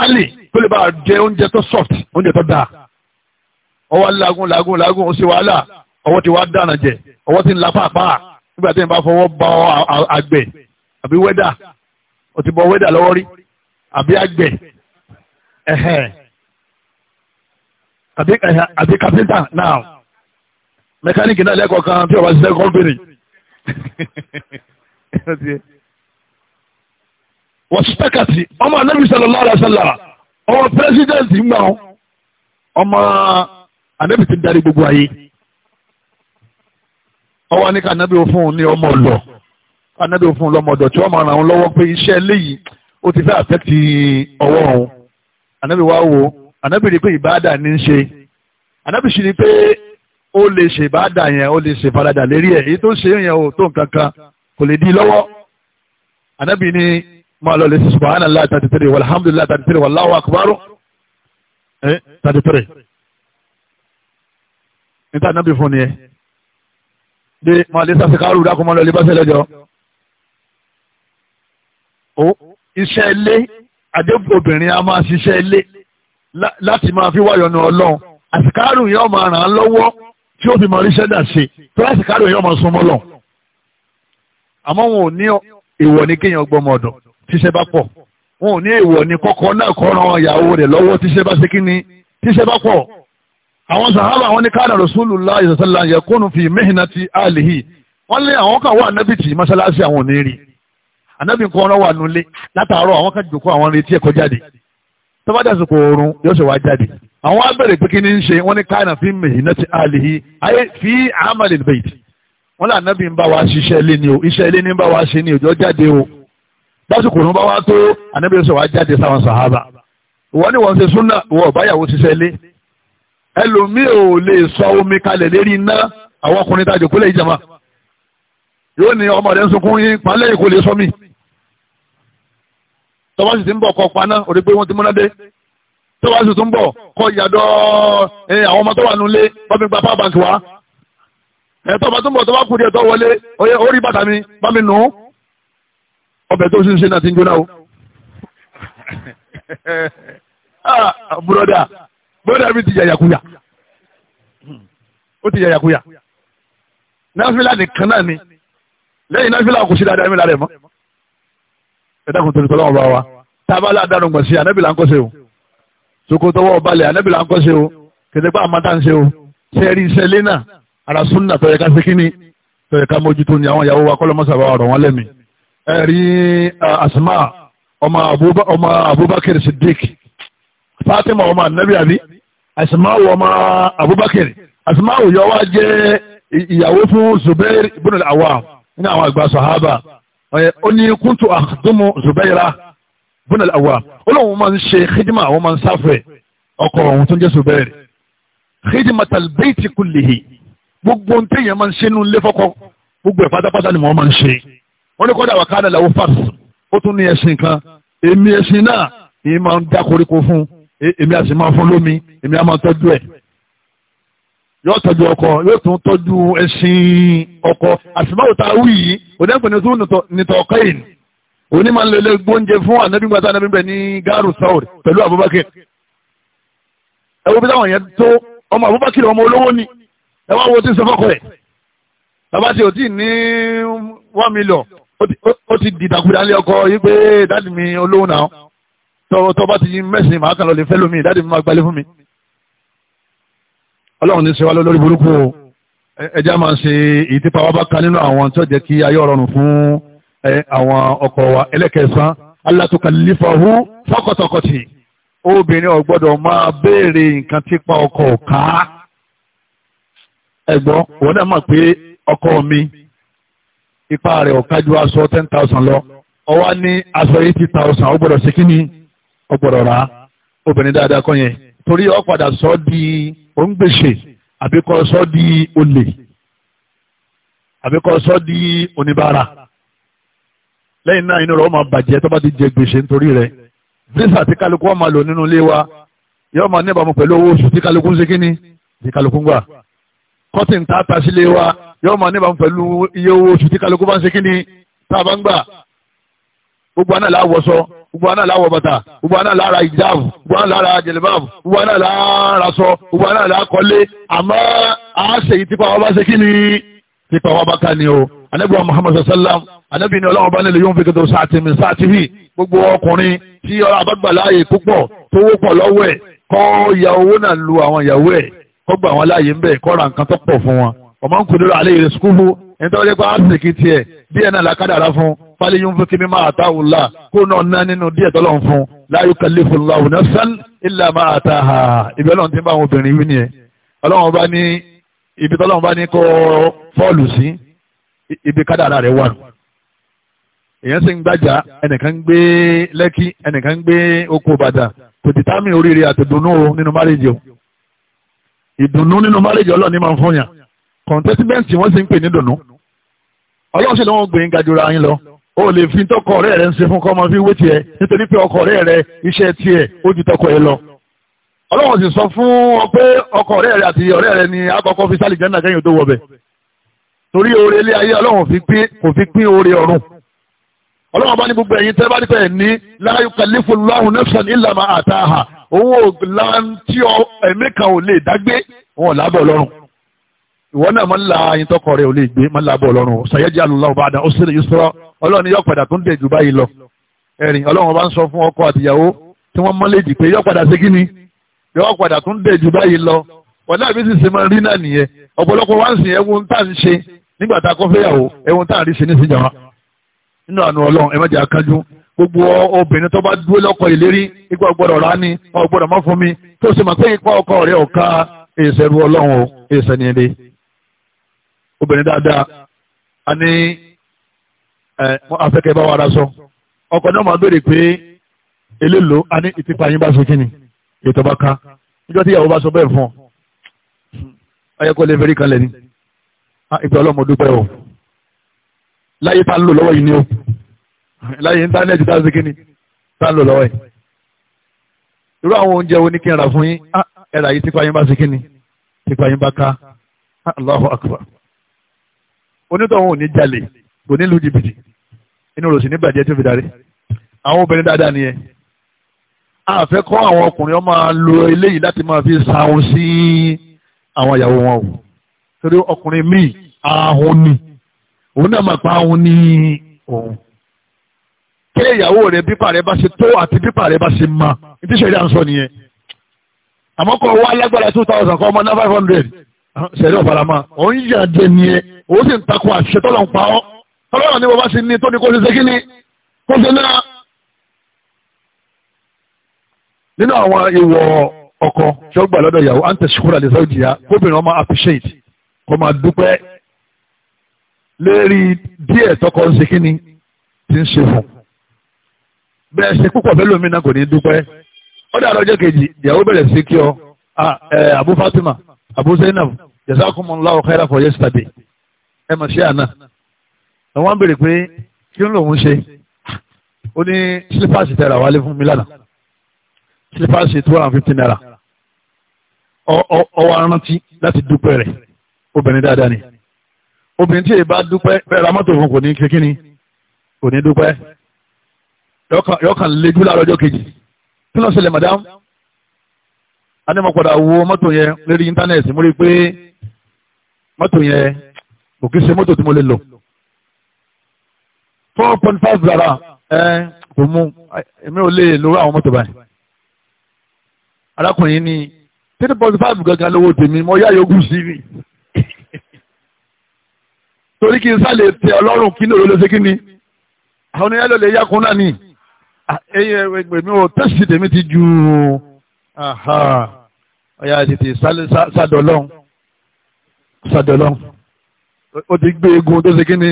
Ali tó lè bá jẹ oúnjẹ tó soft oúnjẹ tó dáa ọwọ́ lagun lagun lagun ó sì wàhálà ọwọ́ ti wá dáná jẹ ọwọ́ ti ń la pàápàá nígbà tí n bá fọwọ́ bá àgbẹ̀ àbí wẹ́dà ó ti bọ wẹ́dà lọ́wọ́ rí àbí àgbẹ̀ ẹ̀hẹ́ àbí kápẹ́ntà náà mẹkáníìkì náà lẹ́kọ̀ọ́ kan tí ọba ṣiṣẹ́ kọ́mpìnì wọ́n sọ́kàtì ọmọ anábì sallallahu alaihi wasallam ọmọ pírẹsidẹ́ǹtì ń gbà ọ́ ọmọ anábì ti darí gbogbo ayé ọwọ́ ní ká anábì òfun ní ọmọ ọ̀lọ́ anábì òfun lọ́mọdọ̀ tí wọ́n máa ràn án lọ́wọ́ pé iṣẹ́ eléyìí ó ti fẹ́ àfẹ́tì ọwọ́ òun ànábì wá wò ànábì rí pé ìbáàdà ní í ṣe ànábì sì rí pé ó lè ṣe ìbáàdà yẹn ó lè ṣe faradà lérí ẹ̀ èyí tó ṣe yẹn ò tó nǹkan kan kò lè di lọ́wọ́ ànábì ní máa lọ lè ṣe subhanallah thirty three walhamdulillah thirty three wallahu akbar thirty three níta ànábì fún ni ẹ de máa lè sàfikàrù dákun máa lọ lè bá ṣẹlẹ̀ jọ iṣẹ́ ilé àdébù obìnrin a máa ṣiṣẹ́ ilé láti máa fi wáyọ̀nù ọlọ́run àsìkárù yóò máa ràn án lọ́wọ́ tí ó fi mọ iṣẹ́ dà ṣe tó àsìkárù yóò máa súnmọ́ lọ. àmọ́ wọn ò ní ìwọ̀ ní kéèyàn gbọ́mọ ọ̀dọ̀ tíṣẹ́ bá pọ̀ wọn ò ní ìwọ̀ ní kọ́kọ́ náà kọ́ ran ìyàwó rẹ̀ lọ́wọ́ tíṣẹ́ bá ṣe kí ni tíṣẹ́ bá pọ̀. àwọn sàhábà wọn ní káàdà Rasulullah sallallahu alaihi wasallam yakunu fi mihnati alihi wọ́n lé àwọn kan wà nábìtì mọ́ṣáláṣí àwọn ò ní rí i ànábì nǹkan ọ̀rọ̀ wà nulẹ̀ látàárọ̀ àwọn kan jòkó àwọn retí ẹ̀kọ́ jáde tó bá dàsìkò oorun yóò ṣe wá jáde àwọn á bẹ̀rẹ̀ pé ṣe wọ́n ní káyọ̀nà fi mèyí náà ti àlèyé ayé fi àmàlè bẹ̀yìtì wọ́n lé ànábì ń bá wa ṣiṣẹ́ ilé ni o iṣẹ́ ilé ni ń bá wa ṣe ni òjò jáde o dàsìkò oorun bá wa tó ànábì yóò ṣe wá jáde sáwọn sàhábà wọ́n ní wọ́n ṣe súnà wọ́n báyàwó ṣiṣẹ́ ilé ẹlòmíì ò lè sọ omi kalẹ̀ lérí iná àwọn ọkùnrin tàjòkó lè jẹma yóò ní ọmọ rẹ̀ ń sunkún tọ́wọ́ sì ti ń bọ̀ kọ́ paná òde pé wọ́n ti múná dé tọ́wọ́ sì tún bọ̀ kọ́ ìyàdọ́ àwọn ọmọ tó wà nulẹ̀ bámi gba power bank wá ẹ̀tọ́ ọba tó ń bọ̀ tọ́wọ́ kùdìẹ̀ tó wọlé oyè orí bàtà mi bámi nù ọbẹ̀ tó sì ń ṣe náà ti ń jóná o. bùrọ̀dà ah, bùrọ̀dà mi ti yàyàkuyà ó ti yàyàkuyà náfìlà nìkan náà ni lẹ́yìn náfìlà kò sí dáadáa mi lára ẹ̀ mọ́ ẹ̀dákun tó ní tọ́lọ́wọ́ bá wa tá a bá lé àdánù gbọ̀nsẹ̀ ànábì là ń kọ́sẹ̀ o sokotọwọ́ balẹ̀ ànábì là ń kọ́sẹ̀ o kẹtẹ́gbà àmàtà ń ṣe o sẹ́ẹ̀rì sẹ́lẹ̀ náà ara ká ṣe kínní ká mójútó ni àwọn ìyàwó wa kọ́lọ́mọ́sàbà ọ̀rọ̀ wọn lẹ́mìí ẹ̀rí Asma ọmọ Abubakar Siddiq Fatima ọmọ anabi abi Asma ọmọ Abubakar Asma yọ wá jẹ́ ìyàwó fún Zubair ibn al-Awwam ní àwọn àgbà sahaba ó ní kúntù àdúmù zubaira bùnà àwà olóhùn máa ń ṣe xidima àwọn máa ń sáfẹ̀ ọkọ ọ̀hún tó ń jẹ́ zubaira xidima talbeeti kulihi gbogbo ń tẹ̀yẹ̀ máa ń ṣe nínú ilé fọ́kọ́ gbogbo ẹ̀ pátápátá ni wọ́n máa ń ṣe wọ́n ní kọ́dà wàkánà làwọn fars ó tún ní ẹ̀sìn kan èmi ẹ̀sìn náà èmi máa ń dá koríko fún èmi àti máa fún lómi èmi á máa tọ́jú yóò tọ́jú ọkọ yóò tún tọ́jú ẹṣin ọkọ àṣìbáwò tá a wí yìí onígbà ní tún nìtọ̀ ọ̀kẹ́yìn onímọ̀ lele gbóúnjẹ fún ànábìgbàtà ànábìgbà ní gaaru saudi pẹ̀lú Abubakar ẹ wo bí táwọn yẹn tó ọmọ Abubakar ọmọ olówó ni ẹ wá wo tí ń sọ fọkọ ẹ bàbá tí o ti ní one million ó ti dìdàkudà lé ọkọ yìí pé dáàdì mi olówó náà tọ́ bá ti mẹ́sìn màá kàn lọ lè fẹ́ lómi dáàdì mi máa gbalẹ̀ fún mi ọlọ́run ní sẹ́wá lórí burúkú ẹja máa ń ṣe èyí tí pàwọ́ bá ka nínú àwọn tó jẹ́ kí ayé ọ̀rọ̀rùn fún àwọn ọkọ wa ẹlẹ́kẹ̀ẹ́sán alátukà lífọ̀hún fọ́kọ̀tọ̀kọ̀tì obìnrin ò gbọ́dọ̀ máa béèrè nǹkan tí pa ọkọ ká ẹ̀gbọ́n òun náà mọ̀ pé ọkọ mi ipa rẹ̀ ò kájú aṣọ ten thousand lọ ọwọ́ ní aṣọ eighty thousand ó gbọ́dọ̀ ṣe kí ni ó rà obìnrin dáadáa kọ́ yẹn torí ọ padà sọ di òǹgbèsè àbí kó sọ di olè àbí kó sọ di oníbàárà lẹ́yìn náà inú rẹ̀ ó máa bàjẹ́ tó bá ti jẹ gbèsè nítorí rẹ̀ visa tí kálukú wọn máa lò nínú ilé wa yóò máa níbàámu pẹ̀lú owó oṣù tí kálukú ń ṣe kíní tí kálukú ń gbà kọ́tìn tá a ta sílé wa yóò máa níbàámu pẹ̀lú iye owó oṣù tí kálukú bá ń ṣe kíní tá a bá ń gbà gbogbo àná làá wọṣọ gbogbo la láwọ̀ bàtà la àná lára ìjáàbù gbogbo àná lára jẹ̀lẹ̀báàbù gbogbo àná lára sọ gbogbo àná lára kọ́lé àmọ́ àáṣe yìí tipa wọn bá ṣe kí ni tipa wọn bá ká ni o anabi wa muhammad sallam anabi ni ọlọ́run bá nílẹ̀ yóò fi kẹtọ̀ sáàtì mi sáàtì mi gbogbo ọkùnrin tí ọlọ́run abágbà láàyè púpọ̀ tó wọ́pọ̀ lọ́wọ́ ẹ̀ kó ya owó náà lu àwọn ìyàwó ẹ̀ kó gbà wọn láàyè ń bẹ̀ kó ra nǹkan tó pọ̀ fún wọn ọmọ nkùnrin rẹ̀ alẹ́ yẹrẹ sukúfù ẹni tó lé pa áṣìkì tiẹ̀ díẹ̀ náà làkàdàrà fún fálẹ́ yóò fún kí mímọ́ àtàwọn ọ̀la kó náà ná nínú díẹ̀ tọ́lọ́run fún la yukallifu Allahu nafsan illa ma ataha ibi ọlọ́run ti ń bá àwọn obìnrin wí nìyẹn ọlọ́run bá ní ibi tọ́lọ́run bá ní kó fọ́ọ̀lù sí ibi kádàrà rẹ̀ wà èèyàn sì ń gbàjà ẹnìkan ń gbé lẹ́kí ẹnìkan ń gbé oko bàdà kò ti támì oríire àtìdùnnú nínú márèjì o ìdùnnú nínú márèjì ọlọ́ọ̀ni máa ń fún yàn kọ̀ǹtẹ́símẹ́ǹtì wọ́n sì ń pè ní dùnnú ọlọ́ọ̀ṣẹ́ ló ń gbé ń yín lọ o lè fi tọkọ rẹ rẹ ń ṣe fún kọ́mọ fi wé tiẹ̀ nítorí pé ọkọ rẹ rẹ iṣẹ́ tiẹ̀ ó ju tọkọ ẹ lọ. ọlọ́run sì sọ fún ọ pé ọkọ rẹ rẹ àti ọ̀rẹ́ rẹ ni àkọ́kọ́ fi sálì jẹ́nà kẹ́yìn tó wọbẹ̀. torí oore ilé ayé ọlọ́run kò fi pín oore ọ̀run. ọlọ́run bá ní gbogbo ẹ̀yin tẹ́ bá ní pẹ̀ ní la yukallifu Allahu nafsan illa ma ataha owó láńtí ẹ̀mí kan ò lè dágbé wọn ò lábọ̀ ọlọ́run ìwọ náà máa ń la ayintọ́kọ rẹ ò lè gbé máa ń lábọ̀ ọlọ́run sayaj'alu Allahu ba'da usri yusra ọlọ́run ni yóò padà tún dẹ̀ jù báyìí lọ ẹ̀rìn ọlọ́run bá ń sọ fún ọkọ àtìyàwó tí wọ́n mọ́lẹ́jì pé yóò padà ṣe kí ni yóò padà tún dẹ̀ jù báyìí lọ wọ́n dàbí sì ṣe máa rí náà nìyẹn ọ̀pọ̀lọpọ̀ wá ń sìn ẹ̀wù tá à ń ṣe nígbà tá a kọ́ fẹ́yàwó ẹ̀wù tá à ń rí ṣe ní ìsìnjàmá nínú àánú ọlọ́run ẹ gbogbo obìnrin tó bá dúró lọ́kọ̀ ìlérí igbó ọgbọ́dọ̀ rà ní ọgbọ́dọ̀ má fún mi tó ṣe mà pé ipa ọkọ rẹ ọ̀ka èsè ru ọlọ́run o èsè ni ẹni obìnrin dáadáa a ní afẹ́kẹ́ bá wàrà sọ ọkọ̀ náà máa béèrè pé elélo a ní ìtìpa yín bá so kí ni ètò bá ká níjọ́ tí ìyàwó bá sọ bẹ́ẹ̀ fún ọ ayẹ́kọ́ lè fẹ́rí kan lẹ̀ ni ìgbà ọlọ́mọ dúpẹ́ o láyé tá ń lò lọ́wọ́ yìí ni o láyé íńtánẹ́ẹ̀tì tá ń ṣe kí ni tá ń lò lọ́wọ́ yìí irú àwọn oúnjẹ wo ni kí n rà fún yín ẹ̀rà yìí tipa yín bá ṣe kí ni tipa yín bá ká Allahu akbar onítọ̀hún ò ní jalè kò ní lu jìbìtì inú rò sí ní bàjẹ́ tó fi darí àwọn obìnrin dáadáa nìyẹn àfẹ́ kọ́ àwọn ọkùnrin ọmọ lo eléyìí láti máa fi sàún sí àwọn ìyàwó wọn o torí ọkùnrin míì ahun ni òun náà máa pa ahun ní òun kí ìyàwó rẹ pípa rẹ bá ṣe tó àti pípa rẹ bá ṣe ma ní tíṣẹ̀rí à ń sọ nìyẹn àmọ́ kọ́ wá lágbára two thousand kọ́ ọmọ náà five hundred ṣẹ̀rí ọ̀bàrà òun yà nìyẹn òun sì ń takò àṣetọ́lọ́ ń pa ọ́ tọ́lọ́rọ̀ ní bọ́bá sí ní tó ní kó ṣe kí ni kó ṣe náà nínú àwọn ìwọ̀ ọkọ tí ó gbà lọ́dọ̀ ìyàwó à ń tẹ̀síkúrà lè sọ́ọ́ jìyà kóbìnrin ọmọ appreciate kó máa dúpẹ́ lérí díẹ̀ tọkọ ń ṣe kí ni ti ń ṣe fún bẹ́ẹ̀ ṣe púpọ̀ bẹ́ẹ̀ lómi náà kò ní dúpẹ́ ó dàrọ̀ ọjọ́ kejì ìyàwó bẹ̀rẹ̀ sí kí ọ Abu Fatima Abu Zainab jazakumullahu khairan for yesterday ẹ mọ̀ sí àná ẹ wọ́n béèrè pé kí ló ń ṣe ó ní sílífàsì tẹ̀ra wálé fún mi lánàá sílífàsì two hundred and fifty naira ọwọ́ arántí láti dúpẹ́ rẹ̀ obìnrin dáadáa ni obìnrin tí èèbá dúpẹ́ bẹ́ẹ̀ra mọ́tò fún kò ní kékeré kò ní dúpẹ́ yọkàn léjú láàárọ̀ ọjọ́ kejì kí ló ń ṣẹlẹ̀ madam anímọ̀padà wo mọ́tò yẹn lórí íńtánẹ́ẹ̀tì mo rí i pé mọ́tò yẹn kò kí ṣe mọ́tò tí mo lè lò four point five naira ẹ kò mú èmi ò lè lórí àwọn mọ́tò báyìí arákùnrin ní three point five gangan lówó tèmi mo yá yòókù sí mi torí kí n sá lè tẹ ọlọ́run kí ní òwe ló ṣe kí ni àwọn oníyàlò lè yákun náà ni èmi ò tẹ̀sí tèmi ti ju ọ̀yà tètè sádọ̀lọ́hún sádọ̀lọ́hún ó ti gbé egun tó ṣe kí ni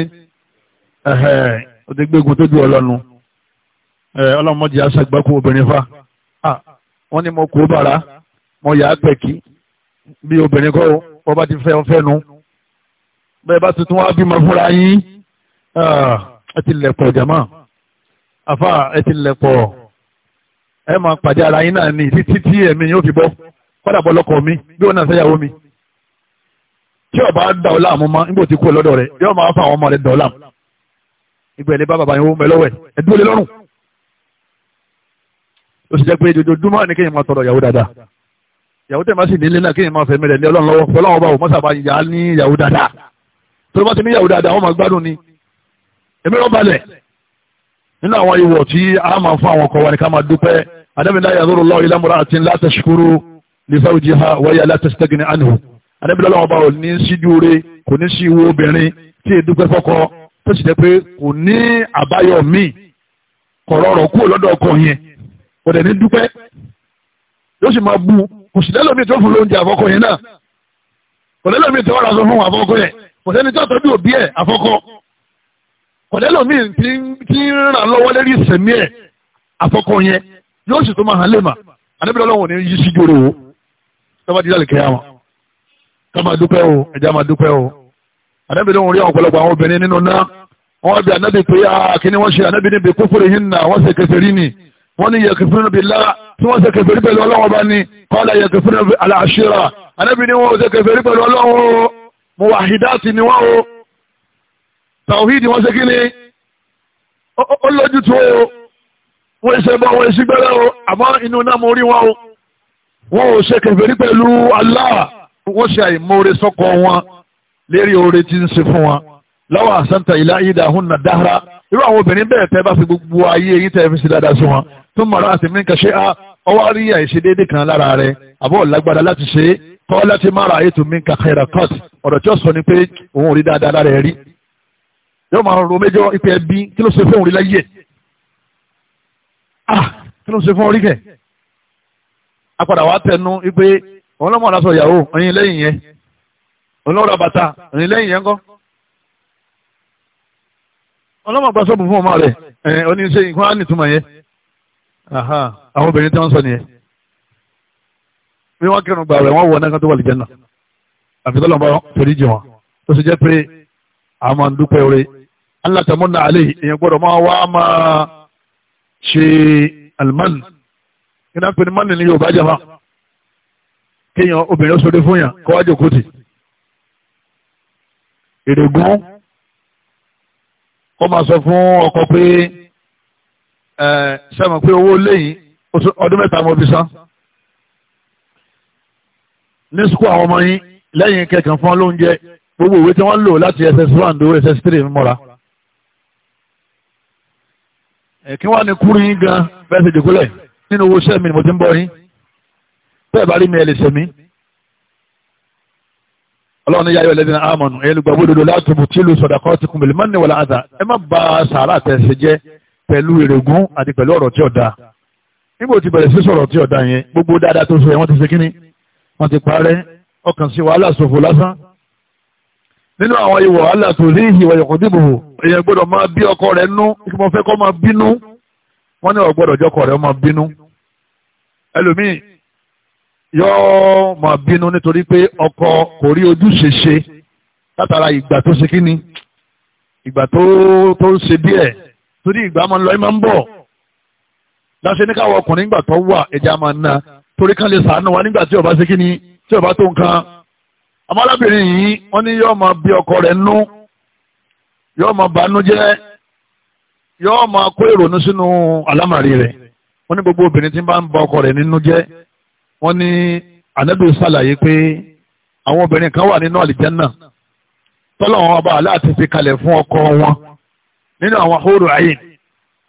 ó ti gbégun tó ju ọlọ́nu ọlọ́mọdé aṣàgbákú obìnrin fa wọ́n ní mo kú bàrá mo yà á pẹ̀kí bí obìnrin kọ́ ọ bá ti fẹ́ ọ fẹ́ nu bẹ́ẹ̀ bá tuntun wá bímọ fúnra yín ẹ ti lẹ̀pọ̀ jàmá àfa ẹ ti lẹ̀pọ̀ ẹ máa pàdé ara yín náà ní títí tí ẹ̀mí yóò fi bọ́ kọ́dà bọ́ lọ́kọ̀ mi bí wọ́n náà fẹ́yàwó mi tí ọba dà ọ láàmú mọ́ nígbà tí kú ọ lọ́dọ̀ rẹ̀ yóò máa fa àwọn ọmọ rẹ̀ dà ọ láàmú ìgbẹ́ ní bá bàbá yẹn ó mẹ́ lọ́wọ́ ẹ̀ ẹ̀dúró lé lọ́rùn ó sì jẹ́ pé ojoojúmọ́ ni kéèyàn máa tọrọ ìyàwó dáadáa ìyàwó tẹ̀ máa sì nílé náà kéèyàn máa fẹ́ mẹ́rẹ̀ lé ọlọ́run lọ́wọ́ fọlọ́wọ́ bá wò mọ́sà bá yà á ní ìyàwó dáadáa tó bá ti ní ìyàwó dáadáa wọ́n máa gbádùn ni èmi rọ́ balẹ̀ nínú àwọn ìwọ̀ tí a máa fún àwọn ọkọ wa ni ká máa dúpẹ́ adébìnrin láyà lóru lọ́wọ́ ilé múra àti láti ṣukuru li zawjiha wáyà láti stẹ́gìnì ànú adébìnrin lọ́wọ́ bá ò ní síjú re kò ní sí ìwọ obìnrin tí èdúpẹ́ fọ́kọ tó sì jẹ́ pé kò ní àbáyọ míì kọ̀rọ̀ ọ̀rọ̀ kúrò lọ́dọ̀ ọkọ yẹn kò dẹ̀ ní dúpẹ́ yóò sì máa bu kò sì lẹ́lòmí tó fún lóúnjẹ àfọkọ yẹn náà kò lẹ́lòmí tó wàrà fún àfọkọ yẹn kò sẹ́ni tó tọ́jú òbí ẹ̀ àfọkọ kò lẹ́lòmí tí ń ràn lọ́wọ́ lérí ìsẹ̀mí ẹ̀ àfọkọ yẹn yóò sì tó máa hàn lẹ́mà àdébìlẹ̀ ọlọ́run ní yí sí jòrò tọ́ba dídá lè kẹ́yà wọn ká máa dúpẹ́ o ẹ̀já máa dúpẹ́ o ànábì ló ń rí ọ̀pọ̀lọpọ̀ àwọn obìnrin nínú náà wọ́n bí ànábì pé ah, kíní wọ́n ṣe ànábì níbi kúfúrú yìí nà wọ́n ṣe kèfèrí ni wọ́n ní yẹ̀kẹ̀fẹ́rún bí lára tí wọ́n ṣe kèfèrí pẹ̀lú ọlọ́wọ́ bá ní kọ́lá yẹ̀kẹ̀fẹ́rún aláṣírà ànábì ni wọ́n ṣe kèfèrí pẹ̀lú ọlọ́wọ́ muwahidati ni wọ́n o tàwíìdì wọ́n ṣe kí ni ó lójú tó o wọ́n ṣe bọ́ wọ́n ṣe gbẹ́rẹ́ o àmọ́ inú náà mo rí wọn o wọ́n ò ṣe kèfèrí pẹ̀lú Allah wọ́n ṣe àìmọ́re sọ́kọ wọn lérí oore tí ń ṣe fún wọn lọ́wọ́ àṣàǹtà ìlà ìdáhùn nà dáhra irú àwọn obìnrin bẹ́ẹ̀ tẹ́ bá fi gbogbo ayé eyín tẹ́ fi ṣe dáadáa sí wọn tó mọ̀rọ̀ àti mí kàṣẹ́ á ọwọ́ rí àìṣedéédé kan lára rẹ̀ àbọ̀ lágbára láti ṣe é kọ́ láti má ra ètò mí kàkẹ́rà court ọ̀rọ̀ tí ó sọ ni pé òun ò rí dáadáa lára rí yóò máa ro méjọ ipe ẹbí kí ló ṣe fún òun rí láyé ah kí ló ṣe fún orí apàdà wa tẹnu ipe òun lọ́mọ ọlọ́rọ̀ bàtà ẹ̀yìn lẹ́yìn yẹn kọ́ ọlọ́mọ gba sọ́ọ̀bù fún ọmọ rẹ̀ ẹ̀yìn oníṣe nǹkan á nìtumọ̀ yẹn àwọn obìnrin tí wọ́n sọ nìyẹn bí wọ́n kírun gbà rẹ̀ wọ́n wọ náà tó wà lìjẹ́ náà àfi tọ́lọ́ bá torí jì wọn tó sì jẹ́ pé a máa ń dúpẹ́ orí alátàmúnà àlè èèyàn gbọ́dọ̀ máa wá máa ṣe alimani kí náà pé ni mọ́nì yóò bá jẹ́ fa kéèyàn obìnrin ó sọdé fún yàn kọ́wájú kùtì ìrègùn kó máa sọ fún ọkọ pé ẹ sẹ́mọ̀ pé owó lẹ́yìn ọdún mẹ́ta mo fi san ní sukú àwọn ọmọ yín lẹ́yìn kẹkàn fún lóúnjẹ gbogbo ìwé tí wọ́n lò láti ss one do ss three mọ́ra kí wọ́n á ní kúrú yín gan bẹ́ẹ̀ ṣe jòkó lẹ̀ nínú owó sẹ́mi ni mo ti ń bọ́ yín bẹ́ẹ̀ bá rí mi ẹ lè sẹ́mi ọlọ́run yáyọ lẹ́dínà àmọ̀nù ẹ̀yẹ́ lùgbà wódodo látòbù tí ìlú sọ̀dàkọ́ ti kùn bẹ̀lẹ̀ mọ́ni wọlé àdá ẹ má ba sàárà àtẹ̀sẹ̀ jẹ́ pẹ̀lú ìrègùn àti pẹ̀lú ọ̀rọ̀ tí ọ̀dà nígbà tí bẹ̀rẹ̀ sí sọ̀rọ̀ tí ọ̀dà yẹn gbogbo dáadáa tó sọ yẹn wọ́n ti ṣe kínní wọ́n ti parẹ́ ọkàn sí wàhálà ṣòfò lásán nínú àwọn ìwọ̀ wàhálà tó rí ìwà ìkọ̀ yóò máa bínú nítorí pé ọkọ kò rí ojúṣe ṣe látara ìgbà tó ṣe kíni ìgbà tó tó ṣe díẹ̀ torí ìgbà máa ń lọ ẹ máa ń bọ̀ láṣẹ ní káwọn ọkùnrin nígbà tó wà ẹja máa ń na torí kan lè sàánú wa nígbà tí ọba ṣe kíni tí ọba tó nǹkan àmọ́ arábìnrin yìí wọ́n ní yóò máa bí ọkọ rẹ̀ nú yóò máa banú jẹ́ yóò máa kó ìrònú sínú àlámàrí rẹ̀ wọ́n ní gbogbo obìnrin tí ń bá ń ba ọkọ rẹ̀ nínú jẹ́ wọ́n ní ànábì sàlàyé pé àwọn obìnrin kan wà nínú àlìjánà tọ́lọ́wọ́n ọba aláàtì fi kalẹ̀ fún ọkọ wọn nínú àwọn ahóró ayé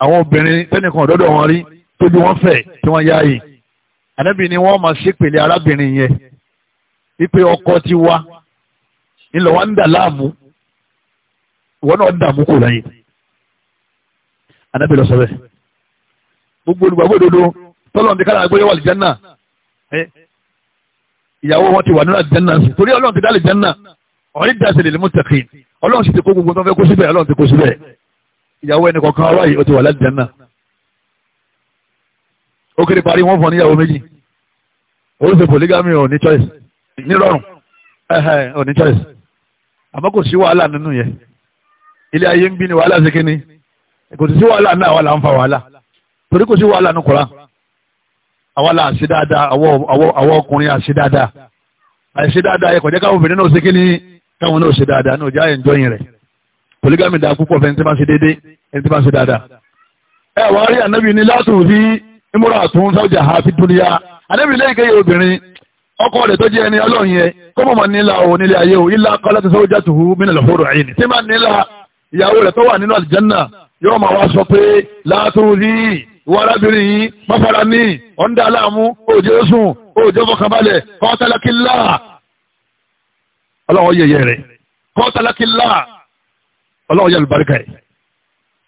àwọn obìnrin tẹ́nìkan ọ̀dọ́dọ̀ wọn rí tójú wọn fẹ̀ tí wọ́n yáàyè ànábì ni wọ́n máa ṣépèlé arábìnrin yẹn wípé ọkọ ti wá ńlọ wá ń dà láàmú ìwọ náà ń dààmú kò láyé ànábì lọ sọ bẹ́ẹ̀ gbogbo olùgbàgbọ́ òdodo tọ́lọ́run ti kára àgbéyẹ̀wò àlìjánà Eh, ìyàwó wọn ti wà nínú àjẹ́nà sí torí ọlọ́run ti dálé jẹ́nà ọ̀rẹ́ dàsí lè mú tẹ̀kì ọlọ́run sì ti kó gbogbo tó fẹ́ kó síbẹ̀ ọlọ́run ti kó síbẹ̀ ìyàwó ẹnì kọ̀ọ̀kan ọ̀rọ̀ yìí ó ti wà láti jẹ́nà ó kéré parí wọn fọ níyàwó méjì oríṣi polygamy ò ní choice nírọ̀rùn ò ní choice àmọ́ kò sí wàhálà nínú yẹn ilé ayé ń bí ni wàhálà ṣe kíni kò sí wàhálà náà wàhálà ń fa wàhálà torí kò sí wàhálà nù Kùránì àwa là ń ṣe dáadáa àwọ ọkùnrin à ń ṣe dáadáa àìṣe dáadáa ẹ kọjá káwọn obìnrin náà ṣe kí ni káwọn náà ṣe dáadáa náà já ẹ̀ǹjọ́yìn rẹ̀ polygamy dáa púpọ̀ fẹ́ni tí bá ṣe déédé ẹni tí bá ṣe dáadáa. ẹ wà á rí ànábì ní látùn sí ìmúra àtún sáwùjà ha fi dúnìyà ànábì lẹ́yìn kẹyẹ obìnrin ọkọ rẹ̀ tó jẹ́ ẹni ọlọ́run yẹn kó nílà ìwọ arábìnrin yìí mọ́fara ní ọ̀ndà aláàmú òjò sùn òjò fọkànbalẹ̀ kọ́tàlákìlá ọlọ́wọ́ yẹyẹ rẹ̀ kọ́tàlákìlá ọlọ́wọ́ yẹ alùbáríkà yẹ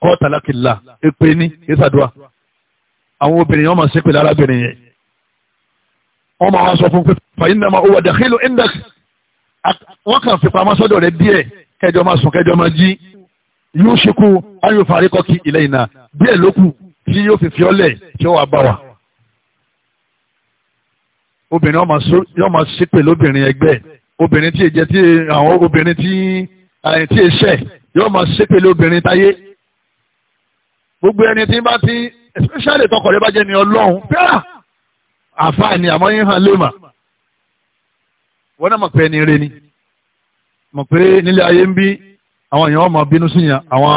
kọ́tàlákìlá èpè ní ìsàdúrà àwọn obìnrin yẹn wọ́n máa ṣe pẹ̀lú arábìnrin yẹn wọ́n máa wá sọ fún pé fàyín náà máa wọ dàkílù index wọ́n kàn fi pamọ́ sọ́dọ̀ rẹ̀ díẹ̀ kẹjọ máa sùn kẹjọ máa jí yóò ṣekú ayọ̀ fàríkọ́kì ilẹ̀ ìnà díẹ̀ lókù tí yóò fi fi ọ́lẹ̀ tí ó wà bá wa obìnrin yóò máa ṣépè lóbìnrin ẹgbẹ́ obìnrin tí èjẹ tí àwọn obìnrin tí àyìn tí èṣẹ yóò máa ṣépè lóbìnrin táyé gbogbo ẹni tí bá ti especially tọkọ rẹ bá jẹ ní Ọlọ́run pẹ́ẹ́rà ah, àfáàní àmọ́ yín hàn lè wọ́n náà mọ̀ pé ẹni rẹ ni mọ̀ pé nílé ayé ń bí àwọn èèyàn wọn máa bínú sí yàn àwọn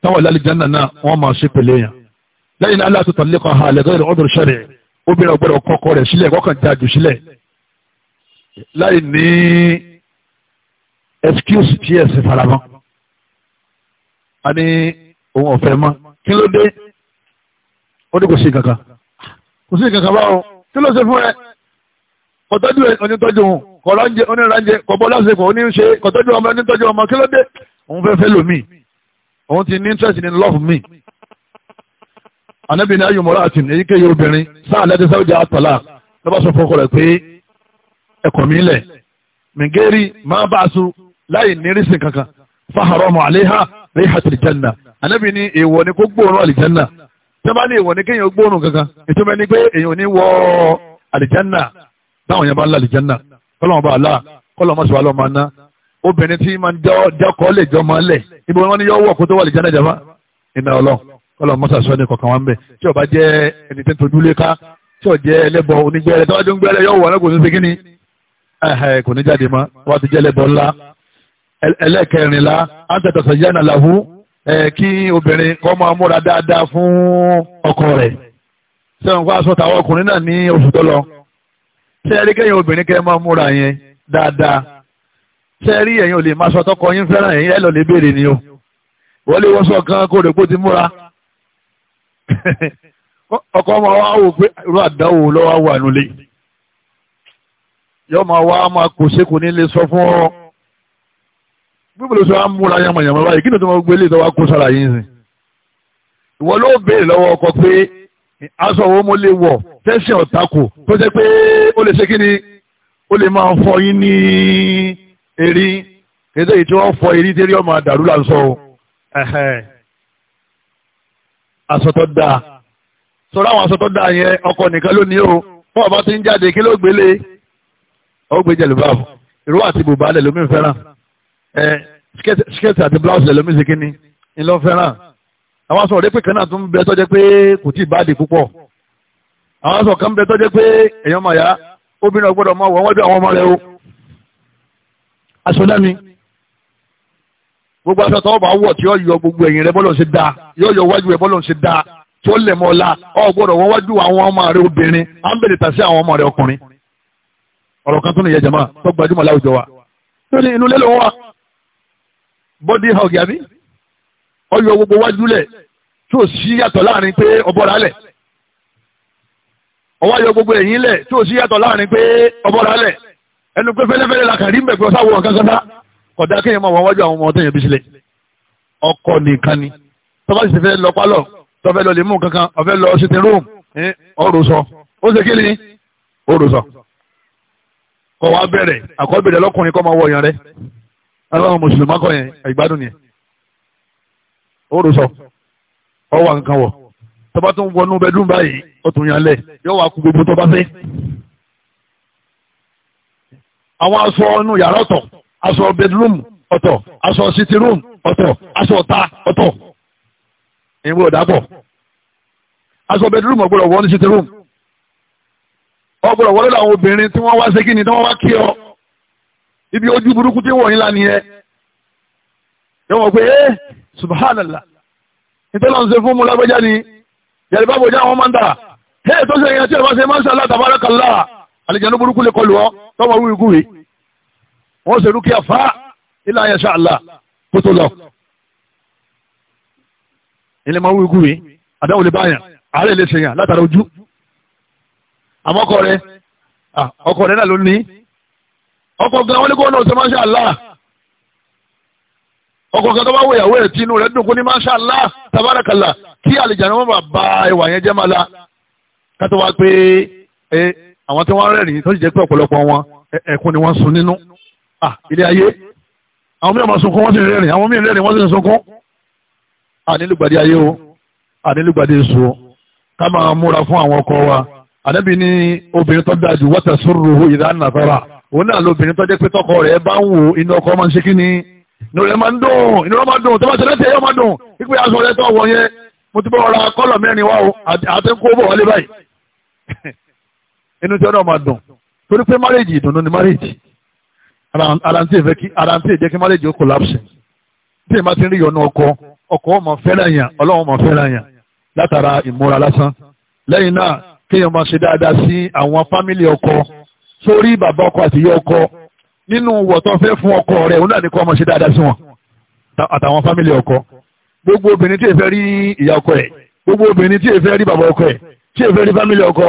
táwọn ìlàlẹ̀ jẹ́ náà náà máa ṣépè lé yàn lẹ́yìn náà aláṣọ tàlẹ́ kan ha lẹ́gbẹ́ rẹ̀ ọdún ṣẹlẹ̀ obìnrin ọgbọ́dọ̀ kọ́kọ́ rẹ̀ sílẹ̀ kọ́kàn já jù sílẹ̀ láì ní excuse tí ẹ̀sìn faramọ́ a ní òun ọ̀fẹ́ mọ́ kí ló dé ó ní kò sí kankan kò sí kankan báwo kí ló ṣe fún ẹ kọtọ́jú ẹ onítọ́jú òun kọ̀ọ̀rọ̀ǹjẹ onírànjẹ kọ̀bọ́ lásìkò oníṣe kọtọ́jú ọmọ onítọ́jú ọmọ kí ló dé òun fẹ́ fẹ́ lòmíì òun ti ní interest in love me anabi ní ayọ̀mọ̀rá àti èyíkéyìí obìnrin sáà lẹ́tẹ̀ sáwọ́jà àtàlà lọ́ba sọ fọ́kọ rẹ̀ pé ẹ̀kọ́ mi lẹ̀ mìgẹ́rì máa bá a sùn láì ní rísìn kankan fáhàrọ̀ mọ̀ àléhà rí hàtìrì jẹ́nà anabi ní èèwọ̀ ni kó gbóòórùn àlìjẹ́nà tẹ́bá ní èèwọ̀ ni kéèyàn gbóòórùn kankan ìtumọ̀ ni pé èèyàn ní wọ àlìjẹ́nà táwọn yẹn bá ń la àlìjẹ́nà kọ́lọ́mọba àlá kọ́lọ́mọsọ̀ àlọ́mọ aná obìnrin tí máa ń jẹ́kọ̀ọ́ lè jọ máa lẹ̀ ibi wọn ni yọ wọ̀ kó tó wà àlìjẹ́nà jàmá ìnà ọlọ́run kọlọ mọsà sọ ní kọkàn wa ń bẹ tí ọba jẹ ẹni tẹ tójú lé ká tí ọ jẹ ẹlẹbọ onígbẹrẹ tọwájú ń gbẹrẹ yọ wọ ọlọgùn ní sikini ẹhẹ kò ní jáde mọ wọn ti jẹ ẹlẹbọ ńlá ẹlẹkẹrìnlá àtẹtọsọ yẹn náà làwù ẹ kí obìnrin kọ́ máa múra dáadáa fún ọkọ rẹ̀ sẹ́wọ̀n kó aṣọ tàwọn ọkùnrin náà ní oṣù tó lọ sẹ́ẹ̀rí kẹ́yìn obìnrin kẹ́ máa múra ọkọ ọmọ wa wò pé irú àdáwò lọ́wọ́ wà nulẹ̀ yọ máa wá máa kò ṣe kò ní lè sọ fún ọ bíbélì sọ amúra yamayama báyìí kí ni tó máa gbélé tó wá kó sára yín sìn ìwọ ló béèrè lọ́wọ́ ọkọ pé aṣọ wo mo lè wọ̀ tẹ́sán ọ̀tako tó jẹ́ pé ó lè ṣe kí ni ó lè máa fọ yín ní erin kéde èyí tí wọ́n fọ erin tí eré ọmọ àdàrú là ń sọ o aṣọ tó dáa sọ̀rọ̀ àwọn aṣọ tó dáa yẹn ọkọ nìkan ló ní o fún ọba tí ń jáde kí ló gbélé ó gbé jẹ̀lúbáàbù ìró àti bùbá lẹ̀ lómi fẹ́ràn ẹ skẹ́tì àti blouse lẹ̀ lómi ṣèkínní ńlọ fẹ́ràn àwọn aṣọ òrépè kan náà tún bẹ tọ́jẹ́ pé kò tí ì báàdì púpọ̀ àwọn aṣọ kan bẹ tọ́jẹ́ pé èèyàn mọ̀ yá obìnrin ọgbọ́dọ̀ mọ̀ wọ́n wọ́n bí àwọn ọmọ rẹ o aṣọ náà ni. gbogbo aṣọ tó bá wọ̀ tí ó yọ gbogbo ẹ̀yìn rẹ bọ́lọ̀ ṣe dáa yóò yọ wájú rẹ bọ́lọ̀ ṣe dáa lẹ̀ mọ́ gbọ́dọ̀ wọ́n wájú àwọn ọmọ rẹ obìnrin á ń bèrè tàṣí àwọn ọmọ rẹ ọkùnrin ọ̀rọ̀ kan tún nìyẹn jẹ̀mọ́ tó gbajúmọ̀ láwùjọ wa lórí inú lé wa bọ́dí ọ yọ gbogbo wájú lẹ̀ sí yàtọ̀ láàrin pé yọ gbogbo kódà kéèyàn máa wọ́n wájú àwọn ọmọ tẹ̀yàn bí sílẹ̀ ọkọ nìkan ni tọ́ba sì fẹ́ lọ pálọ̀ tọ́fẹ́ lọ lè mú kankan ọ̀fẹ́ lọ ṣètì rúùm ọ̀rọ̀ sọ ó ṣe kí ni ọ̀rọ̀ sọ. kọ́ wa bẹ̀rẹ̀ àkọ́bẹ̀rẹ̀ lọ́kùnrin kọ́ máa wọ ọ̀yàn rẹ̀ aláwọ̀ mùsùlùmá kọ́ yẹn ìgbádùn yẹn ọ̀rọ̀ sọ ọwọ́ kankan wọ̀ tọ́ba tó ń wọnú bẹ́dún báyìí ó yàn lẹ̀ yóò aṣọ bedroom ọ̀tọ̀ aṣọ city room ọ̀tọ̀ aṣọ ọ̀ta ọ̀tọ̀ ìwé ọ̀dàpọ̀ aṣọ bedroom ọ̀gbọ́dọ̀ wọ́n ní city room ọ̀gbọ́dọ̀ wọ́n lọ́dọ̀ àwọn obìnrin tí wọ́n wá ṣe kí ni tí wọ́n wá kí ọ ibi ojú burúkú tí wọ̀nyí la nìyẹn yẹ wọ́n pé ẹ́ eh, subhanallah nítorí àwọn ṣe fún mu lágbájá ni yàrá ìbáwò jẹ́ àwọn máa ń dà ẹ́ tó ṣe ìyẹn tí ìbáṣe máa ń ṣe aláàtàbárakàlá àlejò burúkú lè kọlù ọ tọ́wọ́ wíwí kúwìí wọ́n ṣe rúkìá fa ilé ayé ṣáàlà kó tó lọ. ilé máa wí gúwe àdáwò lè báyàn àárẹ̀ lè ṣèyàn látara ojú. àmọ́ ọkọ rẹ ọkọ rẹ náà ló ní ọkọ gan wọn ní kó náà ṣe máa ṣáàlà ọkọ kan tó bá wọ ìyàwó ẹ̀ tí inú rẹ̀ dùn kó ní máa ṣáàlà tabarakala kí àlejànà wọn bá ba ìwà yẹn jẹ́ máa la kátó wá pé àwọn tí wọ́n rẹ́rìn tó sì jẹ́ pé ọ̀pọ̀lọpọ̀ wọn ẹ̀kún ni wọ́n sun nínú ilé ayé àwọn mìíràn máa sunkún wọ́n sì rẹ́rìn àwọn mìíràn rẹ́rìn wọ́n sì sunkún ànílùgbàdì ayé o ànílùgbàdì èso o ká máa múra fún àwọn ọkọ wa ànábì ní obìnrin tó dáa jù wọ́tà sóròhó ìdánàfẹ́ra òun náà lóbìnrin tó jẹ́ pé tọkọ rẹ̀ bá ń wò inú ọkọ máa ń ṣe kí ni inú rẹ̀ máa ń dùn inú rẹ̀ máa ń dùn tó bá ṣe lẹ́sẹ̀ yóò máa dùn pípé aṣọ rẹ̀ tó wọ̀ yẹn mo ti bọ́ ra kọ́lọ̀ mẹ́rin wá o àtẹ́kọ́ bọ̀ wọlé báyìí inú tí ọ aláǹtí ìfẹ́ kí aláǹtí ìjẹ́ kí marriage ó collapse tí ìmá ti rí yọnu ọkọ ọkọ ọmọ fẹ́ràn yàn ọlọ́run ọmọ fẹ́ràn yàn látara ìmúra lásán lẹ́yìn náà kéèyàn máa ṣe dáadáa sí àwọn fámìlì ọkọ sórí bàbá ọkọ àti ìyá ọkọ nínú wọ̀tọ́ fẹ́ fún ọkọ rẹ̀ òun náà ní kó ọmọ ṣe dáadáa sí wọn àtàwọn fámìlì ọkọ gbogbo obìnrin tí èfẹ́ rí ìyá ọkọ ẹ̀ gbogbo obìnrin tí èfẹ́ rí bàbá ọkọ ẹ̀ tí èfẹ́ rí fámìlì ọkọ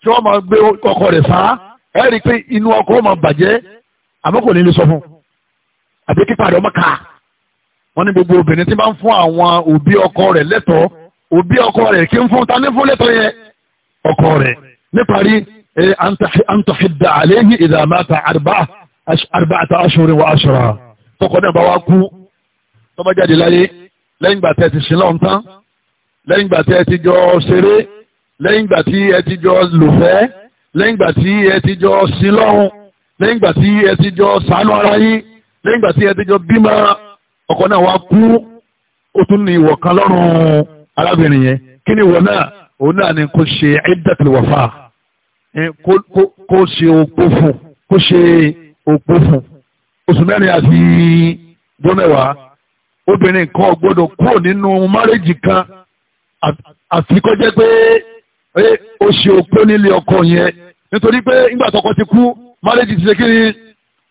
tí wọ́n máa gbé ọkọ rẹ̀ sá ẹ̀ rí i pé inú ọkọ máa bàjẹ́ àmọ́ kò ní lè sọ fún àbí kípa rẹ̀ ọmọ ká wọ́n ní gbogbo obìnrin tí bá ń fún àwọn òbí ọkọ rẹ̀ lẹ́tọ̀ọ́ òbí ọkọ rẹ̀ kí ń fún ta ní fún lẹ́tọ̀ọ́ yẹn ọkọ rẹ̀ níparí antahidda àléhì ìdàmátà àrùbáàtà aṣọrin wa aṣọra tọkọ náà bá wá kú tọ́ba jáde láyé lẹ́yìn gbà tẹ́ ti sin lọ́n tán lẹ́yìn gbà tẹ́ ti jọ ṣeré lẹ́yìn gbà tí ẹ ti jọ lòfẹ́ lẹ́yìn gbà tí ẹ ti jọ sin lọ́hùn lẹ́yìn ìgbà tí ẹ ti jọ sànú ara yín lẹ́yìn ìgbà tí ẹ ti jọ bímọ ọkọ náà wá kú ó tún ní ìwọ̀ kan lọ́rùn arábìnrin yẹn kí ni ìwọ̀ náà òun náà ni kò ṣe iddatul wafa kó ṣe òpó fún kó ṣe òpó fún oṣù mẹ́rin àti gbọ́mẹ̀wàá obìnrin kan gbọ́dọ̀ kúrò nínú márẹ́jì kan àti kó pé ó ṣe òpó nílé ọkọ yẹn nítorí pé nígbà tọkọ ti kú marriage ti ṣe kí ni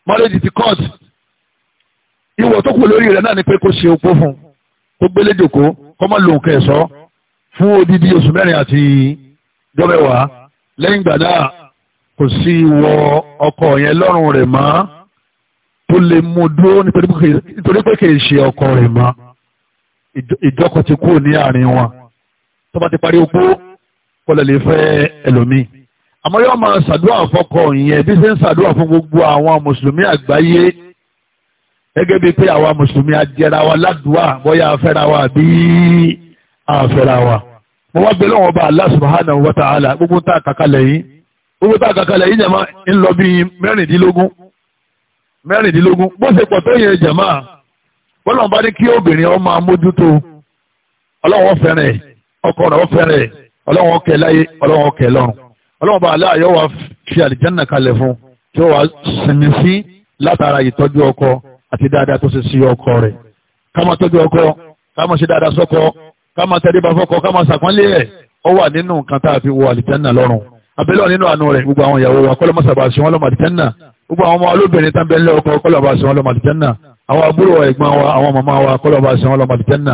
marriage ti court ìwọ tó kù lórí rẹ̀ náà ni pé kó ṣe opó fún kó gbélé jòkó kó má lo nǹkan ẹ̀ṣọ́ fún odidi oṣù mẹ́rin àti jọ́mẹ́wàá lẹ́yìn ìgbà náà kò sí ìwọ ọkọ yẹn lọ́rùn rẹ̀ mọ́ tó lè mú dúró nítorí pé kì í ṣe ọkọ rẹ̀ mọ́ ìjọkọ̀ ti kú ní àárín wọn tó bá ti parí opó kó lè fẹ́ ẹlòmíì. àmọ́ yóò máa ṣàdúrà fọ́kọ ìyẹn bí ṣe ń ṣàdúrà fún gbogbo àwọn mùsùlùmí àgbáyé gẹ́gẹ́ bíi pé àwa mùsùlùmí ajẹ́ra wa ládùúà bóyá wa àbí àfẹ́ra wa. mo wá lọ́wọ́ bá ta gbogbo tá a gbogbo ń lọ bíi bọ́lá bá kí obìnrin fẹ́rẹ̀ kẹ láyé ọlọ́run bá aláà yóò wá fi àlìjánà kalẹ̀ fún tí ó wá sinmi sí látara ìtọ́jú ọkọ àti dáadáa tó ṣe sí ọkọ rẹ̀ ká máa tọ́jú ọkọ ká máa ṣe dáadáa sọ́kọ ká máa tẹríba fọ́kọ ká máa ṣàpọ́nlé ẹ̀ ó wà nínú nǹkan tá a fi wọ àlìjánà lọ́rùn abẹ́lẹ́ nínú àánú rẹ̀ gbogbo àwọn ìyàwó wa kọ́lọ́mọ́sàbà sí wọn lọ́mọ àlìjánà gbogbo àwọn ọmọ olóbìnrin tán bẹ́ẹ̀ lé ọkọ kọ́lọ́mọ́sàbà sí wọn lọ́mọ àlìjánà àwọn àbúrò ẹ̀gbọ́n wa àwọn màmá wa kọ́lọ́mọ́sàbà sí wọn lọ́mọ àlìjánà